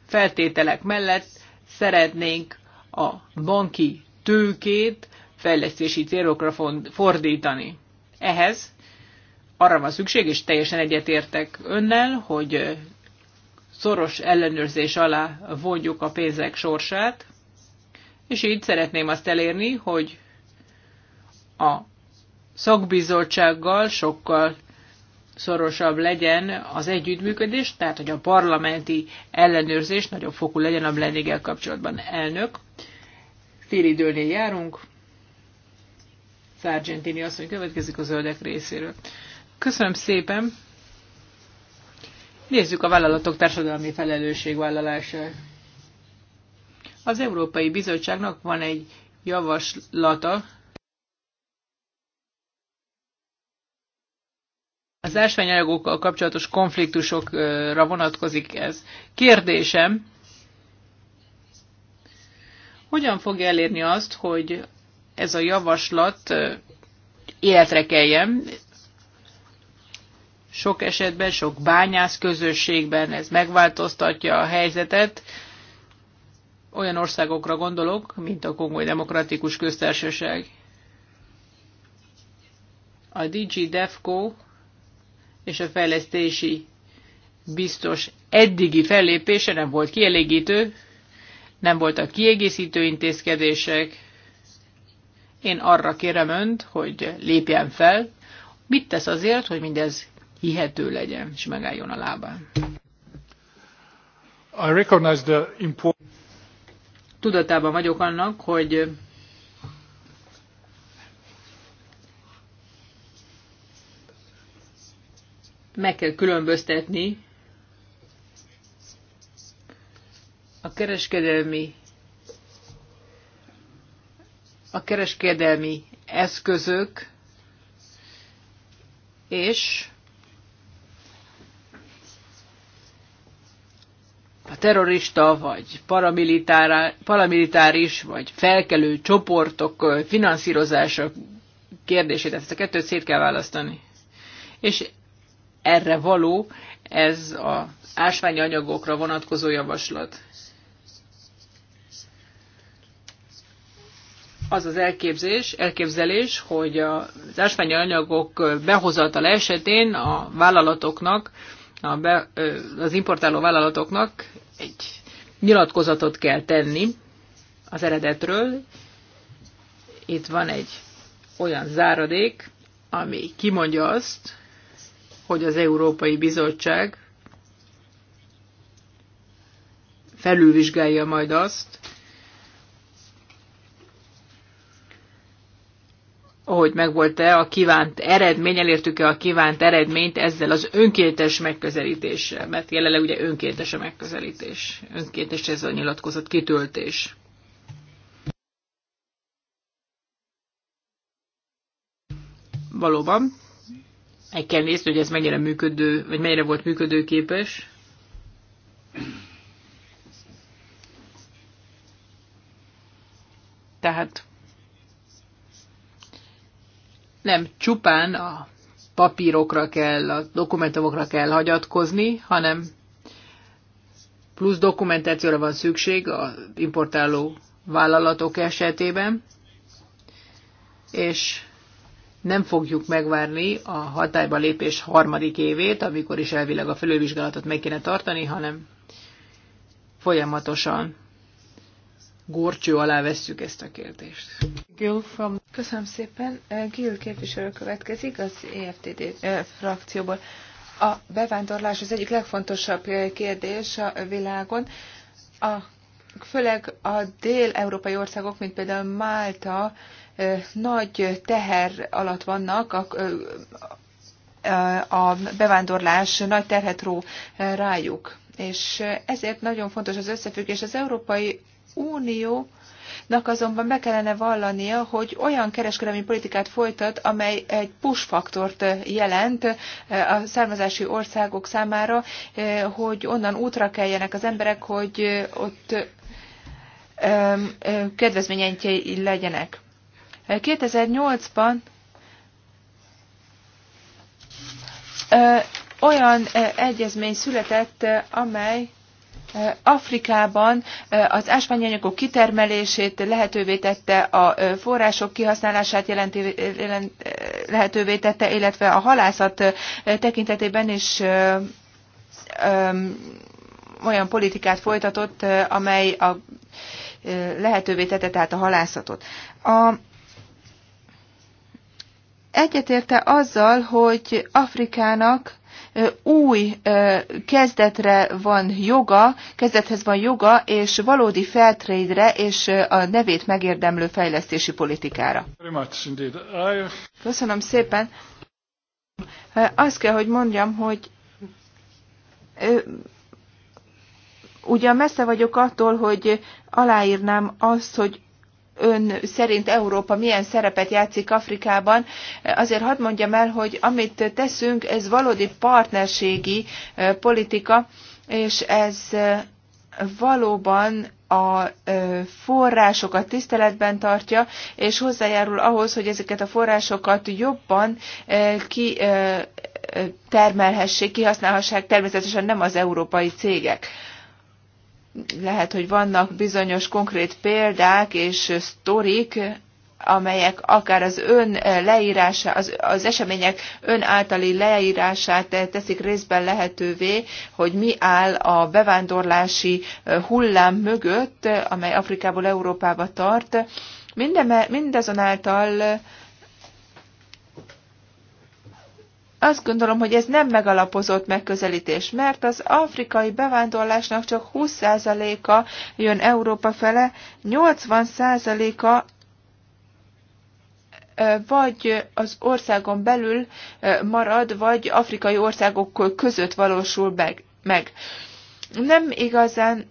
S1: feltételek mellett szeretnénk a banki tőkét fejlesztési célokra fordítani. Ehhez arra van szükség, és teljesen egyetértek önnel, hogy szoros ellenőrzés alá vonjuk a pénzek sorsát, és így szeretném azt elérni, hogy a szakbizottsággal sokkal szorosabb legyen az együttműködés, tehát hogy a parlamenti ellenőrzés nagyobb fokú legyen a blendinggel kapcsolatban. Elnök, időnél járunk. Sargentini asszony következik a zöldek részéről. Köszönöm szépen. Nézzük a vállalatok társadalmi felelősségvállalását. Az Európai Bizottságnak van egy javaslata Az ásványanyagokkal kapcsolatos konfliktusokra vonatkozik ez. Kérdésem, hogyan fogja elérni azt, hogy ez a javaslat életre keljen? Sok esetben, sok bányász közösségben ez megváltoztatja a helyzetet. Olyan országokra gondolok, mint a Kongói Demokratikus Köztársaság. A DG DEFCO és a fejlesztési biztos eddigi fellépése nem volt kielégítő, nem voltak kiegészítő intézkedések. Én arra kérem önt, hogy lépjen fel. Mit tesz azért, hogy mindez hihető legyen, és megálljon a lábán?
S4: I recognize the
S1: Tudatában vagyok annak, hogy meg kell különböztetni a kereskedelmi a kereskedelmi eszközök és a terrorista vagy paramilitáris vagy felkelő csoportok finanszírozása kérdését, ezt a kettőt szét kell választani. És erre való ez az ásványi anyagokra vonatkozó javaslat. az az elképzés, elképzelés, hogy az ásványi anyagok behozatala esetén a vállalatoknak, a be, az importáló vállalatoknak egy nyilatkozatot kell tenni az eredetről. Itt van egy olyan záradék, ami kimondja azt, hogy az Európai Bizottság felülvizsgálja majd azt, hogy megvolt-e a kívánt eredmény, elértük-e a kívánt eredményt ezzel az önkéntes megközelítéssel, mert jelenleg ugye önkéntes a megközelítés, önkéntes ez a nyilatkozat kitöltés. Valóban, meg kell nézni, hogy ez mennyire működő, vagy mennyire volt működőképes. Tehát nem csupán a papírokra kell, a dokumentumokra kell hagyatkozni, hanem plusz dokumentációra van szükség a importáló vállalatok esetében, és nem fogjuk megvárni a hatályba lépés harmadik évét, amikor is elvileg a felülvizsgálatot meg kéne tartani, hanem folyamatosan górcső alá vesszük ezt a kérdést.
S3: Gil from... Köszönöm szépen. Gil képviselő következik az EFTD eh, frakcióból. A bevándorlás az egyik legfontosabb eh, kérdés a világon. A, főleg a dél-európai országok, mint például Málta, nagy teher alatt vannak, a, a bevándorlás nagy terhet ró rájuk. És ezért nagyon fontos az összefüggés. Az Európai Unió Nak azonban be kellene vallania, hogy olyan kereskedelmi politikát folytat, amely egy push faktort jelent a származási országok számára, hogy onnan útra keljenek az emberek, hogy ott kedvezményentjei legyenek. 2008-ban olyan egyezmény született, amely Afrikában az ásványanyagok kitermelését lehetővé tette, a források kihasználását jelenti, jelent, lehetővé tette, illetve a halászat tekintetében is olyan politikát folytatott, amely a lehetővé tette tehát a halászatot. A Egyetérte azzal, hogy Afrikának új kezdetre van joga, kezdethez van joga, és valódi fairtrade-re és a nevét megérdemlő fejlesztési politikára. Köszönöm szépen. Azt kell, hogy mondjam, hogy ugyan messze vagyok attól, hogy aláírnám azt, hogy ön szerint Európa milyen szerepet játszik Afrikában. Azért hadd mondjam el, hogy amit teszünk, ez valódi partnerségi politika, és ez valóban a forrásokat tiszteletben tartja, és hozzájárul ahhoz, hogy ezeket a forrásokat jobban ki termelhessék, kihasználhassák természetesen nem az európai cégek lehet, hogy vannak bizonyos konkrét példák és sztorik, amelyek akár az ön leírása, az, az események ön általi leírását teszik részben lehetővé, hogy mi áll a bevándorlási hullám mögött, amely Afrikából Európába tart. Minde, mindazonáltal azt gondolom, hogy ez nem megalapozott megközelítés, mert az afrikai bevándorlásnak csak 20%-a jön Európa fele, 80%-a vagy az országon belül marad, vagy afrikai országok között valósul meg. meg. Nem igazán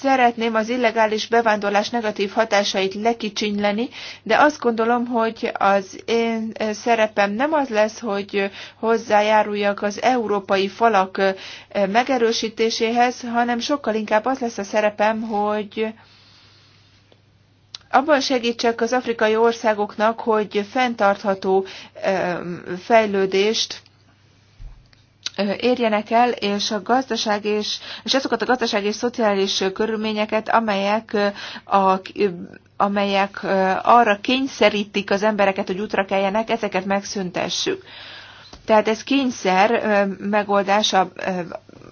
S3: szeretném az illegális bevándorlás negatív hatásait lekicsinyleni, de azt gondolom, hogy az én szerepem nem az lesz, hogy hozzájáruljak az európai falak megerősítéséhez, hanem sokkal inkább az lesz a szerepem, hogy abban segítsek az afrikai országoknak, hogy fenntartható fejlődést érjenek el, és a gazdaság és, és azokat a gazdaság és szociális körülményeket, amelyek, a, amelyek arra kényszerítik az embereket, hogy útra keljenek, ezeket megszüntessük. Tehát ez kényszer megoldása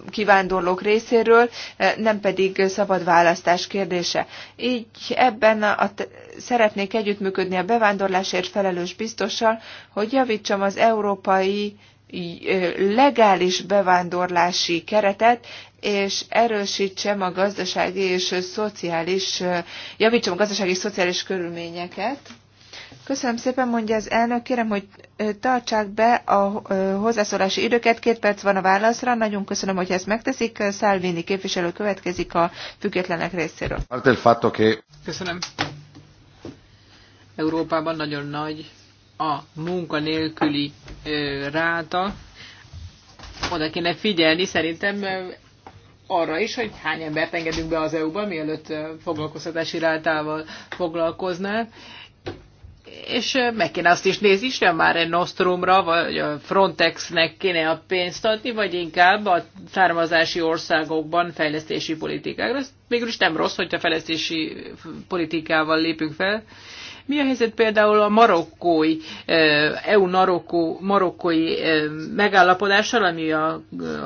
S3: kivándorlók részéről, nem pedig szabad választás kérdése. Így ebben a, a, szeretnék együttműködni a bevándorlásért felelős biztossal, hogy javítsam az európai legális bevándorlási keretet, és erősítsem a gazdasági és szociális, javítsam a gazdasági és szociális körülményeket. Köszönöm szépen, mondja az elnök. Kérem, hogy tartsák be a hozzászólási időket. Két perc van a válaszra. Nagyon köszönöm, hogy ezt megteszik. Szálvini képviselő következik a függetlenek részéről. Köszönöm.
S1: Európában nagyon nagy a munkanélküli ráta. Oda kéne figyelni szerintem arra is, hogy hány embert engedünk be az EU-ba, mielőtt foglalkoztatási rátával foglalkoznál. És meg kéne azt is nézni, sem már egy Nostromra, vagy a Frontexnek kéne a pénzt adni, vagy inkább a származási országokban fejlesztési politikákra. Ez mégis nem rossz, hogyha fejlesztési politikával lépünk fel. Mi a helyzet például a marokkói, EU-marokkói marokkói megállapodással, ami a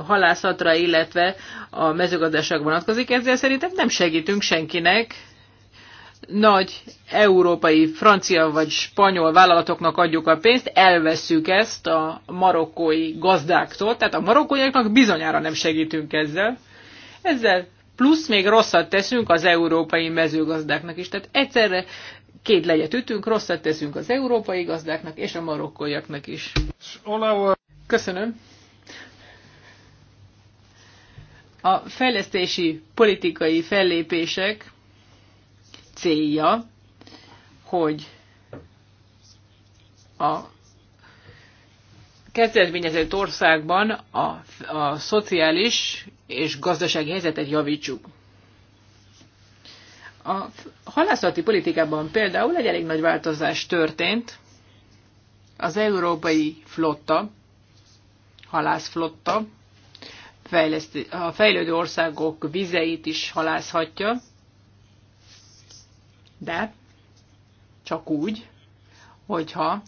S1: halászatra, illetve a mezőgazdaság vonatkozik? Ezzel szerintem nem segítünk senkinek. Nagy európai, francia vagy spanyol vállalatoknak adjuk a pénzt, elveszük ezt a marokkói gazdáktól, tehát a marokkóiaknak bizonyára nem segítünk ezzel. Ezzel plusz még rosszat teszünk az európai mezőgazdáknak is. Tehát egyszerre két legyet ütünk, rosszat teszünk az európai gazdáknak és a marokkóiaknak is. Köszönöm. A fejlesztési politikai fellépések célja, hogy a kezdeményezett országban a, a szociális és gazdasági helyzetet javítsuk. A halászati politikában például egy elég nagy változás történt. Az európai flotta, halászflotta, a fejlődő országok vizeit is halászhatja, de csak úgy, hogyha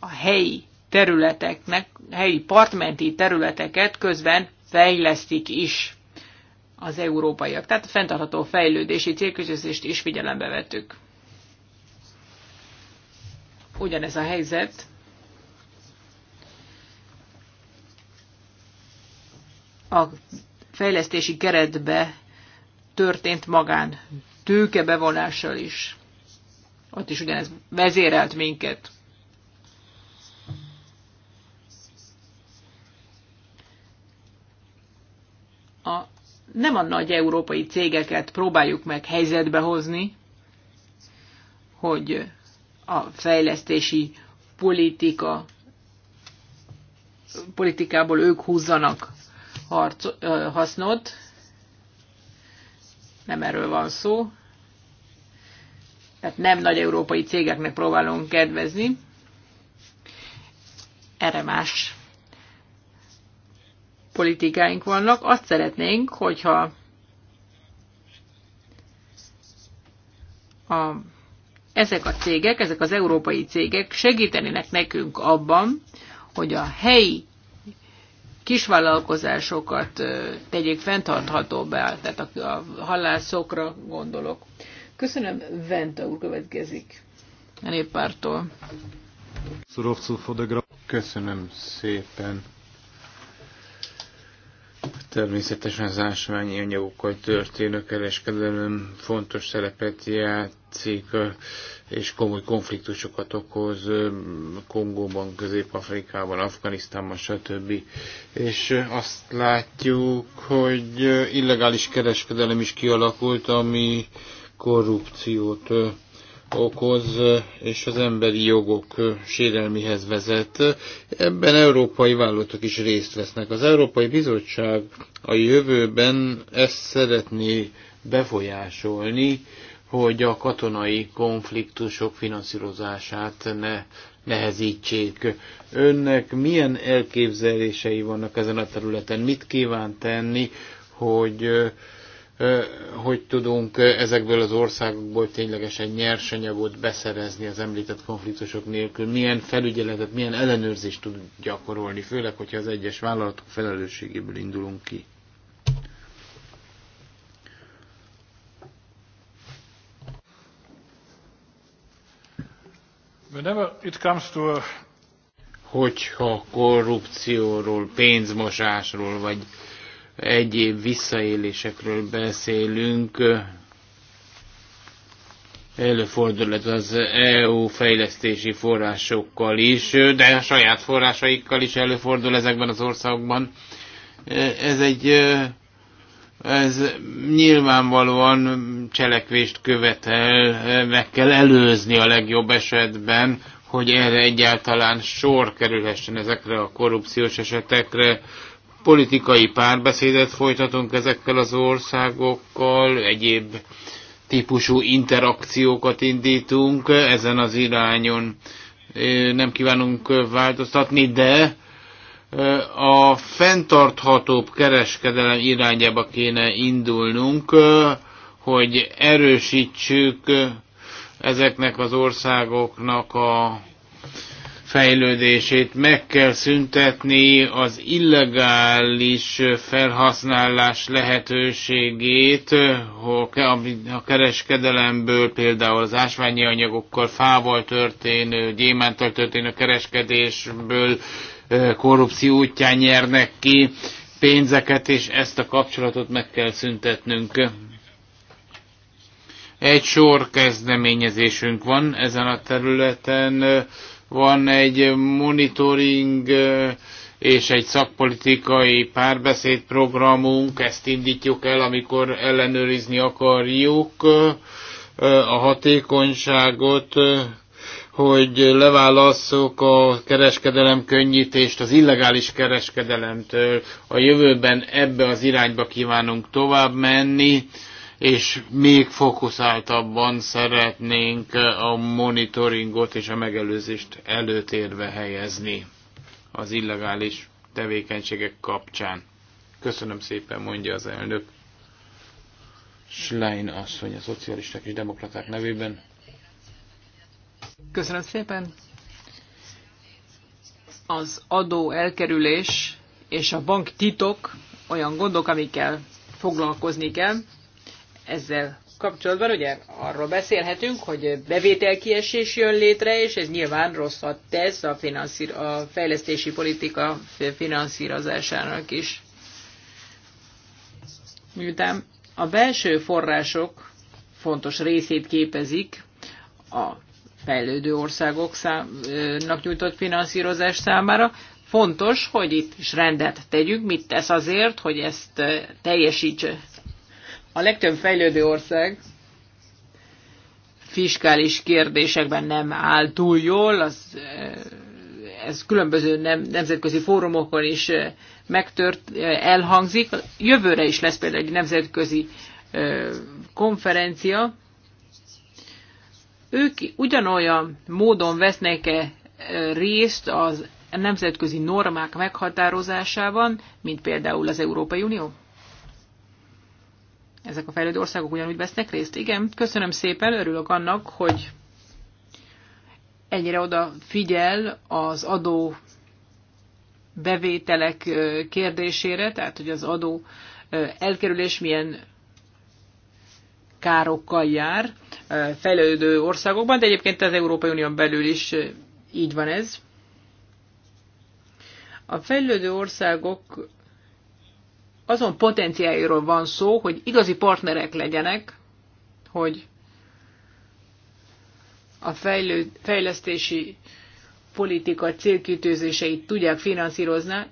S1: a helyi területeknek, helyi partmenti területeket közben fejlesztik is az európaiak. Tehát a fenntartható fejlődési célközözést is figyelembe vettük. Ugyanez a helyzet a fejlesztési keretbe történt magán tőke bevonással is. Ott is ugyanez vezérelt minket. nem a nagy európai cégeket próbáljuk meg helyzetbe hozni, hogy a fejlesztési politika, politikából ők húzzanak harc, hasznot. Nem erről van szó. Tehát nem nagy európai cégeknek próbálunk kedvezni. Erre más politikáink vannak. Azt szeretnénk, hogyha a, ezek a cégek, ezek az európai cégek segítenének nekünk abban, hogy a helyi kisvállalkozásokat tegyék fenntarthatóbbá, tehát a halászokra gondolok. Köszönöm, Venta úr következik a néppártól.
S2: Köszönöm szépen. Természetesen az ásványi anyagokkal történő kereskedelem fontos szerepet játszik, és komoly konfliktusokat okoz Kongóban, Közép-Afrikában, Afganisztánban, stb. És azt látjuk, hogy illegális kereskedelem is kialakult, ami korrupciót okoz, és az emberi jogok sérelmihez vezet. Ebben európai vállalatok is részt vesznek. Az Európai Bizottság a jövőben ezt szeretné befolyásolni, hogy a katonai konfliktusok finanszírozását ne nehezítsék. Önnek milyen elképzelései vannak ezen a területen? Mit kíván tenni, hogy hogy tudunk ezekből az országokból ténylegesen nyersanyagot beszerezni az említett konfliktusok nélkül, milyen felügyeletet, milyen ellenőrzést tud gyakorolni, főleg, hogyha az egyes vállalatok felelősségéből indulunk ki.
S4: Whenever it comes to a...
S2: Hogyha korrupcióról, pénzmosásról, vagy egyéb visszaélésekről beszélünk. Előfordulhat az EU fejlesztési forrásokkal is, de a saját forrásaikkal is előfordul ezekben az országokban. Ez egy ez nyilvánvalóan cselekvést követel, meg kell előzni a legjobb esetben, hogy erre egyáltalán sor kerülhessen ezekre a korrupciós esetekre. Politikai párbeszédet folytatunk ezekkel az országokkal, egyéb típusú interakciókat indítunk ezen az irányon. Nem kívánunk változtatni, de a fenntarthatóbb kereskedelem irányába kéne indulnunk, hogy erősítsük ezeknek az országoknak a fejlődését, meg kell szüntetni az illegális felhasználás lehetőségét, a kereskedelemből például az ásványi anyagokkal, fával történő, gyémántal történő kereskedésből korrupció útján nyernek ki pénzeket, és ezt a kapcsolatot meg kell szüntetnünk. Egy sor kezdeményezésünk van ezen a területen, van egy monitoring és egy szakpolitikai párbeszédprogramunk, ezt indítjuk el, amikor ellenőrizni akarjuk a hatékonyságot, hogy leválasszuk a kereskedelem könnyítést az illegális kereskedelemtől. A jövőben ebbe az irányba kívánunk tovább menni, és még fokuszáltabban szeretnénk a monitoringot és a megelőzést előtérbe helyezni az illegális tevékenységek kapcsán. Köszönöm szépen, mondja az elnök. Schlein asszony a szocialisták és demokraták nevében.
S1: Köszönöm szépen. Az adó elkerülés és a bank titok olyan gondok, amikkel foglalkozni kell ezzel kapcsolatban ugye arról beszélhetünk, hogy bevételkiesés jön létre, és ez nyilván rosszat tesz a, finanszír, a fejlesztési politika finanszírozásának is. Miután a belső források fontos részét képezik a fejlődő országoknak nyújtott finanszírozás számára, fontos, hogy itt is rendet tegyünk, mit tesz azért, hogy ezt teljesítse a legtöbb fejlődő ország fiskális kérdésekben nem áll túl jól, az, eh, ez különböző nem, nemzetközi fórumokon is eh, megtört, eh, elhangzik. Jövőre is lesz például egy nemzetközi konferencia. Ők ugyanolyan módon vesznek-e részt az nemzetközi normák meghatározásában, mint például az Európai Unió? ezek a fejlődő országok ugyanúgy vesznek részt. Igen, köszönöm szépen, örülök annak, hogy ennyire figyel az adó bevételek kérdésére, tehát hogy az adó elkerülés milyen károkkal jár fejlődő országokban, de egyébként az Európai Unión belül is így van ez. A fejlődő országok azon potenciáiról van szó, hogy igazi partnerek legyenek, hogy a fejlő, fejlesztési politika célkitűzéseit tudják finanszírozni.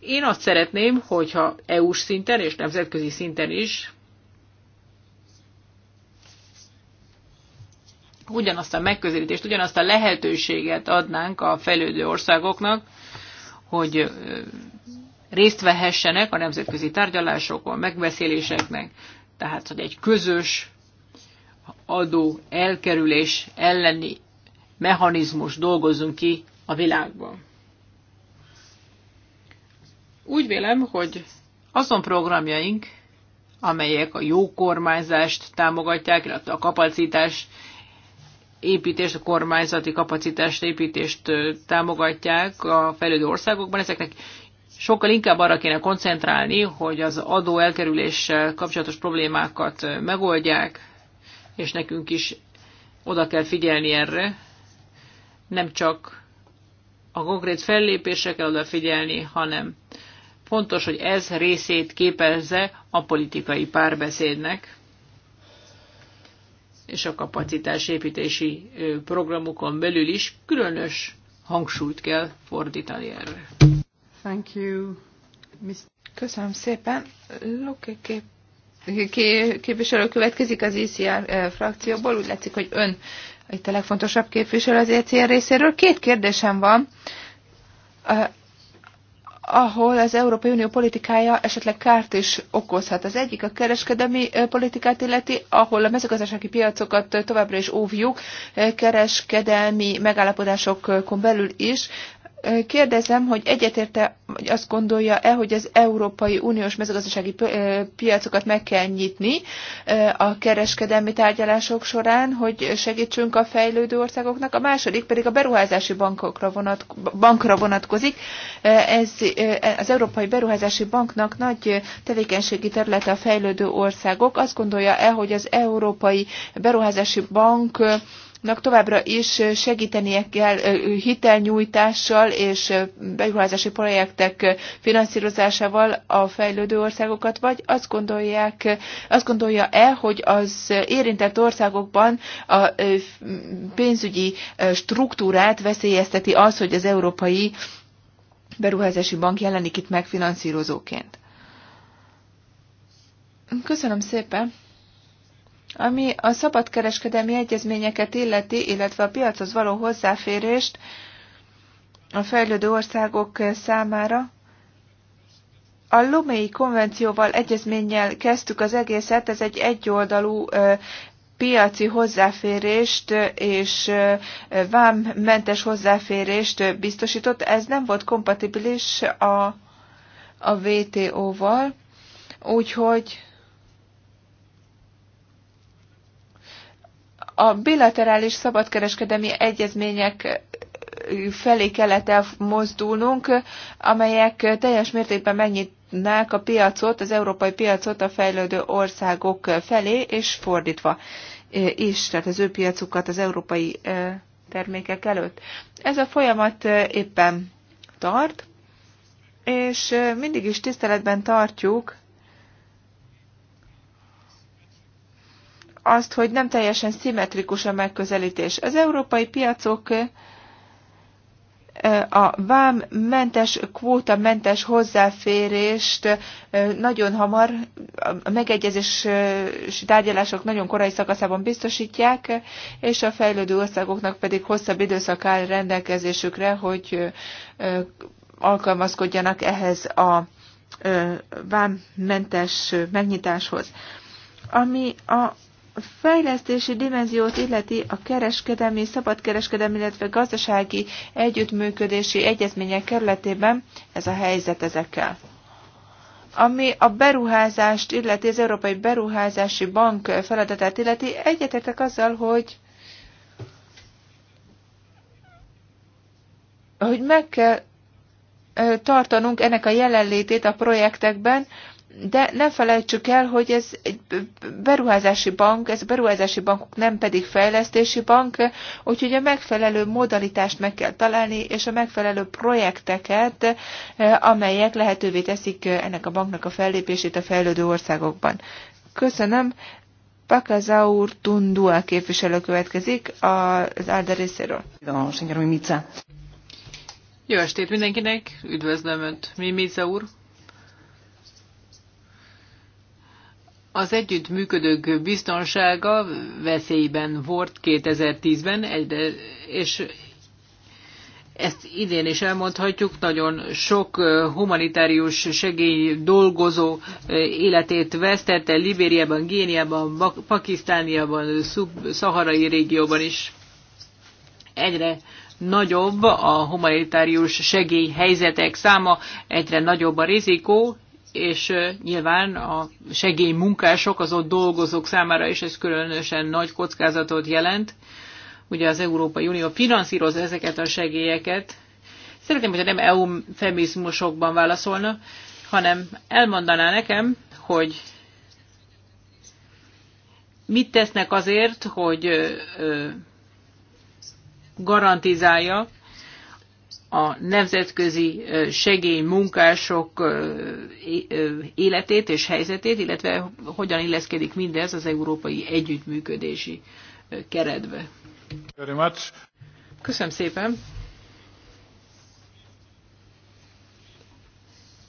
S1: Én azt szeretném, hogyha EU-s szinten és nemzetközi szinten is ugyanazt a megközelítést, ugyanazt a lehetőséget adnánk a fejlődő országoknak, hogy részt vehessenek a nemzetközi tárgyalásokon, megbeszéléseknek, tehát hogy egy közös adó elkerülés elleni mechanizmus dolgozzunk ki a világban. Úgy vélem, hogy azon programjaink, amelyek a jó kormányzást támogatják, illetve a kapacitás építést, a kormányzati kapacitás építést támogatják a fejlődő országokban, ezeknek sokkal inkább arra kéne koncentrálni, hogy az adó elkerüléssel kapcsolatos problémákat megoldják, és nekünk is oda kell figyelni erre. Nem csak a konkrét fellépésre kell odafigyelni, hanem fontos, hogy ez részét képezze a politikai párbeszédnek és a kapacitásépítési programokon belül is különös hangsúlyt kell fordítani erre.
S3: Thank you, Ms. Köszönöm szépen. Luki kép, képviselő következik az ICR e eh, frakcióból. Úgy látszik, hogy ön itt a legfontosabb képviselő az ECR részéről. Két kérdésem van eh, ahol az Európai Unió politikája esetleg kárt is okozhat. Az egyik a kereskedelmi eh, politikát illeti, ahol a mezőgazdasági piacokat továbbra is óvjuk, kereskedelmi megállapodásokon belül is. Kérdezem, hogy egyetérte, vagy azt gondolja-e, hogy az Európai Uniós mezőgazdasági piacokat meg kell nyitni a kereskedelmi tárgyalások során, hogy segítsünk a fejlődő országoknak. A második pedig a beruházási bankokra vonat, bankra vonatkozik. Ez az Európai Beruházási Banknak nagy tevékenységi területe a fejlődő országok. Azt gondolja-e, hogy az Európai Beruházási Bank továbbra is segítenie kell hitelnyújtással és beruházási projektek finanszírozásával a fejlődő országokat, vagy azt gondolják, azt gondolja-e, hogy az érintett országokban a pénzügyi struktúrát veszélyezteti az, hogy az Európai Beruházási Bank jelenik itt megfinanszírozóként. Köszönöm szépen! Ami a szabadkereskedelmi egyezményeket illeti, illetve a piachoz való hozzáférést a fejlődő országok számára, a Lomei konvencióval, egyezménnyel kezdtük az egészet, ez egy egyoldalú piaci hozzáférést és vámmentes hozzáférést biztosított. Ez nem volt kompatibilis a, a VTO-val, úgyhogy a bilaterális szabadkereskedelmi egyezmények felé kellett elmozdulnunk, amelyek teljes mértékben megnyitnák a piacot, az európai piacot a fejlődő országok felé, és fordítva is, tehát az ő piacukat az európai termékek előtt. Ez a folyamat éppen tart, és mindig is tiszteletben tartjuk azt, hogy nem teljesen szimmetrikus a megközelítés. Az európai piacok a vámmentes, kvótamentes hozzáférést nagyon hamar a megegyezés tárgyalások nagyon korai szakaszában biztosítják, és a fejlődő országoknak pedig hosszabb időszak áll rendelkezésükre, hogy alkalmazkodjanak ehhez a vámmentes megnyitáshoz. Ami a fejlesztési dimenziót illeti a kereskedelmi, szabadkereskedelmi, illetve gazdasági együttműködési egyezmények kerületében ez a helyzet ezekkel. Ami a beruházást illeti, az Európai Beruházási Bank feladatát illeti, egyetértek azzal, hogy hogy meg kell tartanunk ennek a jelenlétét a projektekben, de ne felejtsük el, hogy ez egy beruházási bank, ez a beruházási bankok nem pedig fejlesztési bank, úgyhogy a megfelelő modalitást meg kell találni, és a megfelelő projekteket, e, amelyek lehetővé teszik e, ennek a banknak a fellépését a fejlődő országokban. Köszönöm. Pakazaur Tundua képviselő következik az Alda részéről.
S1: Jó estét mindenkinek, üdvözlöm Önt, Mimiza úr. Az együttműködők biztonsága veszélyben volt 2010-ben, és ezt idén is elmondhatjuk, nagyon sok humanitárius segély dolgozó életét vesztette Libériában, Géniában, Pakisztániában, szaharai régióban is. Egyre nagyobb a humanitárius segély helyzetek száma, egyre nagyobb a rizikó, és nyilván a segélymunkások, az ott dolgozók számára is ez különösen nagy kockázatot jelent. Ugye az Európai Unió finanszírozza ezeket a segélyeket. Szeretném, hogyha nem EU feminizmusokban válaszolna, hanem elmondaná nekem, hogy mit tesznek azért, hogy garantizálja a nemzetközi segélymunkások életét és helyzetét, illetve hogyan illeszkedik mindez az európai együttműködési keretbe. Köszönöm szépen!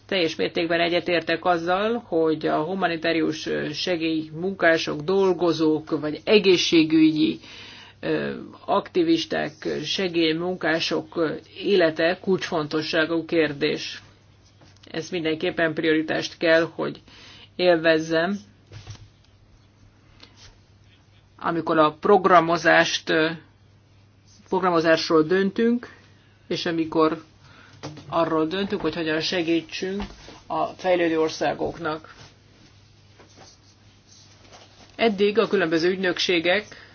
S1: Teljes mértékben egyetértek azzal, hogy a humanitárius segélymunkások, dolgozók vagy egészségügyi aktivisták, segélymunkások élete kulcsfontosságú kérdés. Ez mindenképpen prioritást kell, hogy élvezzem. Amikor a programozást, programozásról döntünk, és amikor arról döntünk, hogy hogyan segítsünk a fejlődő országoknak. Eddig a különböző ügynökségek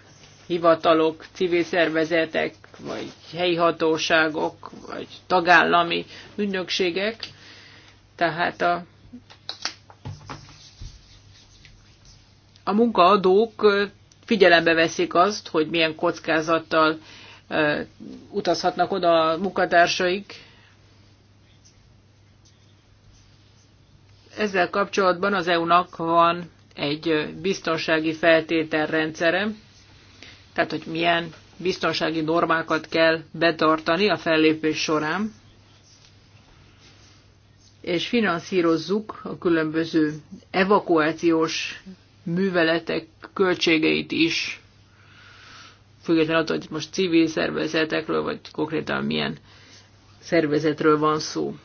S1: hivatalok, civil szervezetek, vagy helyi hatóságok, vagy tagállami ügynökségek. Tehát a, a munkaadók figyelembe veszik azt, hogy milyen kockázattal utazhatnak oda a munkatársaik. Ezzel kapcsolatban az EU-nak van egy biztonsági feltételrendszere, tehát hogy milyen biztonsági normákat kell betartani a fellépés során, és finanszírozzuk a különböző evakuációs műveletek költségeit is, függetlenül attól, hogy most civil szervezetekről, vagy konkrétan milyen szervezetről van szó.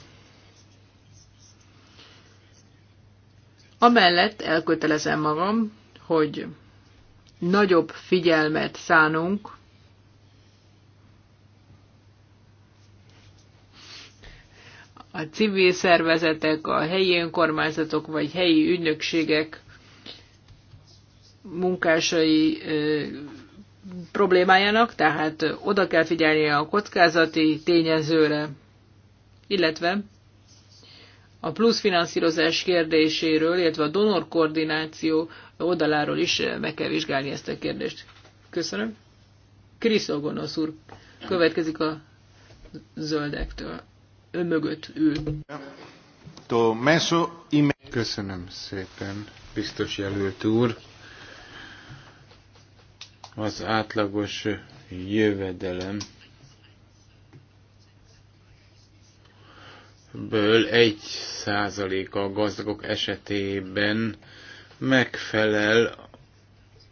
S1: Amellett elkötelezem magam, hogy nagyobb figyelmet szánunk a civil szervezetek, a helyi önkormányzatok vagy helyi ügynökségek munkásai ö, problémájának, tehát oda kell figyelni a kockázati tényezőre, illetve a plusz finanszírozás kérdéséről, illetve a donor koordináció oldaláról is eh, meg kell vizsgálni ezt a kérdést. Köszönöm. Kriszogonosz úr következik a zöldektől. Ön mögött ül.
S2: Köszönöm szépen, biztos jelölt úr. Az átlagos jövedelem ből egy százaléka a gazdagok esetében megfelel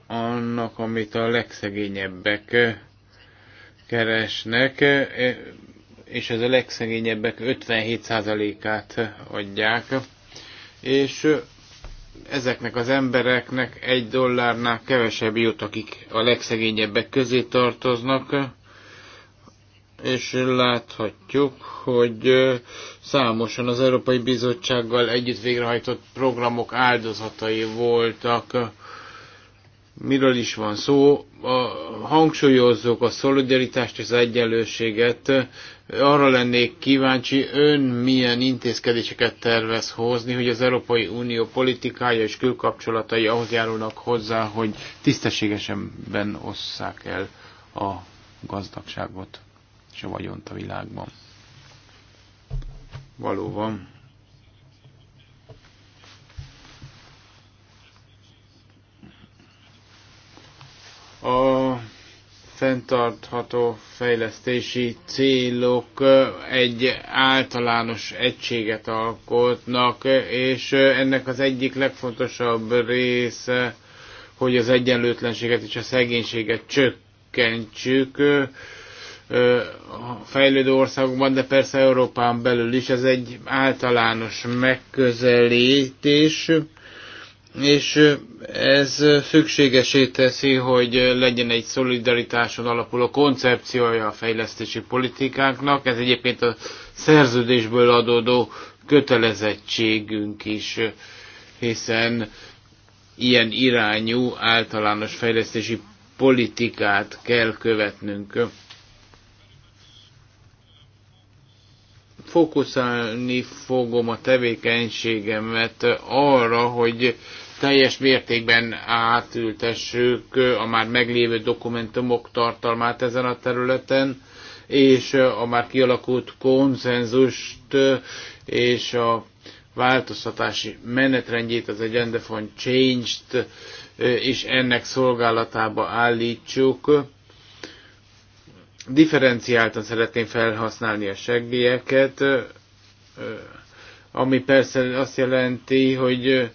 S2: annak, amit a legszegényebbek keresnek, és ez a legszegényebbek 57%-át adják, és ezeknek az embereknek egy dollárnál kevesebb jut, akik a legszegényebbek közé tartoznak, és láthatjuk, hogy számosan az Európai Bizottsággal együtt végrehajtott programok áldozatai voltak. Miről is van szó? A, hangsúlyozzuk a szolidaritást és az egyenlőséget. Arra lennék kíváncsi, ön milyen intézkedéseket tervez hozni, hogy az Európai Unió politikája és külkapcsolatai ahhoz járulnak hozzá, hogy tisztességesen osszák el a gazdagságot és a vagyont a világban. Valóban. A fenntartható fejlesztési célok egy általános egységet alkotnak, és ennek az egyik legfontosabb része, hogy az egyenlőtlenséget és a szegénységet csökkentsük, a fejlődő országokban, de persze Európán belül is. Ez egy általános megközelítés, és ez szükségesé teszi, hogy legyen egy szolidaritáson alapuló koncepciója a fejlesztési politikáknak. Ez egyébként a szerződésből adódó kötelezettségünk is, hiszen ilyen irányú általános fejlesztési politikát kell követnünk. fókuszálni fogom a tevékenységemet arra, hogy teljes mértékben átültessük a már meglévő dokumentumok tartalmát ezen a területen, és a már kialakult konszenzust és a változtatási menetrendjét, az Agenda for Change-t, és ennek szolgálatába állítsuk differenciáltan szeretném felhasználni a segélyeket, ami persze azt jelenti, hogy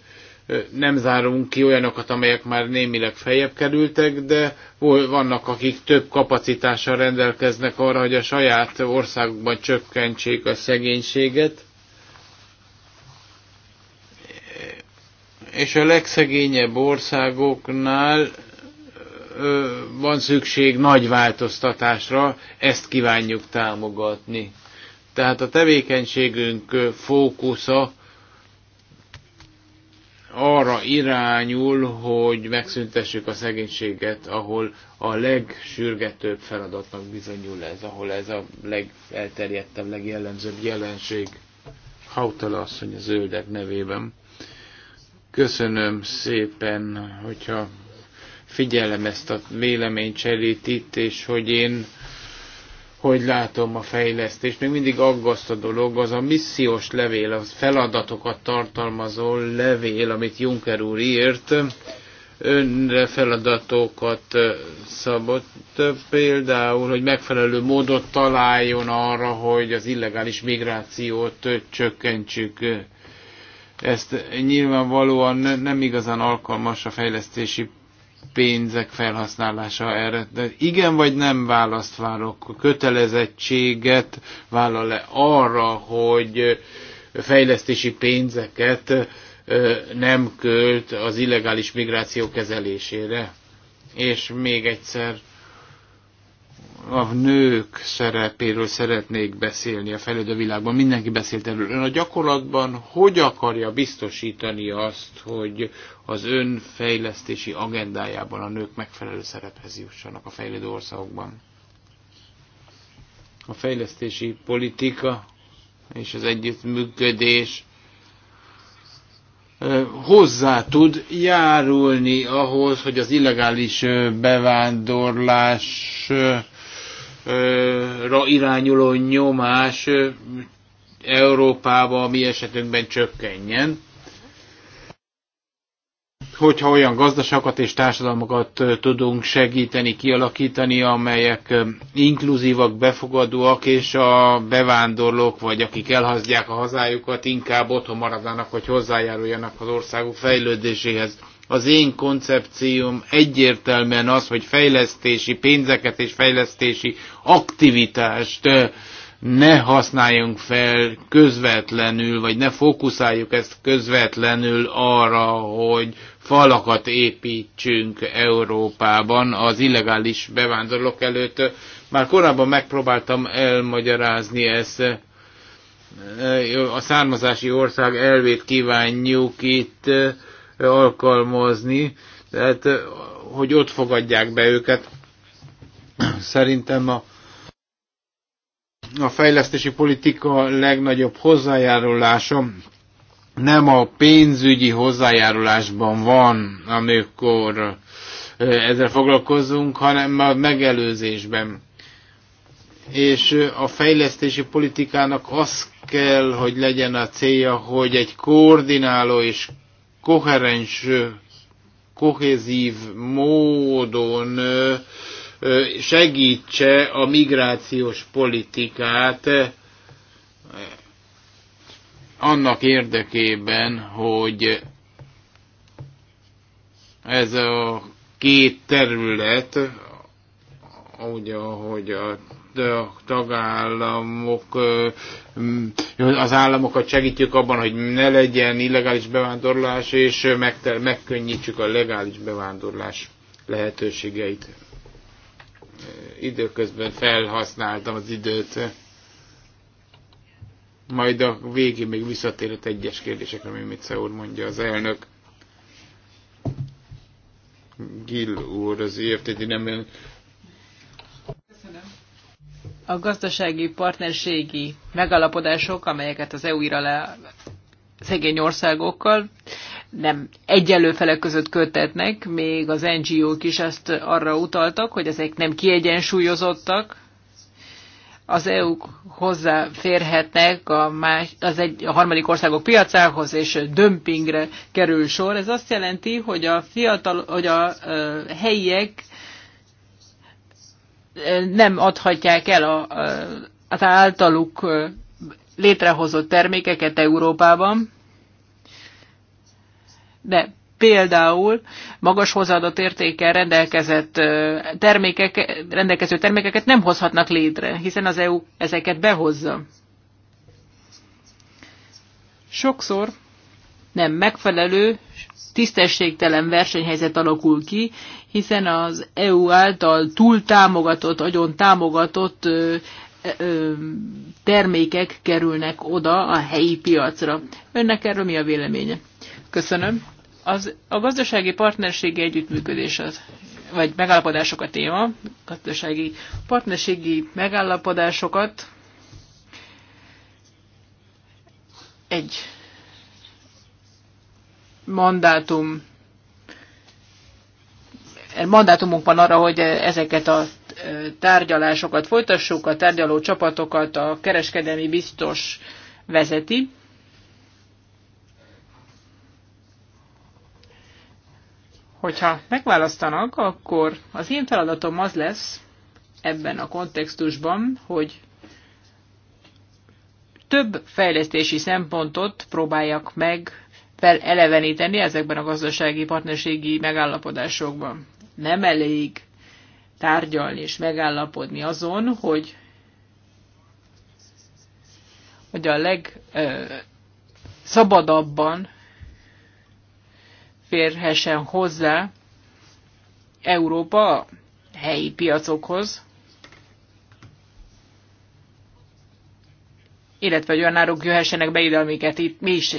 S2: nem zárunk ki olyanokat, amelyek már némileg feljebb kerültek, de vannak, akik több kapacitással rendelkeznek arra, hogy a saját országukban csökkentsék a szegénységet. És a legszegényebb országoknál van szükség nagy változtatásra, ezt kívánjuk támogatni. Tehát a tevékenységünk fókusza arra irányul, hogy megszüntessük a szegénységet, ahol a legsürgetőbb feladatnak bizonyul ez, ahol ez a legelterjedtebb, legjellemzőbb jelenség. Hautala asszony a zöldek nevében. Köszönöm szépen, hogyha figyelem ezt a véleménycserét itt, és hogy én hogy látom a fejlesztést. Még mindig aggaszt a dolog, az a missziós levél, a feladatokat tartalmazó levél, amit Juncker úr írt, önre feladatokat szabott, például, hogy megfelelő módot találjon arra, hogy az illegális migrációt csökkentsük. Ezt nyilvánvalóan nem igazán alkalmas a fejlesztési pénzek felhasználása erre. De igen vagy nem választ várok, kötelezettséget vállal-e arra, hogy fejlesztési pénzeket nem költ az illegális migráció kezelésére. És még egyszer a nők szerepéről szeretnék beszélni a fejlődő világban. Mindenki beszélt erről. Ön a gyakorlatban hogy akarja biztosítani azt, hogy az ön fejlesztési agendájában a nők megfelelő szerephez jussanak a fejlődő országokban? A fejlesztési politika és az együttműködés hozzá tud járulni ahhoz, hogy az illegális bevándorlás ra irányuló nyomás Európába a mi esetünkben csökkenjen. Hogyha olyan gazdaságokat és társadalmakat tudunk segíteni, kialakítani, amelyek inkluzívak, befogadóak, és a bevándorlók, vagy akik elhazdják a hazájukat, inkább otthon maradnának, hogy hozzájáruljanak az országuk fejlődéséhez az én koncepcióm egyértelműen az, hogy fejlesztési pénzeket és fejlesztési aktivitást ne használjunk fel közvetlenül, vagy ne fókuszáljuk ezt közvetlenül arra, hogy falakat építsünk Európában az illegális bevándorlók előtt. Már korábban megpróbáltam elmagyarázni ezt. A származási ország elvét kívánjuk itt alkalmazni, tehát hogy ott fogadják be őket. Szerintem a, a fejlesztési politika legnagyobb hozzájárulása nem a pénzügyi hozzájárulásban van, amikor ezzel foglalkozunk, hanem a megelőzésben. És a fejlesztési politikának az kell, hogy legyen a célja, hogy egy koordináló és koherens, kohézív módon segítse a migrációs politikát annak érdekében, hogy ez a két terület, ahogy a de a tagállamok, az államokat segítjük abban, hogy ne legyen illegális bevándorlás, és megkönnyítsük a legális bevándorlás lehetőségeit. Időközben felhasználtam az időt. Majd a végén még visszatérhet egyes kérdésekre, ami mit úr mondja az elnök. Gil úr az IFTD nem
S1: a gazdasági partnerségi megalapodások, amelyeket az EU ír alá szegény országokkal, nem egyenlő felek között kötetnek, még az NGO-k is ezt arra utaltak, hogy ezek nem kiegyensúlyozottak, az eu hozzáférhetnek a, más, az egy, a harmadik országok piacához, és dömpingre kerül sor. Ez azt jelenti, hogy a, fiatal, hogy a helyiek nem adhatják el a, az általuk létrehozott termékeket Európában, de például magas hozzáadott értékkel rendelkezett termékek, rendelkező termékeket nem hozhatnak létre, hiszen az EU ezeket behozza. Sokszor nem megfelelő, tisztességtelen versenyhelyzet alakul ki, hiszen az EU által túl támogatott, agyon támogatott ö, ö, termékek kerülnek oda a helyi piacra. Önnek erről mi a véleménye? Köszönöm. Az, a gazdasági partnerségi együttműködés az, vagy megállapodások a téma, gazdasági partnerségi megállapodásokat egy mandátum mandátumunkban arra, hogy ezeket a e, tárgyalásokat folytassuk, a tárgyaló csapatokat a kereskedelmi biztos vezeti. Hogyha megválasztanak, akkor az én feladatom az lesz ebben a kontextusban, hogy több fejlesztési szempontot próbáljak meg feleleveníteni ezekben a gazdasági partnerségi megállapodásokban nem elég tárgyalni és megállapodni azon, hogy, hogy a legszabadabban férhessen hozzá Európa a helyi piacokhoz, illetve hogy olyan árok jöhessenek be ide, amiket itt mi is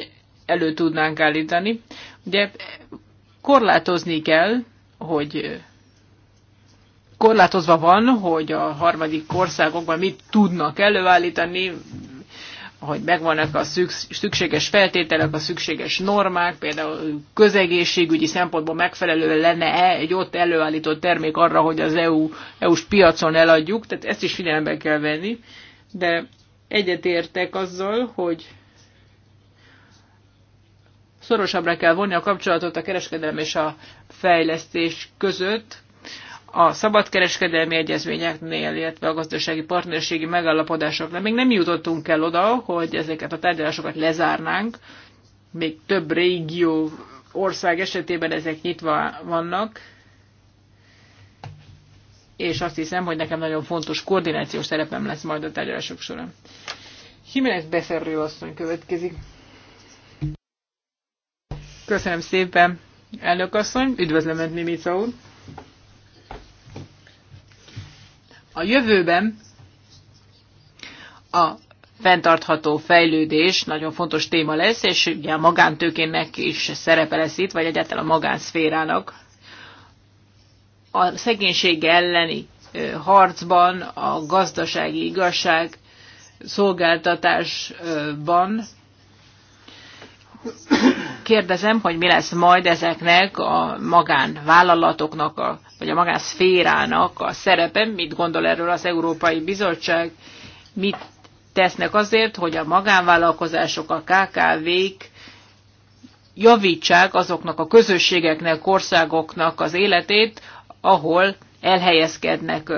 S1: elő tudnánk állítani. Ugye korlátozni kell hogy korlátozva van, hogy a harmadik országokban mit tudnak előállítani, hogy megvannak a szükséges feltételek, a szükséges normák, például közegészségügyi szempontból megfelelő lenne-e egy ott előállított termék arra, hogy az EU, EU-s piacon eladjuk, tehát ezt is figyelembe kell venni, de egyetértek azzal, hogy Szorosabbra kell vonni a kapcsolatot a kereskedelem és a fejlesztés között, a szabadkereskedelmi egyezményeknél, illetve a gazdasági partnerségi megállapodásoknál még nem jutottunk el oda, hogy ezeket a tárgyalásokat lezárnánk. Még több régió ország esetében ezek nyitva vannak, és azt hiszem, hogy nekem nagyon fontos koordinációs szerepem lesz majd a tárgyalások során. Jiménez Beszerről asszony következik. Köszönöm szépen, elnök asszony. Üdvözlöm Önt, Mimica úr. A jövőben a fenntartható fejlődés nagyon fontos téma lesz, és ugye a magántőkének is szerepe lesz itt, vagy egyáltalán a magánszférának. A szegénység elleni harcban, a gazdasági igazság szolgáltatásban kérdezem, hogy mi lesz majd ezeknek a magánvállalatoknak, a, vagy a magánszférának a szerepe, mit gondol erről az Európai Bizottság, mit tesznek azért, hogy a magánvállalkozások, a KKV-k javítsák azoknak a közösségeknek, országoknak az életét, ahol elhelyezkednek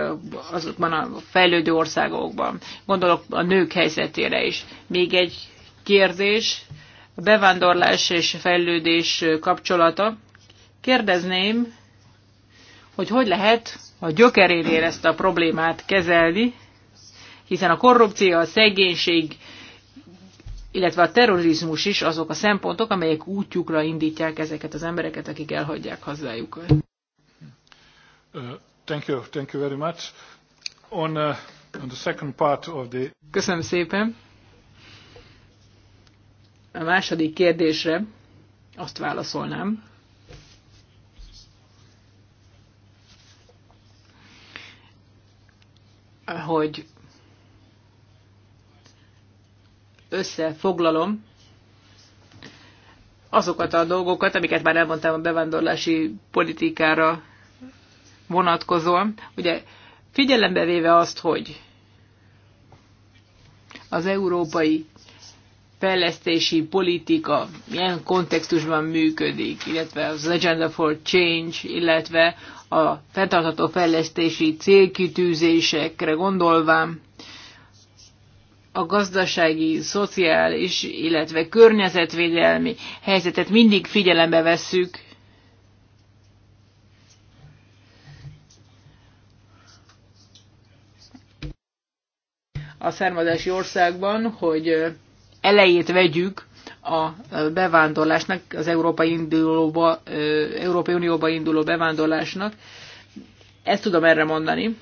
S1: azokban a fejlődő országokban. Gondolok a nők helyzetére is. Még egy kérdés, a bevándorlás és fejlődés kapcsolata. Kérdezném, hogy hogy lehet a gyökerénél ezt a problémát kezelni, hiszen a korrupció, a szegénység, illetve a terrorizmus is azok a szempontok, amelyek útjukra indítják ezeket az embereket, akik elhagyják hazájukat.
S4: Uh, thank you, thank you very much. On, uh, on the second part of the...
S1: Köszönöm szépen a második kérdésre azt válaszolnám, hogy összefoglalom azokat a dolgokat, amiket már elmondtam a bevándorlási politikára vonatkozóan. Ugye figyelembe véve azt, hogy az európai fejlesztési politika milyen kontextusban működik, illetve az Agenda for Change, illetve a fenntartható fejlesztési célkitűzésekre gondolván a gazdasági, szociális, illetve környezetvédelmi helyzetet mindig figyelembe vesszük, a származási országban, hogy elejét vegyük a bevándorlásnak, az Európai, indulóba, Európai Unióba induló bevándorlásnak. Ezt tudom erre mondani.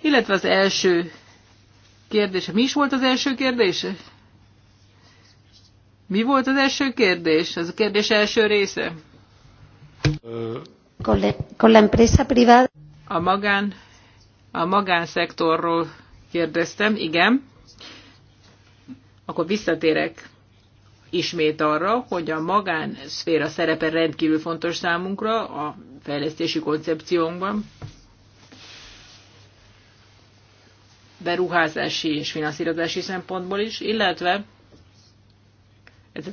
S1: Illetve az első kérdése. Mi is volt az első kérdése? Mi volt az első kérdés? Az a kérdés első része.
S4: con la empresa privada.
S1: A magán, a magánszektorról kérdeztem, igen akkor visszatérek ismét arra, hogy a magán szféra szerepe rendkívül fontos számunkra a fejlesztési koncepciónkban. beruházási és finanszírozási szempontból is, illetve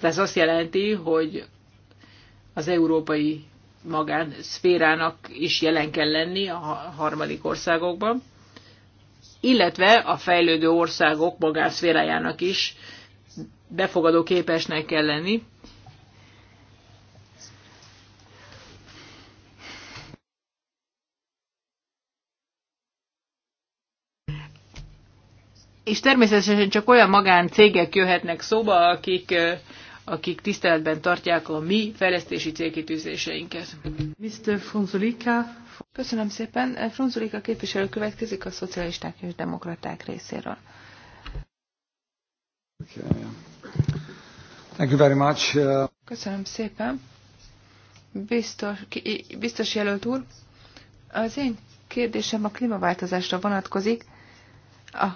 S1: ez azt jelenti, hogy az európai magánszférának is jelen kell lenni a harmadik országokban illetve a fejlődő országok magánszférájának is befogadó képesnek kell lenni. És természetesen csak olyan magáncégek jöhetnek szóba, akik akik tiszteletben tartják a mi fejlesztési célkitűzéseinket.
S3: Mr. Frunzulika. Köszönöm szépen. Frunzulika képviselő következik a szocialisták és demokraták részéről.
S4: Thank you very much. Uh,
S3: Köszönöm szépen. Biztos, biztos jelölt úr, az én kérdésem a klímaváltozásra vonatkozik. A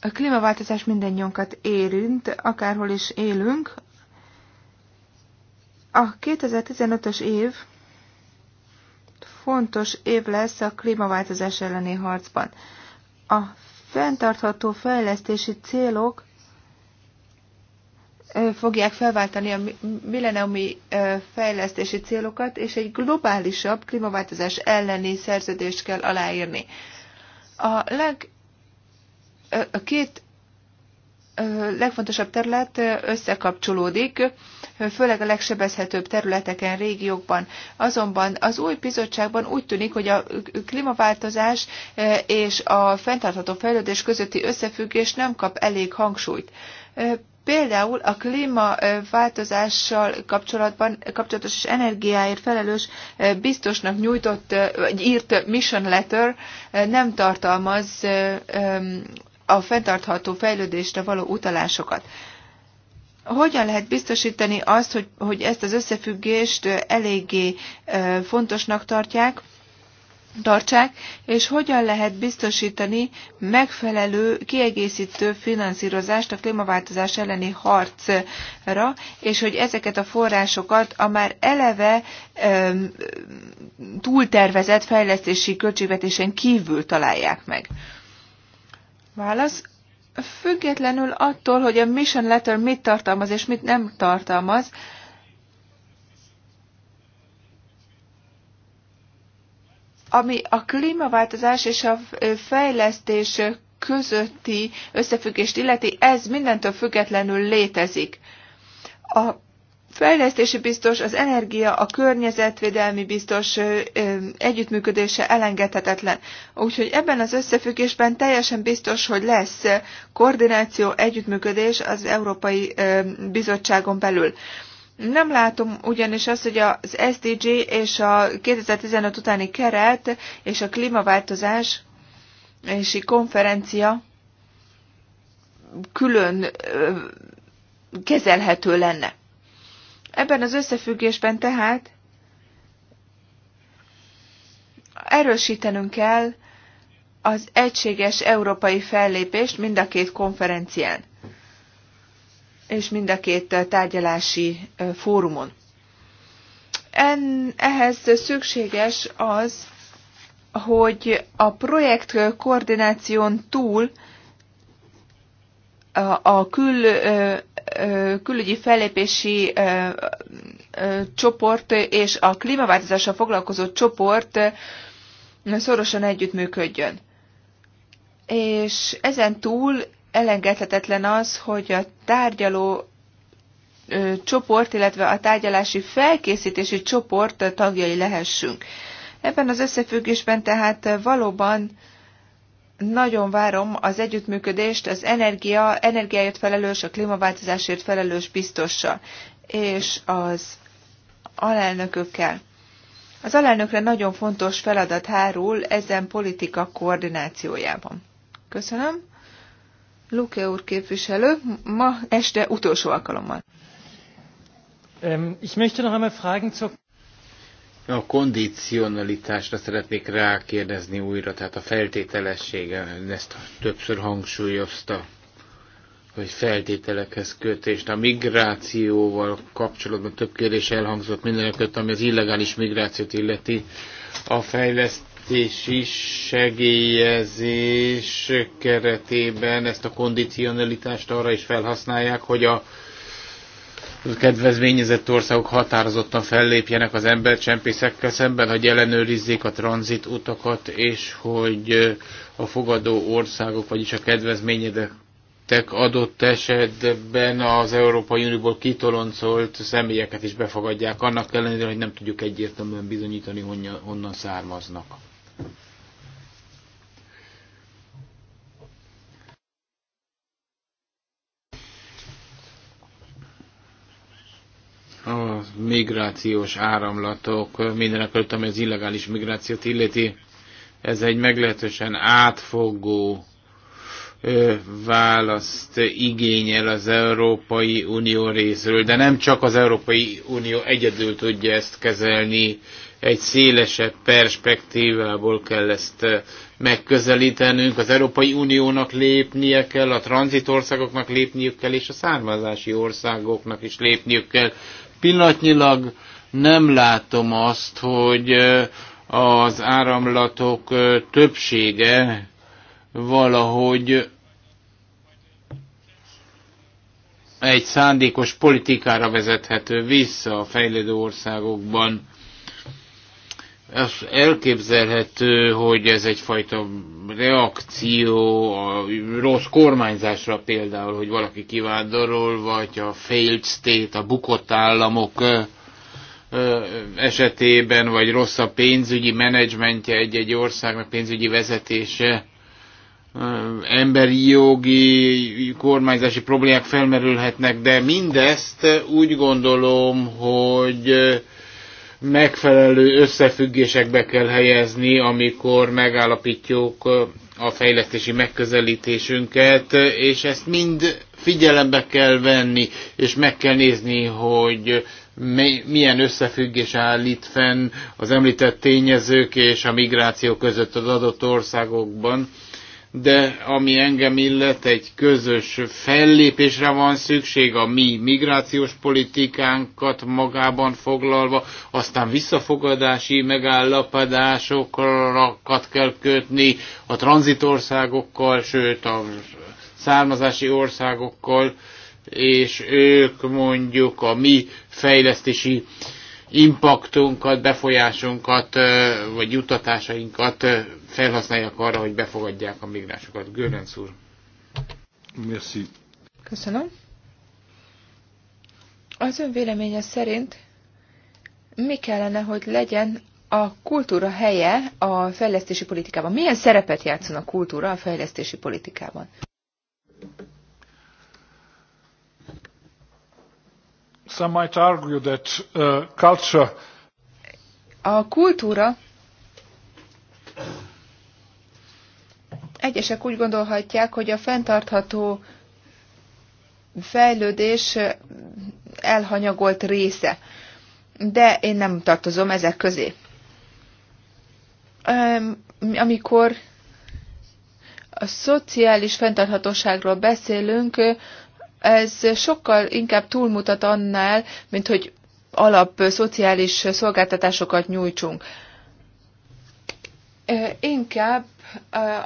S3: a klímaváltozás mindennyiunkat érint, akárhol is élünk. A 2015-ös év fontos év lesz a klímaváltozás elleni harcban. A fenntartható fejlesztési célok fogják felváltani a milleniumi fejlesztési célokat, és egy globálisabb klímaváltozás elleni szerződést kell aláírni. A leg a két legfontosabb terület összekapcsolódik, főleg a legsebezhetőbb területeken, régiókban. Azonban az új bizottságban úgy tűnik, hogy a klímaváltozás és a fenntartható fejlődés közötti összefüggés nem kap elég hangsúlyt. Például a klímaváltozással kapcsolatban, kapcsolatos és energiáért felelős biztosnak nyújtott, vagy írt mission letter nem tartalmaz a fenntartható fejlődésre való utalásokat. Hogyan lehet biztosítani azt, hogy, hogy ezt az összefüggést eléggé fontosnak tartják, tartsák, és hogyan lehet biztosítani megfelelő kiegészítő finanszírozást a klímaváltozás elleni harcra, és hogy ezeket a forrásokat a már eleve túltervezett fejlesztési költségvetésen kívül találják meg. Válasz. Függetlenül attól, hogy a mission letter mit tartalmaz és mit nem tartalmaz, ami a klímaváltozás és a fejlesztés közötti összefüggést illeti, ez mindentől függetlenül létezik. A fejlesztési biztos, az energia, a környezetvédelmi biztos együttműködése elengedhetetlen. Úgyhogy ebben az összefüggésben teljesen biztos, hogy lesz koordináció, együttműködés az Európai Bizottságon belül. Nem látom ugyanis azt, hogy az SDG és a 2015 utáni keret és a klímaváltozás és konferencia külön kezelhető lenne. Ebben az összefüggésben tehát erősítenünk kell az egységes európai fellépést mind a két konferencián és mind a két tárgyalási fórumon. En, ehhez szükséges az, hogy a projekt koordináción túl a, a kül külügyi fellépési csoport és a klímaváltozással foglalkozó csoport szorosan együttműködjön. És ezen túl elengedhetetlen az, hogy a tárgyaló csoport, illetve a tárgyalási felkészítési csoport tagjai lehessünk. Ebben az összefüggésben tehát valóban nagyon várom az együttműködést az energia, energiáért felelős, a klímaváltozásért felelős biztossal és az alelnökökkel. Az alelnökre nagyon fontos feladat hárul ezen politika koordinációjában. Köszönöm. Luke úr képviselő, ma este utolsó alkalommal.
S2: Ähm,
S4: ich möchte noch einmal fragen zur
S2: a kondicionalitásra szeretnék rákérdezni újra, tehát a feltételessége, ezt többször hangsúlyozta, hogy feltételekhez kötést. A migrációval kapcsolatban több kérdés elhangzott mindenekött, ami az illegális migrációt illeti. A fejlesztési segélyezés keretében ezt a kondicionalitást arra is felhasználják, hogy a a kedvezményezett országok határozottan fellépjenek az embercsempészekkel szemben, hogy ellenőrizzék a tranzit utakat, és hogy a fogadó országok, vagyis a kedvezményedek adott esetben az Európai Unióból kitoloncolt személyeket is befogadják, annak ellenére, hogy nem tudjuk egyértelműen bizonyítani, honnan származnak. a migrációs áramlatok, mindenek előtt, ami az illegális migrációt illeti, ez egy meglehetősen átfogó választ igényel az Európai Unió részről, de nem csak az Európai Unió egyedül tudja ezt kezelni, egy szélesebb perspektívából kell ezt megközelítenünk. Az Európai Uniónak lépnie kell, a tranzitországoknak lépniük kell, és a származási országoknak is lépniük kell. Pillanatnyilag nem látom azt, hogy az áramlatok többsége valahogy egy szándékos politikára vezethető vissza a fejlődő országokban elképzelhető, hogy ez egyfajta reakció a rossz kormányzásra például, hogy valaki kivándorol, vagy a failed state, a bukott államok esetében, vagy rossz a pénzügyi menedzsmentje egy-egy országnak, pénzügyi vezetése, emberi jogi kormányzási problémák felmerülhetnek, de mindezt úgy gondolom, hogy megfelelő összefüggésekbe kell helyezni, amikor megállapítjuk a fejlesztési megközelítésünket, és ezt mind figyelembe kell venni, és meg kell nézni, hogy milyen összefüggés áll itt fenn az említett tényezők és a migráció között az adott országokban de ami engem illet, egy közös fellépésre van szükség a mi migrációs politikánkat magában foglalva, aztán visszafogadási megállapodásokat kell kötni a tranzitországokkal, sőt a származási országokkal, és ők mondjuk a mi fejlesztési impaktunkat, befolyásunkat, vagy juttatásainkat felhasználják arra, hogy befogadják a migránsokat. Görenc úr. Merci.
S3: Köszönöm. Az ön véleménye szerint mi kellene, hogy legyen a kultúra helye a fejlesztési politikában? Milyen szerepet játszon a kultúra a fejlesztési politikában?
S4: Some might argue that uh, culture a kultúra
S3: egyesek úgy gondolhatják, hogy a fenntartható fejlődés elhanyagolt része, de én nem tartozom ezek közé. Amikor a szociális fenntarthatóságról beszélünk, ez sokkal inkább túlmutat annál, mint hogy alap szociális szolgáltatásokat nyújtsunk. Inkább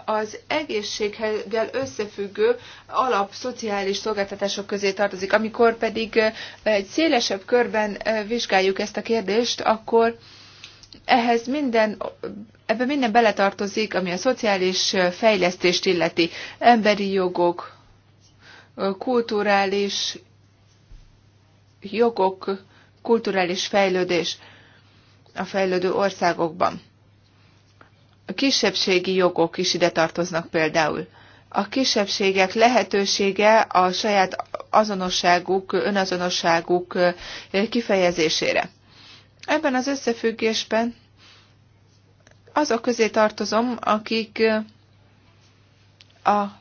S3: az egészséggel összefüggő alap szociális szolgáltatások közé tartozik. Amikor pedig egy szélesebb körben vizsgáljuk ezt a kérdést, akkor ehhez minden, ebbe minden beletartozik, ami a szociális fejlesztést illeti, emberi jogok, kulturális jogok, kulturális fejlődés a fejlődő országokban. A kisebbségi jogok is ide tartoznak például. A kisebbségek lehetősége a saját azonosságuk, önazonosságuk kifejezésére. Ebben az összefüggésben azok közé tartozom, akik a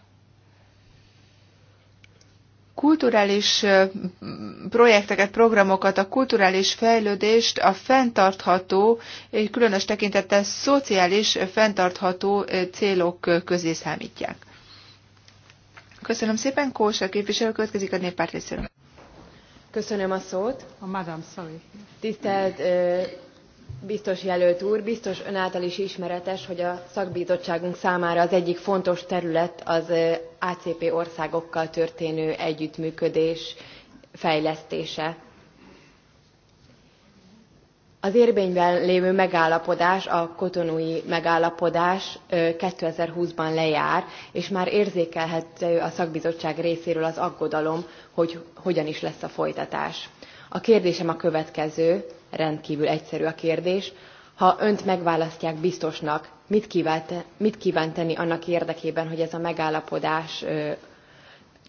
S3: kulturális projekteket, programokat, a kulturális fejlődést, a fenntartható, különös tekintettel szociális fenntartható célok közé számítják. Köszönöm szépen, Kósa képviselő következik a néppárt részéről. Köszönöm a szót. A madam, sorry. Tisztelt Biztos jelölt úr, biztos ön által is ismeretes, hogy a szakbizottságunk számára az egyik fontos terület az ACP országokkal történő együttműködés fejlesztése. Az érvényben lévő megállapodás, a kotonui megállapodás 2020-ban lejár, és már érzékelhető a szakbizottság részéről az aggodalom, hogy hogyan is lesz a folytatás a kérdésem a következő, rendkívül egyszerű a kérdés. Ha önt megválasztják biztosnak, mit kíván, mit kíván tenni annak érdekében, hogy ez a megállapodás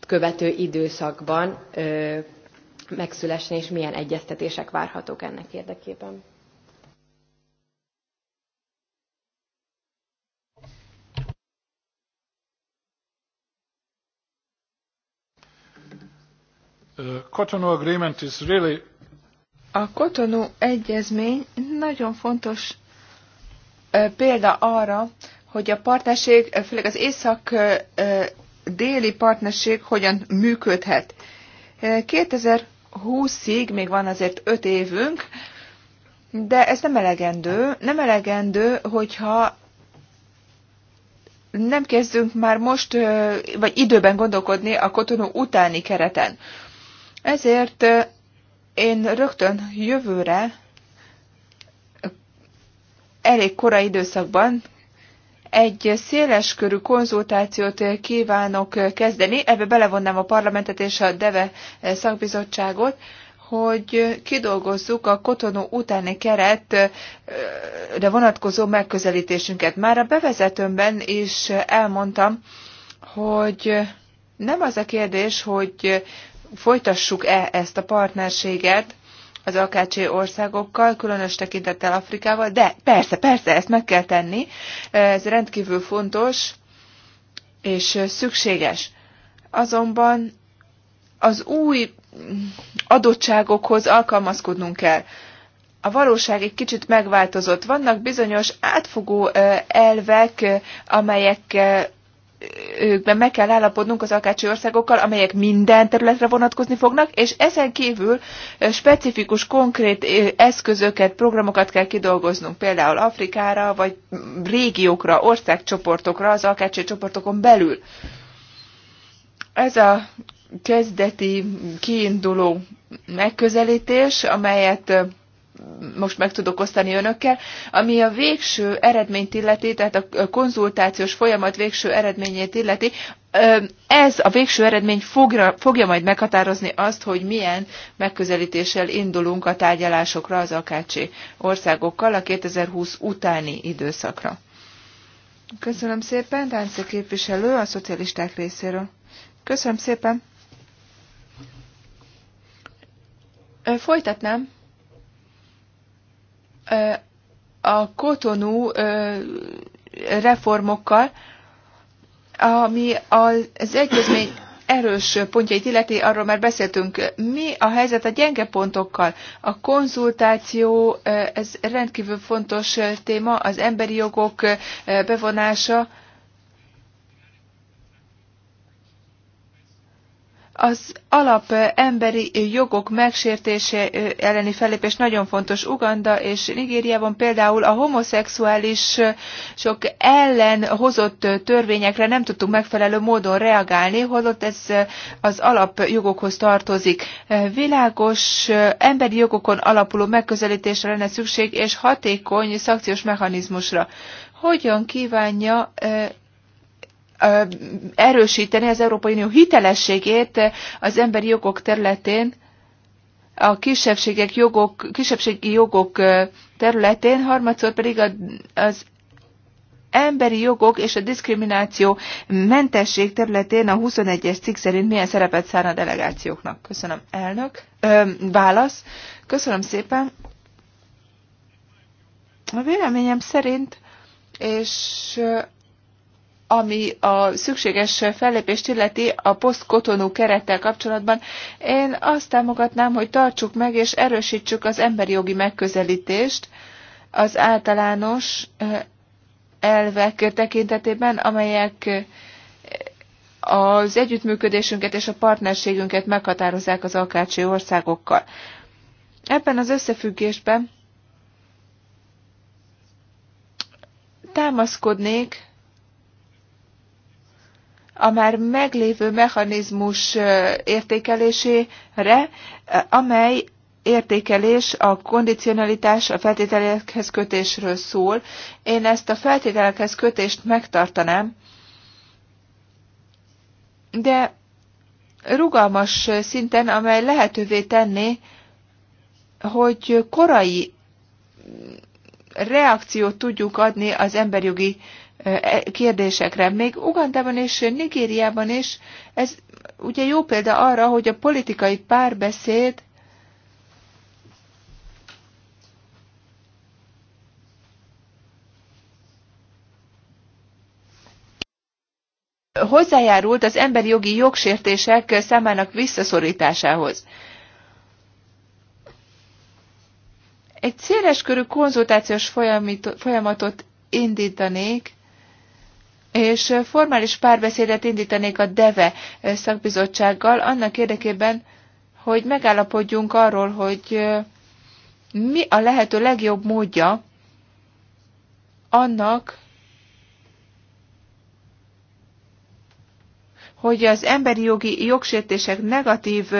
S3: követő időszakban megszülessen,
S1: és milyen egyeztetések várhatók ennek érdekében?
S4: Uh,
S3: a Cotonou egyezmény nagyon fontos uh, példa arra, hogy a partnerség, uh, főleg az észak-déli partnerség hogyan működhet. 2020-ig még van azért öt évünk, de ez nem elegendő. Nem elegendő, hogyha nem kezdünk már most, vagy időben gondolkodni a Cotonou utáni kereten. Ezért én rögtön jövőre elég korai időszakban egy széles körű konzultációt kívánok kezdeni, ebbe belevonnám a parlamentet és a DEVE szakbizottságot, hogy kidolgozzuk a kotonó utáni keretre vonatkozó megközelítésünket. Már a bevezetőmben is elmondtam, hogy nem az a kérdés, hogy folytassuk-e ezt a partnerséget az AKC országokkal, különös tekintettel Afrikával, de persze, persze, ezt meg kell tenni, ez rendkívül fontos és szükséges. Azonban az új adottságokhoz alkalmazkodnunk kell. A valóság egy kicsit megváltozott. Vannak bizonyos átfogó elvek, amelyek őkben meg kell állapodnunk az akácsi országokkal, amelyek minden területre vonatkozni fognak, és ezen kívül specifikus, konkrét eszközöket, programokat kell kidolgoznunk, például Afrikára, vagy régiókra, országcsoportokra, az akácsi csoportokon belül. Ez a kezdeti kiinduló megközelítés, amelyet most meg tudok osztani önökkel, ami a végső eredményt illeti, tehát a konzultációs folyamat végső eredményét illeti, ez a végső eredmény fogra, fogja majd meghatározni azt, hogy milyen megközelítéssel indulunk a tárgyalásokra az akácsi országokkal a 2020 utáni időszakra. Köszönöm szépen, Dánce képviselő a szocialisták részéről. Köszönöm szépen. Folytatnám a kotonú reformokkal, ami az egyezmény erős pontjait illeti, arról már beszéltünk. Mi a helyzet a gyenge pontokkal? A konzultáció, ez rendkívül fontos téma, az emberi jogok bevonása, Az alap emberi jogok megsértése elleni fellépés nagyon fontos. Uganda és Nigériában például a homoszexuális sok ellen hozott törvényekre nem tudtunk megfelelő módon reagálni, holott ez az jogokhoz tartozik. Világos emberi jogokon alapuló megközelítésre lenne szükség, és hatékony szakciós mechanizmusra hogyan kívánja erősíteni az Európai Unió hitelességét az emberi jogok területén, a kisebbségek jogok, kisebbségi jogok területén, harmadszor pedig az emberi jogok és a diszkrimináció mentesség területén a 21-es cikk szerint milyen szerepet szán a delegációknak. Köszönöm, elnök. Ö, válasz. Köszönöm szépen. A véleményem szerint, és ami a szükséges fellépést illeti a posztkotonú kerettel kapcsolatban, én azt támogatnám, hogy tartsuk meg és erősítsük az emberi jogi megközelítést az általános elvek tekintetében, amelyek az együttműködésünket és a partnerségünket meghatározzák az alkácsi országokkal. Ebben az összefüggésben támaszkodnék a már meglévő mechanizmus értékelésére, amely értékelés a kondicionalitás a feltételekhez kötésről szól. Én ezt a feltételekhez kötést megtartanám, de rugalmas szinten, amely lehetővé tenné, hogy korai reakciót tudjuk adni az emberjogi E, kérdésekre. Még Ugandában és Nigériában is ez ugye jó példa arra, hogy a politikai párbeszéd hozzájárult az emberi jogi jogsértések számának visszaszorításához. Egy körű konzultációs folyamatot indítanék és formális párbeszédet indítanék a DEVE szakbizottsággal annak érdekében, hogy megállapodjunk arról, hogy mi a lehető legjobb módja annak, hogy az emberi jogi jogsértések negatív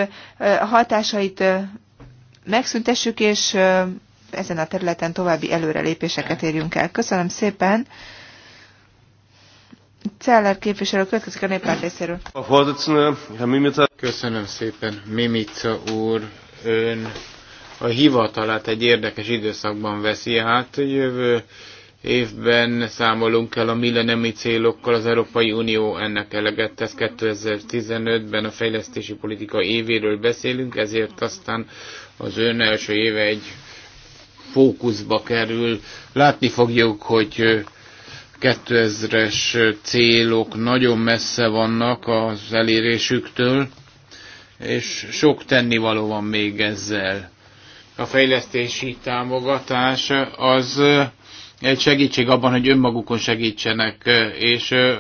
S3: hatásait megszüntessük, és ezen a területen további előrelépéseket érjünk el. Köszönöm szépen! Celler képviselő következik a néppárt részéről.
S2: Köszönöm szépen, Mimica úr, ön a hivatalát egy érdekes időszakban veszi át. Jövő évben számolunk el a millenemi célokkal, az Európai Unió ennek eleget tesz. 2015-ben a fejlesztési politika évéről beszélünk, ezért aztán az ön első éve egy fókuszba kerül. Látni fogjuk, hogy 2000-es célok nagyon messze vannak az elérésüktől, és sok tennivaló van még ezzel. A fejlesztési támogatás az egy segítség abban, hogy önmagukon segítsenek, és ö,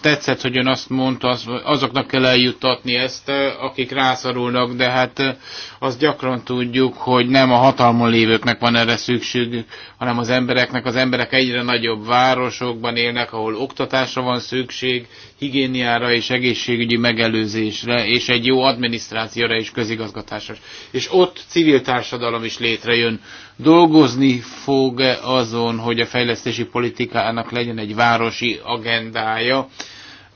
S2: tetszett, hogy ön azt mondta, az, azoknak kell eljuttatni ezt, akik rászorulnak, de hát azt gyakran tudjuk, hogy nem a hatalmon lévőknek van erre szükségük, hanem az embereknek. Az emberek egyre nagyobb városokban élnek, ahol oktatásra van szükség, higiéniára és egészségügyi megelőzésre, és egy jó adminisztrációra és közigazgatásra. És ott civil társadalom is létrejön. Dolgozni fog -e azon, hogy a fejlesztési politikának legyen egy városi agendája,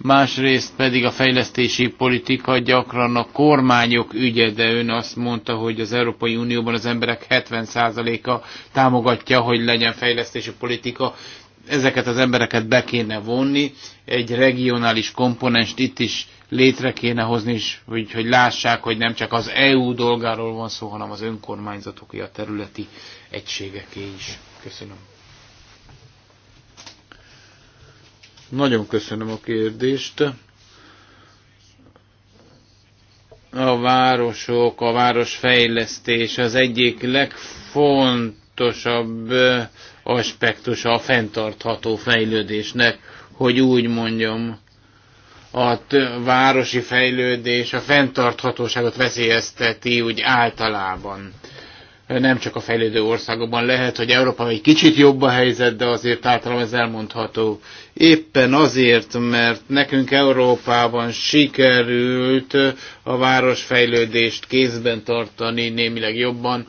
S2: másrészt pedig a fejlesztési politika gyakran a kormányok ügye, de ön azt mondta, hogy az Európai Unióban az emberek 70%-a támogatja, hogy legyen fejlesztési politika ezeket az embereket be kéne vonni, egy regionális komponenst itt is létre kéne hozni, és hogy, hogy lássák, hogy nem csak az EU dolgáról van szó, hanem az önkormányzatoké, a területi egységeké is. Köszönöm. Nagyon köszönöm a kérdést. A városok, a városfejlesztés az egyik legfontosabb aspektusa a fenntartható fejlődésnek, hogy úgy mondjam, a városi fejlődés a fenntarthatóságot veszélyezteti úgy általában. Nem csak a fejlődő országokban lehet, hogy Európa egy kicsit jobb a helyzet, de azért általában ez elmondható. Éppen azért, mert nekünk Európában sikerült a városfejlődést kézben tartani némileg jobban,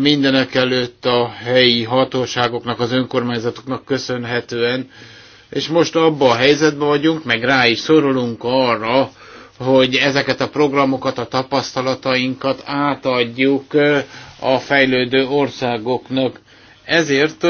S2: mindenek előtt a helyi hatóságoknak, az önkormányzatoknak köszönhetően, és most abban a helyzetben vagyunk, meg rá is szorulunk arra, hogy ezeket a programokat, a tapasztalatainkat átadjuk a fejlődő országoknak. Ezért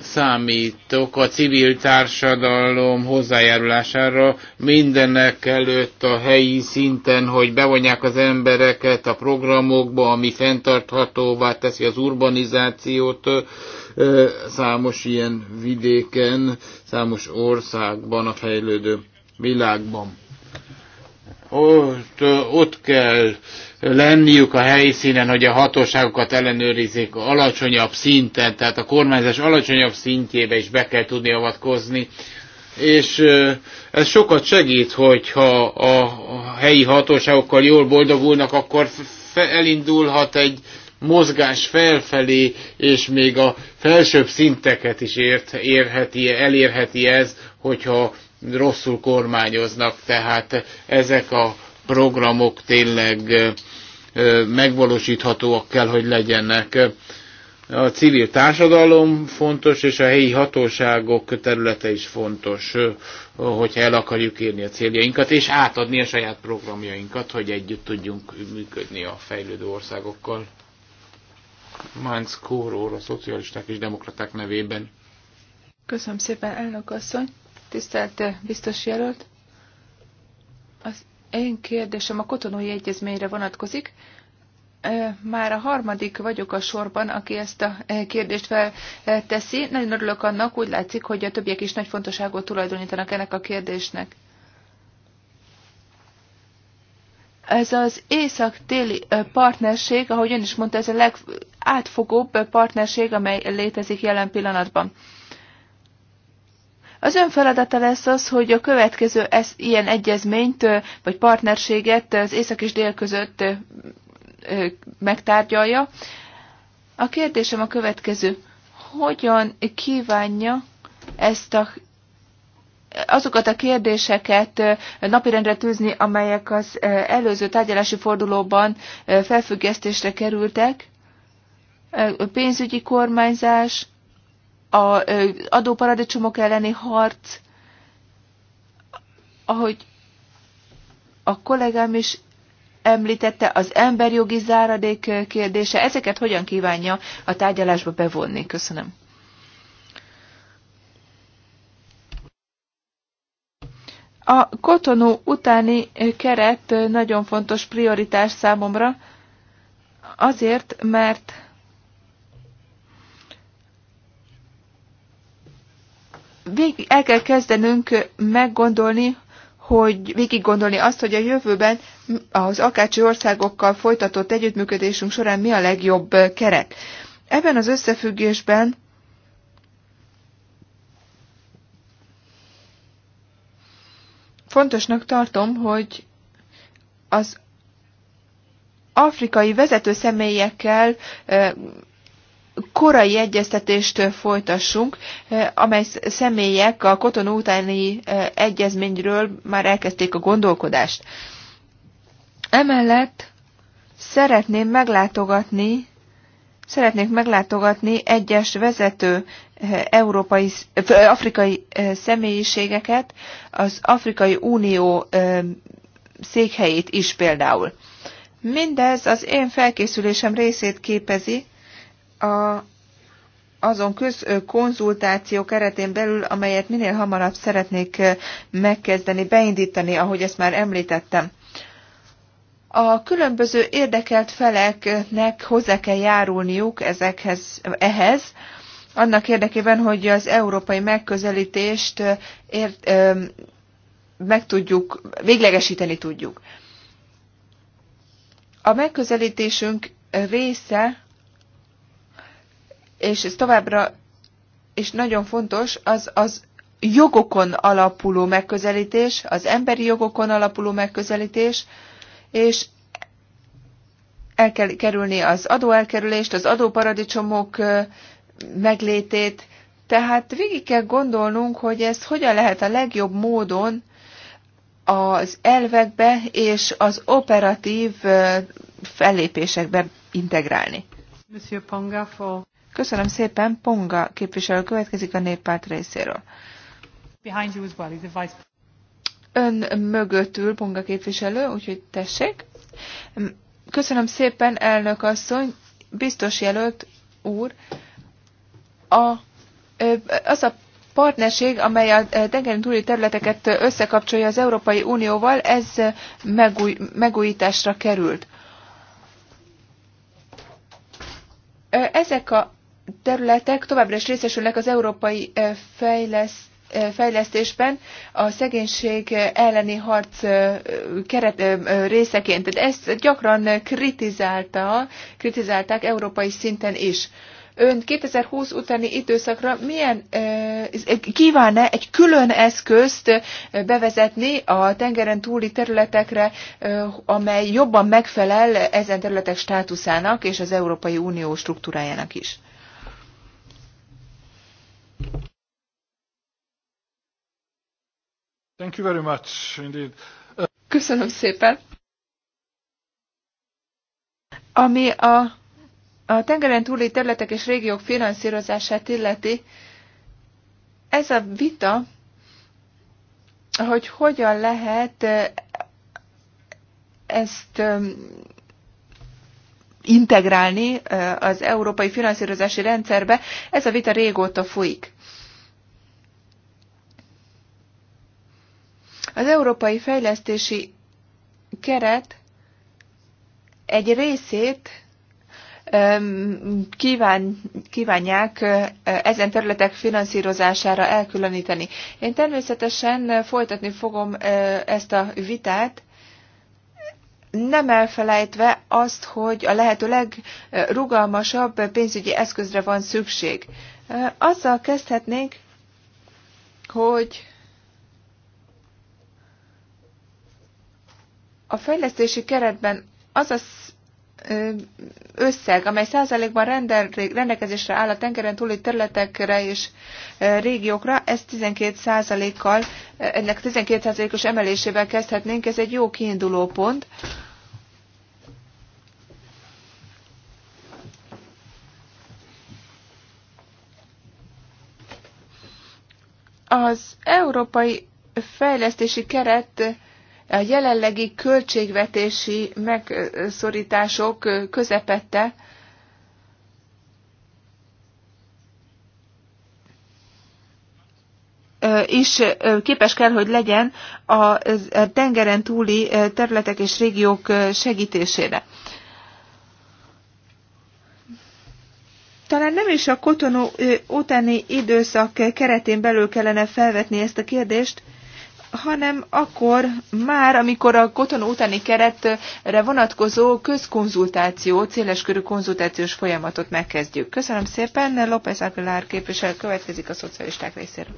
S2: számítok a civil társadalom hozzájárulására mindenek előtt a helyi szinten, hogy bevonják az embereket a programokba, ami fenntarthatóvá teszi az urbanizációt számos ilyen vidéken, számos országban, a fejlődő világban. Ott, ott kell lenniük a helyszínen, hogy a hatóságokat ellenőrizzék alacsonyabb szinten, tehát a kormányzás alacsonyabb szintjébe is be kell tudni avatkozni. És ez sokat segít, hogyha a helyi hatóságokkal jól boldogulnak, akkor elindulhat egy mozgás felfelé, és még a felsőbb szinteket is ért, érheti, elérheti ez, hogyha rosszul kormányoznak. Tehát ezek a programok tényleg megvalósíthatóak kell, hogy legyenek. A civil társadalom fontos, és a helyi hatóságok területe is fontos, hogyha el akarjuk érni a céljainkat, és átadni a saját programjainkat, hogy együtt tudjunk működni a fejlődő országokkal. Mánc Kóról, a szocialisták és demokraták nevében.
S3: Köszönöm szépen, elnök asszony. Tisztelt biztos jelölt. Én kérdésem a kotonói egyezményre vonatkozik. Már a harmadik vagyok a sorban, aki ezt a kérdést felteszi. Nagyon örülök annak, úgy látszik, hogy a többiek is nagy fontosságot tulajdonítanak ennek a kérdésnek. Ez az észak-téli partnerség, ahogy ön is mondta, ez a legátfogóbb partnerség, amely létezik jelen pillanatban. Az ön feladata lesz az, hogy a következő ez, ilyen egyezményt vagy partnerséget az észak és dél között megtárgyalja. A kérdésem a következő. Hogyan kívánja ezt a azokat a kérdéseket napirendre tűzni, amelyek az előző tárgyalási fordulóban felfüggesztésre kerültek, pénzügyi kormányzás, a adóparadicsomok elleni harc, ahogy a kollégám is említette, az emberjogi záradék kérdése, ezeket hogyan kívánja a tárgyalásba bevonni? Köszönöm. A kotonó utáni keret nagyon fontos prioritás számomra, azért, mert végig el kell kezdenünk meggondolni, hogy végig gondolni azt, hogy a jövőben az akácsi országokkal folytatott együttműködésünk során mi a legjobb keret. Ebben az összefüggésben fontosnak tartom, hogy az afrikai vezető személyekkel eh, korai egyeztetést folytassunk, amely személyek a koton utáni egyezményről már elkezdték a gondolkodást. Emellett szeretném meglátogatni, szeretnék meglátogatni egyes vezető európai, afrikai személyiségeket, az Afrikai Unió székhelyét is például. Mindez az én felkészülésem részét képezi, a, azon konzultáció keretén belül, amelyet minél hamarabb szeretnék megkezdeni, beindítani, ahogy ezt már említettem. A különböző érdekelt feleknek hozzá kell járulniuk ezekhez, ehhez, annak érdekében, hogy az európai megközelítést ért, ö, meg tudjuk, véglegesíteni tudjuk. A megközelítésünk része és ez továbbra és nagyon fontos, az az jogokon alapuló megközelítés, az emberi jogokon alapuló megközelítés, és el kell kerülni az adóelkerülést, az adóparadicsomok meglétét, tehát végig kell gondolnunk, hogy ezt hogyan lehet a legjobb módon az elvekbe és az operatív fellépésekbe integrálni. Monsieur for Köszönöm szépen, Ponga képviselő következik a néppárt részéről.
S1: Behind you as well is the vice...
S3: Ön mögöttül Ponga képviselő, úgyhogy tessék. Köszönöm szépen, elnök asszony, biztos jelölt úr. A, az a partnerség, amely a tengeren túli területeket összekapcsolja az Európai Unióval, ez megúj, megújításra került. Ezek a területek továbbra is részesülnek az európai eh, fejlesztés eh, fejlesztésben a szegénység eh, elleni harc keret, részeként. De ezt gyakran kritizálta, kritizálták európai szinten is. Ön 2020 utáni időszakra milyen kívánne egy külön eszközt bevezetni a tengeren túli területekre, amely jobban megfelel ezen területek státuszának és az Európai Unió struktúrájának is? Thank
S4: you very much indeed.
S3: Köszönöm szépen. Ami a, a tengeren túli területek és régiók finanszírozását illeti, ez a vita, hogy hogyan lehet eh, ezt eh, integrálni az európai finanszírozási rendszerbe. Ez a vita régóta folyik. Az európai fejlesztési keret egy részét kíván, kívánják ezen területek finanszírozására elkülöníteni. Én természetesen folytatni fogom ezt a vitát, nem elfelejtve azt, hogy a lehető legrugalmasabb pénzügyi eszközre van szükség. Azzal kezdhetnénk, hogy a fejlesztési keretben az a összeg, amely százalékban rendel, rendelkezésre áll a tengeren túli területekre és régiókra, ez 12 százalékkal, ennek 12 százalékos emelésével kezdhetnénk, ez egy jó kiinduló pont. Az európai fejlesztési keret a jelenlegi költségvetési megszorítások közepette is képes kell, hogy legyen a tengeren túli területek és régiók segítésére. Talán nem is a kotonó utáni időszak keretén belül kellene felvetni ezt a kérdést, hanem akkor már, amikor a kotonó utáni keretre vonatkozó közkonzultáció, széleskörű konzultációs folyamatot megkezdjük. Köszönöm szépen, López Aguilar képviselő következik a szocialisták részéről.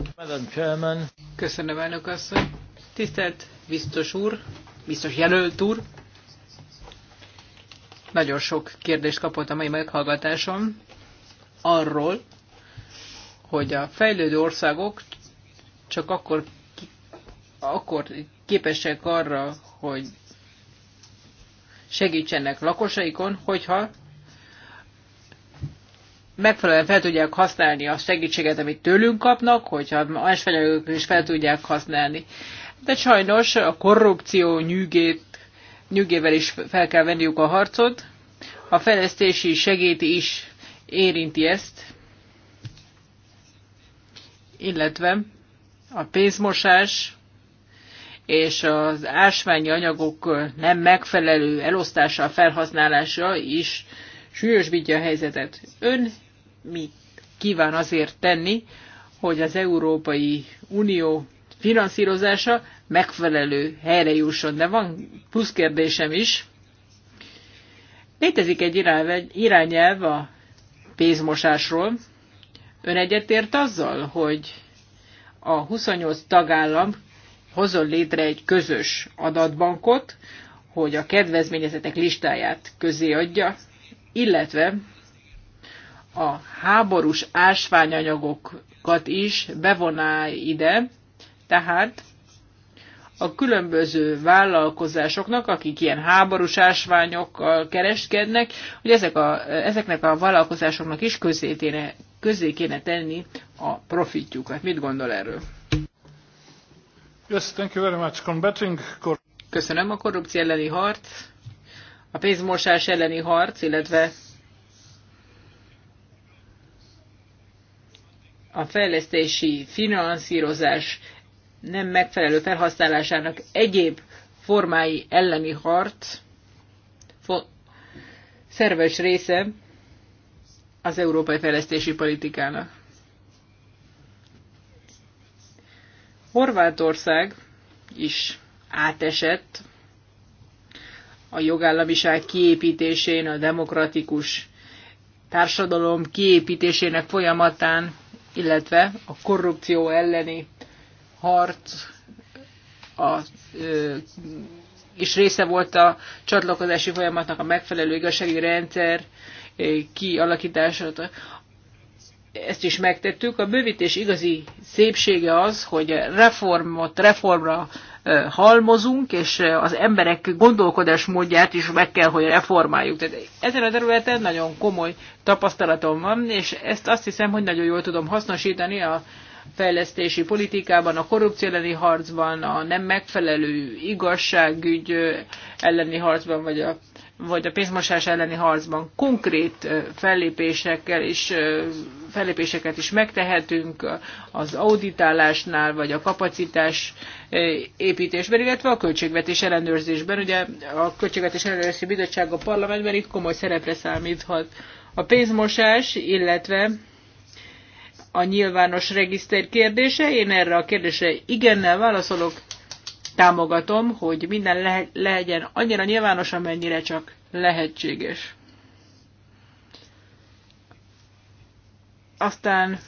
S1: Köszönöm, elnök asszony. Tisztelt biztos úr, biztos jelölt úr. Nagyon sok kérdést kapott a mai meghallgatásom arról, hogy a fejlődő országok csak akkor akkor képesek arra, hogy segítsenek lakosaikon, hogyha megfelelően fel tudják használni a segítséget, amit tőlünk kapnak, hogyha más fegyelők is fel tudják használni. De sajnos a korrupció nyűgét, nyűgével is fel kell venniük a harcot. A fejlesztési segéti is érinti ezt, illetve a pénzmosás, és az ásványi anyagok nem megfelelő elosztása, felhasználása is súlyosbítja a helyzetet. Ön mit kíván azért tenni, hogy az Európai Unió finanszírozása megfelelő helyre jusson. De van plusz kérdésem is. Létezik egy irányelv a pénzmosásról. Ön egyetért azzal, hogy a 28 tagállam hozzon létre egy közös adatbankot, hogy a kedvezményezetek listáját közé adja, illetve a háborús ásványanyagokat is bevoná ide, tehát a különböző vállalkozásoknak, akik ilyen háborús ásványokkal kereskednek, hogy ezek a, ezeknek a vállalkozásoknak is közé, téne, közé kéne tenni a profitjukat. Mit gondol erről? Yes, thank you very much. Combating Köszönöm a korrupció elleni harc, a pénzmosás elleni harc, illetve a fejlesztési finanszírozás nem megfelelő felhasználásának egyéb formái elleni harc szerves része az európai fejlesztési politikának. Horvátország is átesett a jogállamiság kiépítésén, a demokratikus társadalom kiépítésének folyamatán, illetve a korrupció elleni harc a, és része volt a csatlakozási folyamatnak a megfelelő igazsági rendszer kialakítása ezt is megtettük. A bővítés igazi szépsége az, hogy reformot reformra halmozunk, és az emberek gondolkodás módját is meg kell, hogy reformáljuk. Tehát ezen a területen nagyon komoly tapasztalatom van, és ezt azt hiszem, hogy nagyon jól tudom hasznosítani a fejlesztési politikában, a korrupció elleni harcban, a nem megfelelő igazságügy elleni harcban, vagy a vagy a pénzmosás elleni harcban konkrét fellépésekkel is, fellépéseket is megtehetünk az auditálásnál, vagy a kapacitás építésben, illetve a költségvetés ellenőrzésben. Ugye a Költségvetés Ellenőrzési Bizottság a parlamentben itt komoly szerepre számíthat. A pénzmosás, illetve a nyilvános regiszter kérdése. Én erre a kérdésre igennel válaszolok, támogatom, hogy minden le- legyen annyira nyilvános, amennyire csak lehetséges. Aztán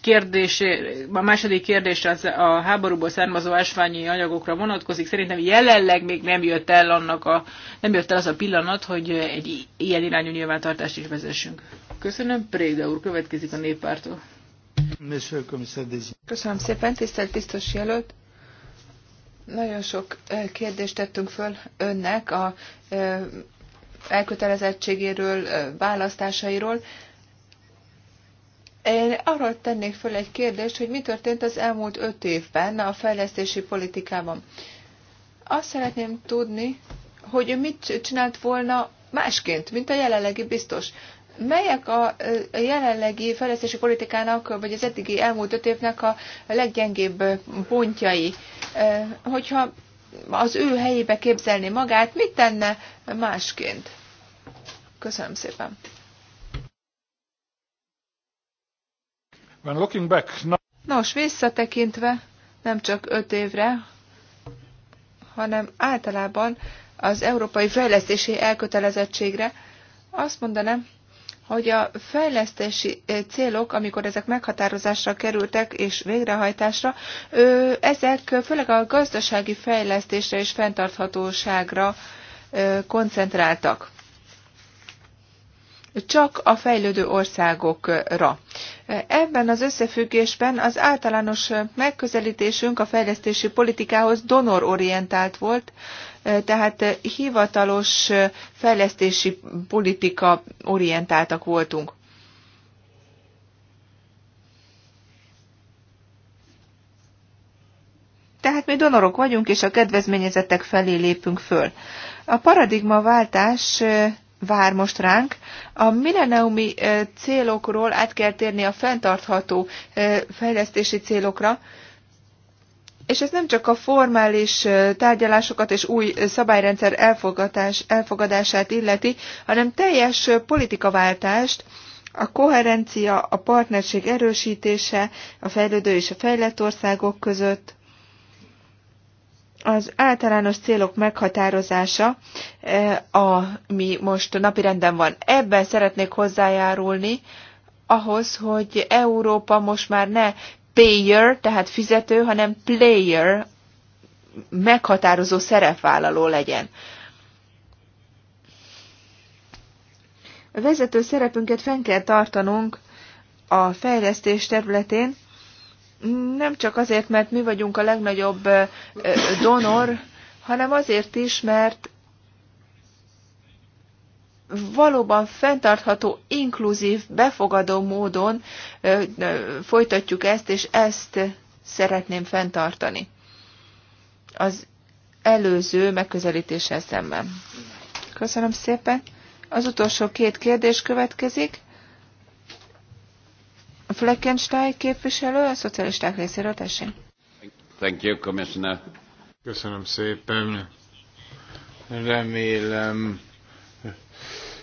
S1: kérdésé, a második kérdés az a háborúból származó ásványi anyagokra vonatkozik. Szerintem jelenleg még nem jött el, annak a, nem jött el az a pillanat, hogy egy ilyen irányú nyilvántartást is vezessünk. Köszönöm, Préda úr, következik a néppártól.
S3: Köszönöm szépen, tisztelt biztos jelölt! Nagyon sok kérdést tettünk föl önnek a elkötelezettségéről, választásairól. Én arról tennék föl egy kérdést, hogy mi történt az elmúlt öt évben a fejlesztési politikában. Azt szeretném tudni, hogy mit csinált volna másként, mint a jelenlegi biztos. Melyek a jelenlegi fejlesztési politikának, vagy az eddigi elmúlt öt évnek a leggyengébb pontjai? Hogyha az ő helyébe képzelni magát, mit tenne másként? Köszönöm szépen.
S4: When looking back, no...
S3: Nos, visszatekintve nem csak öt évre, hanem általában az európai fejlesztési elkötelezettségre, azt mondanám, hogy a fejlesztési eh, célok, amikor ezek meghatározásra kerültek és végrehajtásra, ezek főleg a gazdasági fejlesztésre és fenntarthatóságra koncentráltak csak a fejlődő országokra. Ebben az összefüggésben az általános megközelítésünk a fejlesztési politikához donororientált volt, tehát hivatalos fejlesztési politika orientáltak voltunk. Tehát mi donorok vagyunk, és a kedvezményezettek felé lépünk föl. A paradigmaváltás vár most ránk. A milleniumi célokról át kell térni a fenntartható fejlesztési célokra, és ez nem csak a formális tárgyalásokat és új szabályrendszer elfogadás, elfogadását illeti, hanem teljes politikaváltást, a koherencia, a partnerség erősítése a fejlődő és a fejlett országok között, az általános célok meghatározása, ami most napirenden van. Ebben szeretnék hozzájárulni, ahhoz, hogy Európa most már ne payer, tehát fizető, hanem player, meghatározó szerepvállaló legyen. A vezető szerepünket fenn kell tartanunk a fejlesztés területén, nem csak azért, mert mi vagyunk a legnagyobb donor, hanem azért is, mert valóban fenntartható, inkluzív, befogadó módon folytatjuk ezt, és ezt szeretném fenntartani az előző megközelítéssel szemben. Köszönöm szépen. Az utolsó két kérdés következik. Fleckenstein képviselő, a szocialisták részéről, tessék.
S2: Thank you, Commissioner. Köszönöm szépen. Remélem,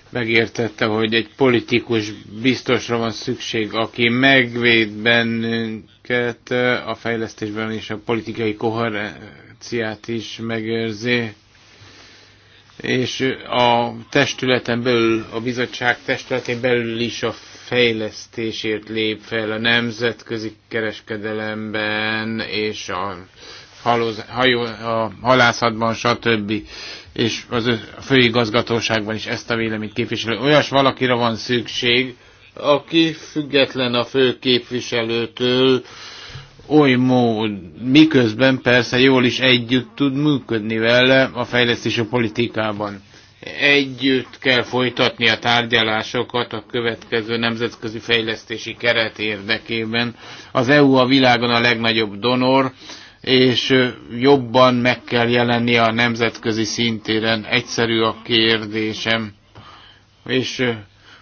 S2: megértette, hogy egy politikus biztosra van szükség, aki megvéd bennünket a fejlesztésben és a politikai koherenciát is megőrzi. És a testületen belül, a bizottság testületén belül is a fejlesztésért lép fel a nemzetközi kereskedelemben és a haloz, hajó, a halászatban, stb. És az a főigazgatóságban is ezt a véleményt képviselő. Olyas valakire van szükség, aki független a fő képviselőtől, oly mód, miközben persze jól is együtt tud működni vele a fejlesztési politikában. Együtt kell folytatni a tárgyalásokat a következő nemzetközi fejlesztési keret érdekében. Az EU a világon a legnagyobb donor, és jobban meg kell jelenni a nemzetközi szintéren. Egyszerű a kérdésem, és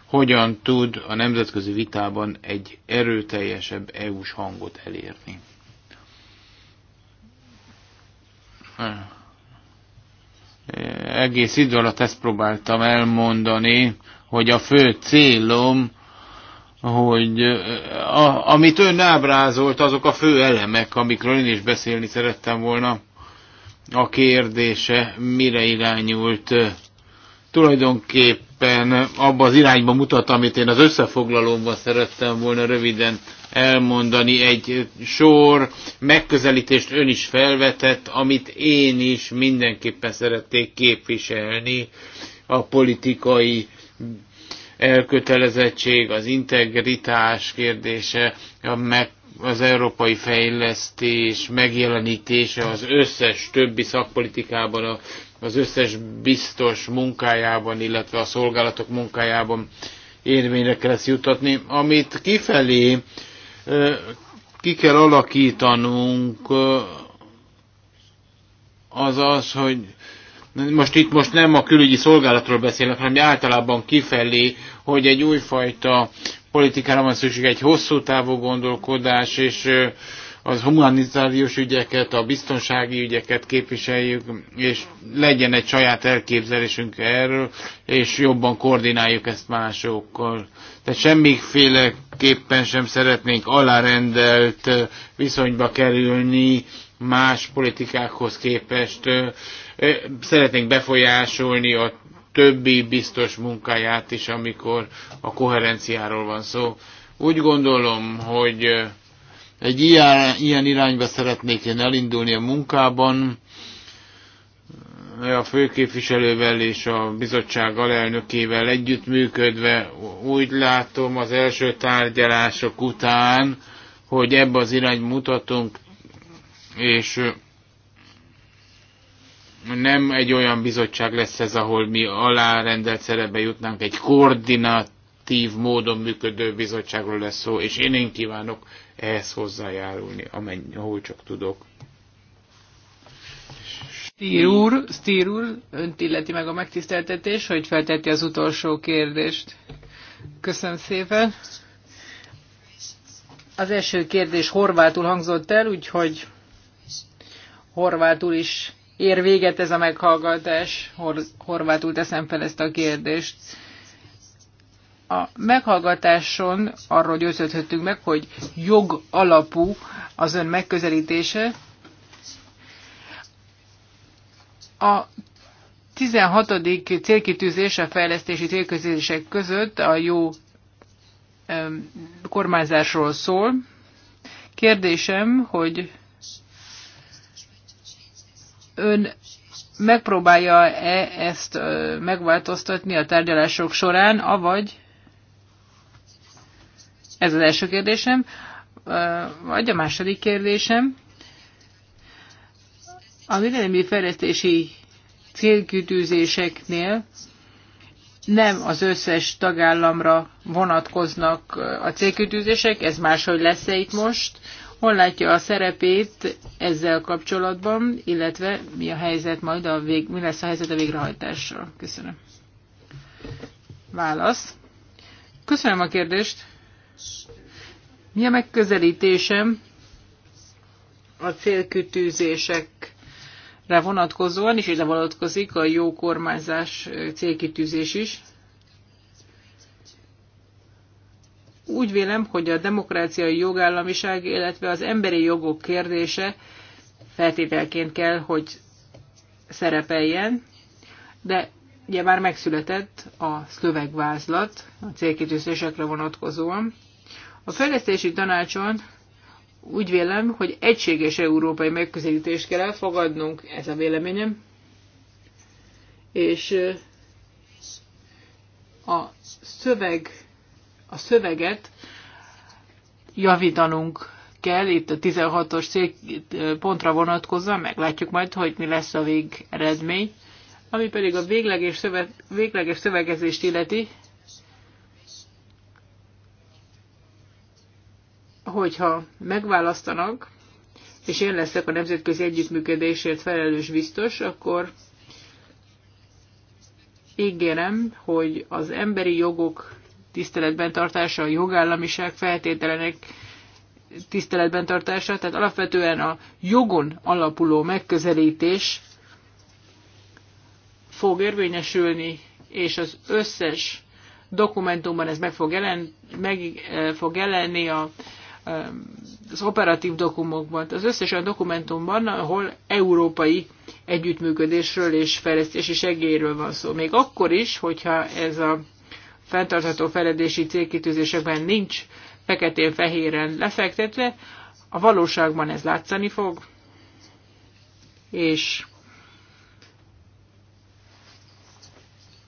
S2: hogyan tud a nemzetközi vitában egy erőteljesebb EU-s hangot elérni. Egész idő alatt ezt próbáltam elmondani, hogy a fő célom hogy a, amit ön ábrázolt, azok a fő elemek, amikről én is beszélni szerettem volna. A kérdése mire irányult? Tulajdonképpen abba az irányba mutat, amit én az összefoglalómban szerettem volna röviden elmondani. Egy sor megközelítést ön is felvetett, amit én is mindenképpen szerették képviselni a politikai elkötelezettség, az integritás kérdése, a meg, az európai fejlesztés megjelenítése az összes többi szakpolitikában, az összes biztos munkájában, illetve a szolgálatok munkájában érvényre kell ezt jutatni. Amit kifelé ki kell alakítanunk, az az, hogy most itt most nem a külügyi szolgálatról beszélek, hanem általában kifelé, hogy egy újfajta politikára van szükség, egy hosszú távú gondolkodás, és az humanitárius ügyeket, a biztonsági ügyeket képviseljük, és legyen egy saját elképzelésünk erről, és jobban koordináljuk ezt másokkal. Tehát semmiféleképpen sem szeretnénk alárendelt viszonyba kerülni más politikákhoz képest. Szeretnénk befolyásolni a többi biztos munkáját is, amikor a koherenciáról van szó. Úgy gondolom, hogy egy ilyen, ilyen irányba szeretnék én elindulni a munkában, a főképviselővel és a bizottság alelnökével együttműködve úgy látom az első tárgyalások után, hogy ebbe az irány mutatunk, és nem egy olyan bizottság lesz ez, ahol mi alárendelt szerepbe jutnánk, egy koordinatív módon működő bizottságról lesz szó, és én én kívánok ehhez hozzájárulni, amennyi, ahol csak tudok.
S1: Stír úr, Stír úr, önt illeti meg a megtiszteltetés, hogy felteti az utolsó kérdést. Köszönöm szépen. Az első kérdés horvátul hangzott el, úgyhogy horvátul is ér véget ez a meghallgatás? Hor- Horvátul teszem fel ezt a kérdést. A meghallgatáson arról győződhetünk meg, hogy jog alapú az ön megközelítése. A 16. célkitűzés a fejlesztési célközések között a jó kormányzásról szól. Kérdésem, hogy ön megpróbálja-e ezt megváltoztatni a tárgyalások során, avagy ez az első kérdésem, vagy a második kérdésem, a védelmi fejlesztési célkütőzéseknél nem az összes tagállamra vonatkoznak a célkütőzések, ez máshogy lesz -e itt most. Hol látja a szerepét ezzel kapcsolatban, illetve mi a helyzet majd a vég, mi lesz a helyzet a végrehajtással? Köszönöm. Válasz. Köszönöm a kérdést. Mi a megközelítésem a célkütőzésekre vonatkozóan, és ide vonatkozik a jó kormányzás célkitűzés is. úgy vélem, hogy a demokráciai jogállamiság, illetve az emberi jogok kérdése feltételként kell, hogy szerepeljen, de ugye már megszületett a szövegvázlat a célkitűzésekre vonatkozóan. A fejlesztési tanácson úgy vélem, hogy egységes európai megközelítést kell elfogadnunk, ez a véleményem, és a szöveg a szöveget javítanunk kell, itt a 16-os pontra vonatkozva, meglátjuk majd, hogy mi lesz a végeredmény. Ami pedig a végleges, szöveg, végleges szövegezést illeti, hogyha megválasztanak, és én leszek a nemzetközi együttműködésért felelős biztos, akkor ígérem, hogy az emberi jogok tiszteletben tartása, a jogállamiság feltételenek tiszteletben tartása, tehát alapvetően a jogon alapuló megközelítés fog érvényesülni, és az összes dokumentumban ez meg fog, jelen, meg eh, fog jelenni a, eh, az operatív dokumokban, az összes olyan dokumentumban, ahol európai együttműködésről és fejlesztési segélyről van szó. Még akkor is, hogyha ez a fenntartható feledési célkitűzésekben nincs feketén-fehéren lefektetve, a valóságban ez látszani fog, és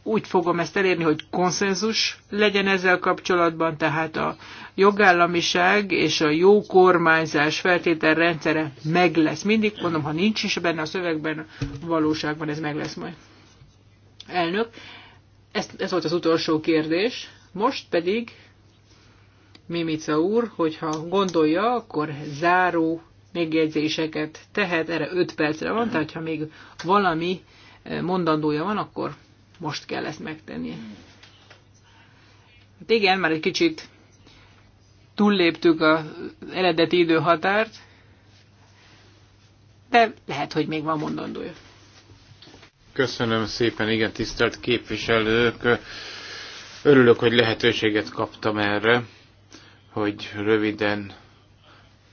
S1: úgy fogom ezt elérni, hogy konszenzus legyen ezzel kapcsolatban, tehát a jogállamiság és a jó kormányzás feltételrendszere meg lesz. Mindig mondom, ha nincs is benne a szövegben, a valóságban ez meg lesz majd. Elnök, ez, ez volt az utolsó kérdés. Most pedig Mimica úr, hogyha gondolja, akkor záró megjegyzéseket tehet, erre 5 percre van, tehát ha még valami eh, mondandója van, akkor most kell ezt megtennie. Hát igen, már egy kicsit túlléptük az eredeti időhatárt, de lehet, hogy még van mondandója.
S2: Köszönöm szépen, igen, tisztelt képviselők. Örülök, hogy lehetőséget kaptam erre, hogy röviden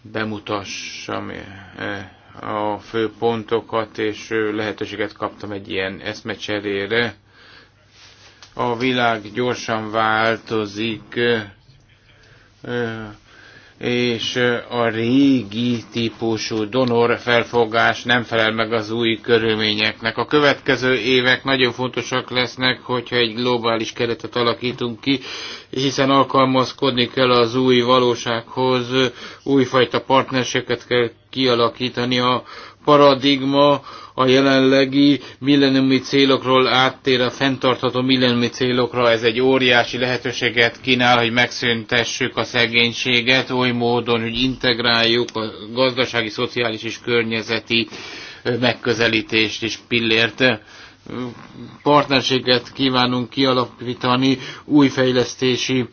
S2: bemutassam eh, a fő pontokat, és eh, lehetőséget kaptam egy ilyen eszmecserére. A világ gyorsan változik, eh, és a régi típusú donor felfogás nem felel meg az új körülményeknek. A következő évek nagyon fontosak lesznek, hogyha egy globális keretet alakítunk ki, hiszen alkalmazkodni kell az új valósághoz, újfajta partnerséget kell kialakítani a paradigma a jelenlegi millenniumi célokról áttér a fenntartható millenniumi célokra, ez egy óriási lehetőséget kínál, hogy megszüntessük a szegénységet oly módon, hogy integráljuk a gazdasági, szociális és környezeti megközelítést és pillért partnerséget kívánunk kialakítani új fejlesztési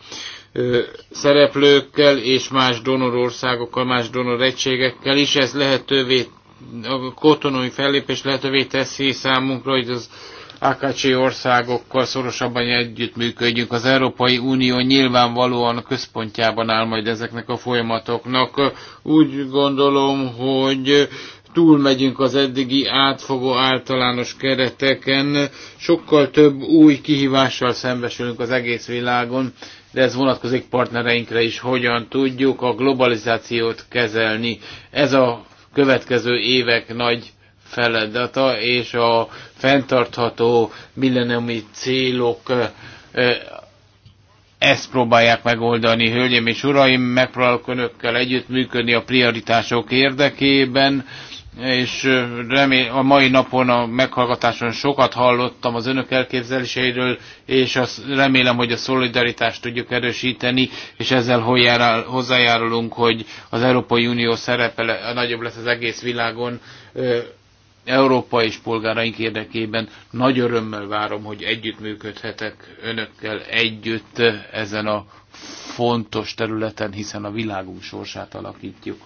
S2: szereplőkkel és más donorországokkal, más donoregységekkel is. Ez lehetővé a kotonói fellépés lehetővé teszi számunkra, hogy az AKC országokkal szorosabban együttműködjünk. Az Európai Unió nyilvánvalóan a központjában áll majd ezeknek a folyamatoknak. Úgy gondolom, hogy túlmegyünk az eddigi átfogó általános kereteken, sokkal több új kihívással szembesülünk az egész világon, de ez vonatkozik partnereinkre is, hogyan tudjuk a globalizációt kezelni. Ez a következő évek nagy feladata, és a fenntartható millenniumi célok ezt próbálják megoldani, hölgyeim és uraim, megpróbálok önökkel együttműködni a prioritások érdekében, és remél, a mai napon a meghallgatáson sokat hallottam az önök elképzeléseiről, és azt remélem, hogy a szolidaritást tudjuk erősíteni, és ezzel hozzájárulunk, hogy az Európai Unió szerepe nagyobb lesz az egész világon, Európa és polgáraink érdekében. Nagy örömmel várom, hogy együttműködhetek önökkel együtt ezen a fontos területen, hiszen a világunk sorsát alakítjuk.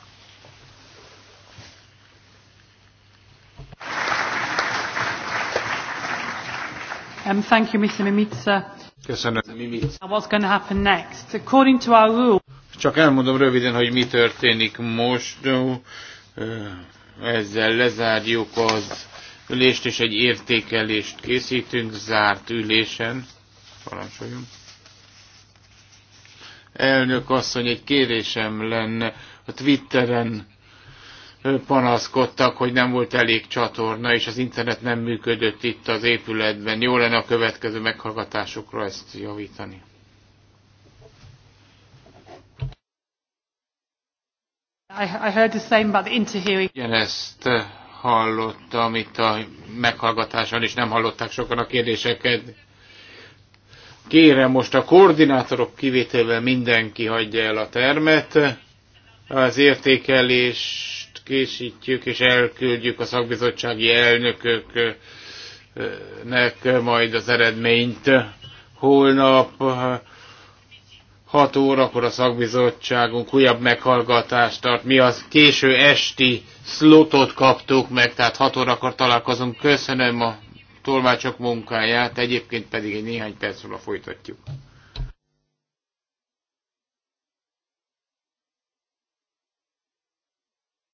S4: Um, thank you, Mr. Mimica.
S2: Csak elmondom röviden, hogy mi történik most. Ezzel lezárjuk az ülést, és egy értékelést készítünk zárt ülésen. Parancsoljon. Elnök asszony, egy kérésem lenne a Twitteren panaszkodtak, hogy nem volt elég csatorna, és az internet nem működött itt az épületben. Jó lenne a következő meghallgatásokra ezt javítani.
S4: I heard the same about the interhearing. Igen,
S2: ezt eh, hallottam itt a meghallgatáson, és nem hallották sokan a kérdéseket. Kérem most a koordinátorok kivételével mindenki hagyja el a termet. Az értékelés készítjük, és elküldjük a szakbizottsági elnököknek majd az eredményt. Holnap 6 órakor a szakbizottságunk újabb meghallgatást tart. Mi az késő esti szlotot kaptuk meg, tehát 6 órakor találkozunk. Köszönöm a tolmácsok munkáját, egyébként pedig egy néhány perc múlva folytatjuk.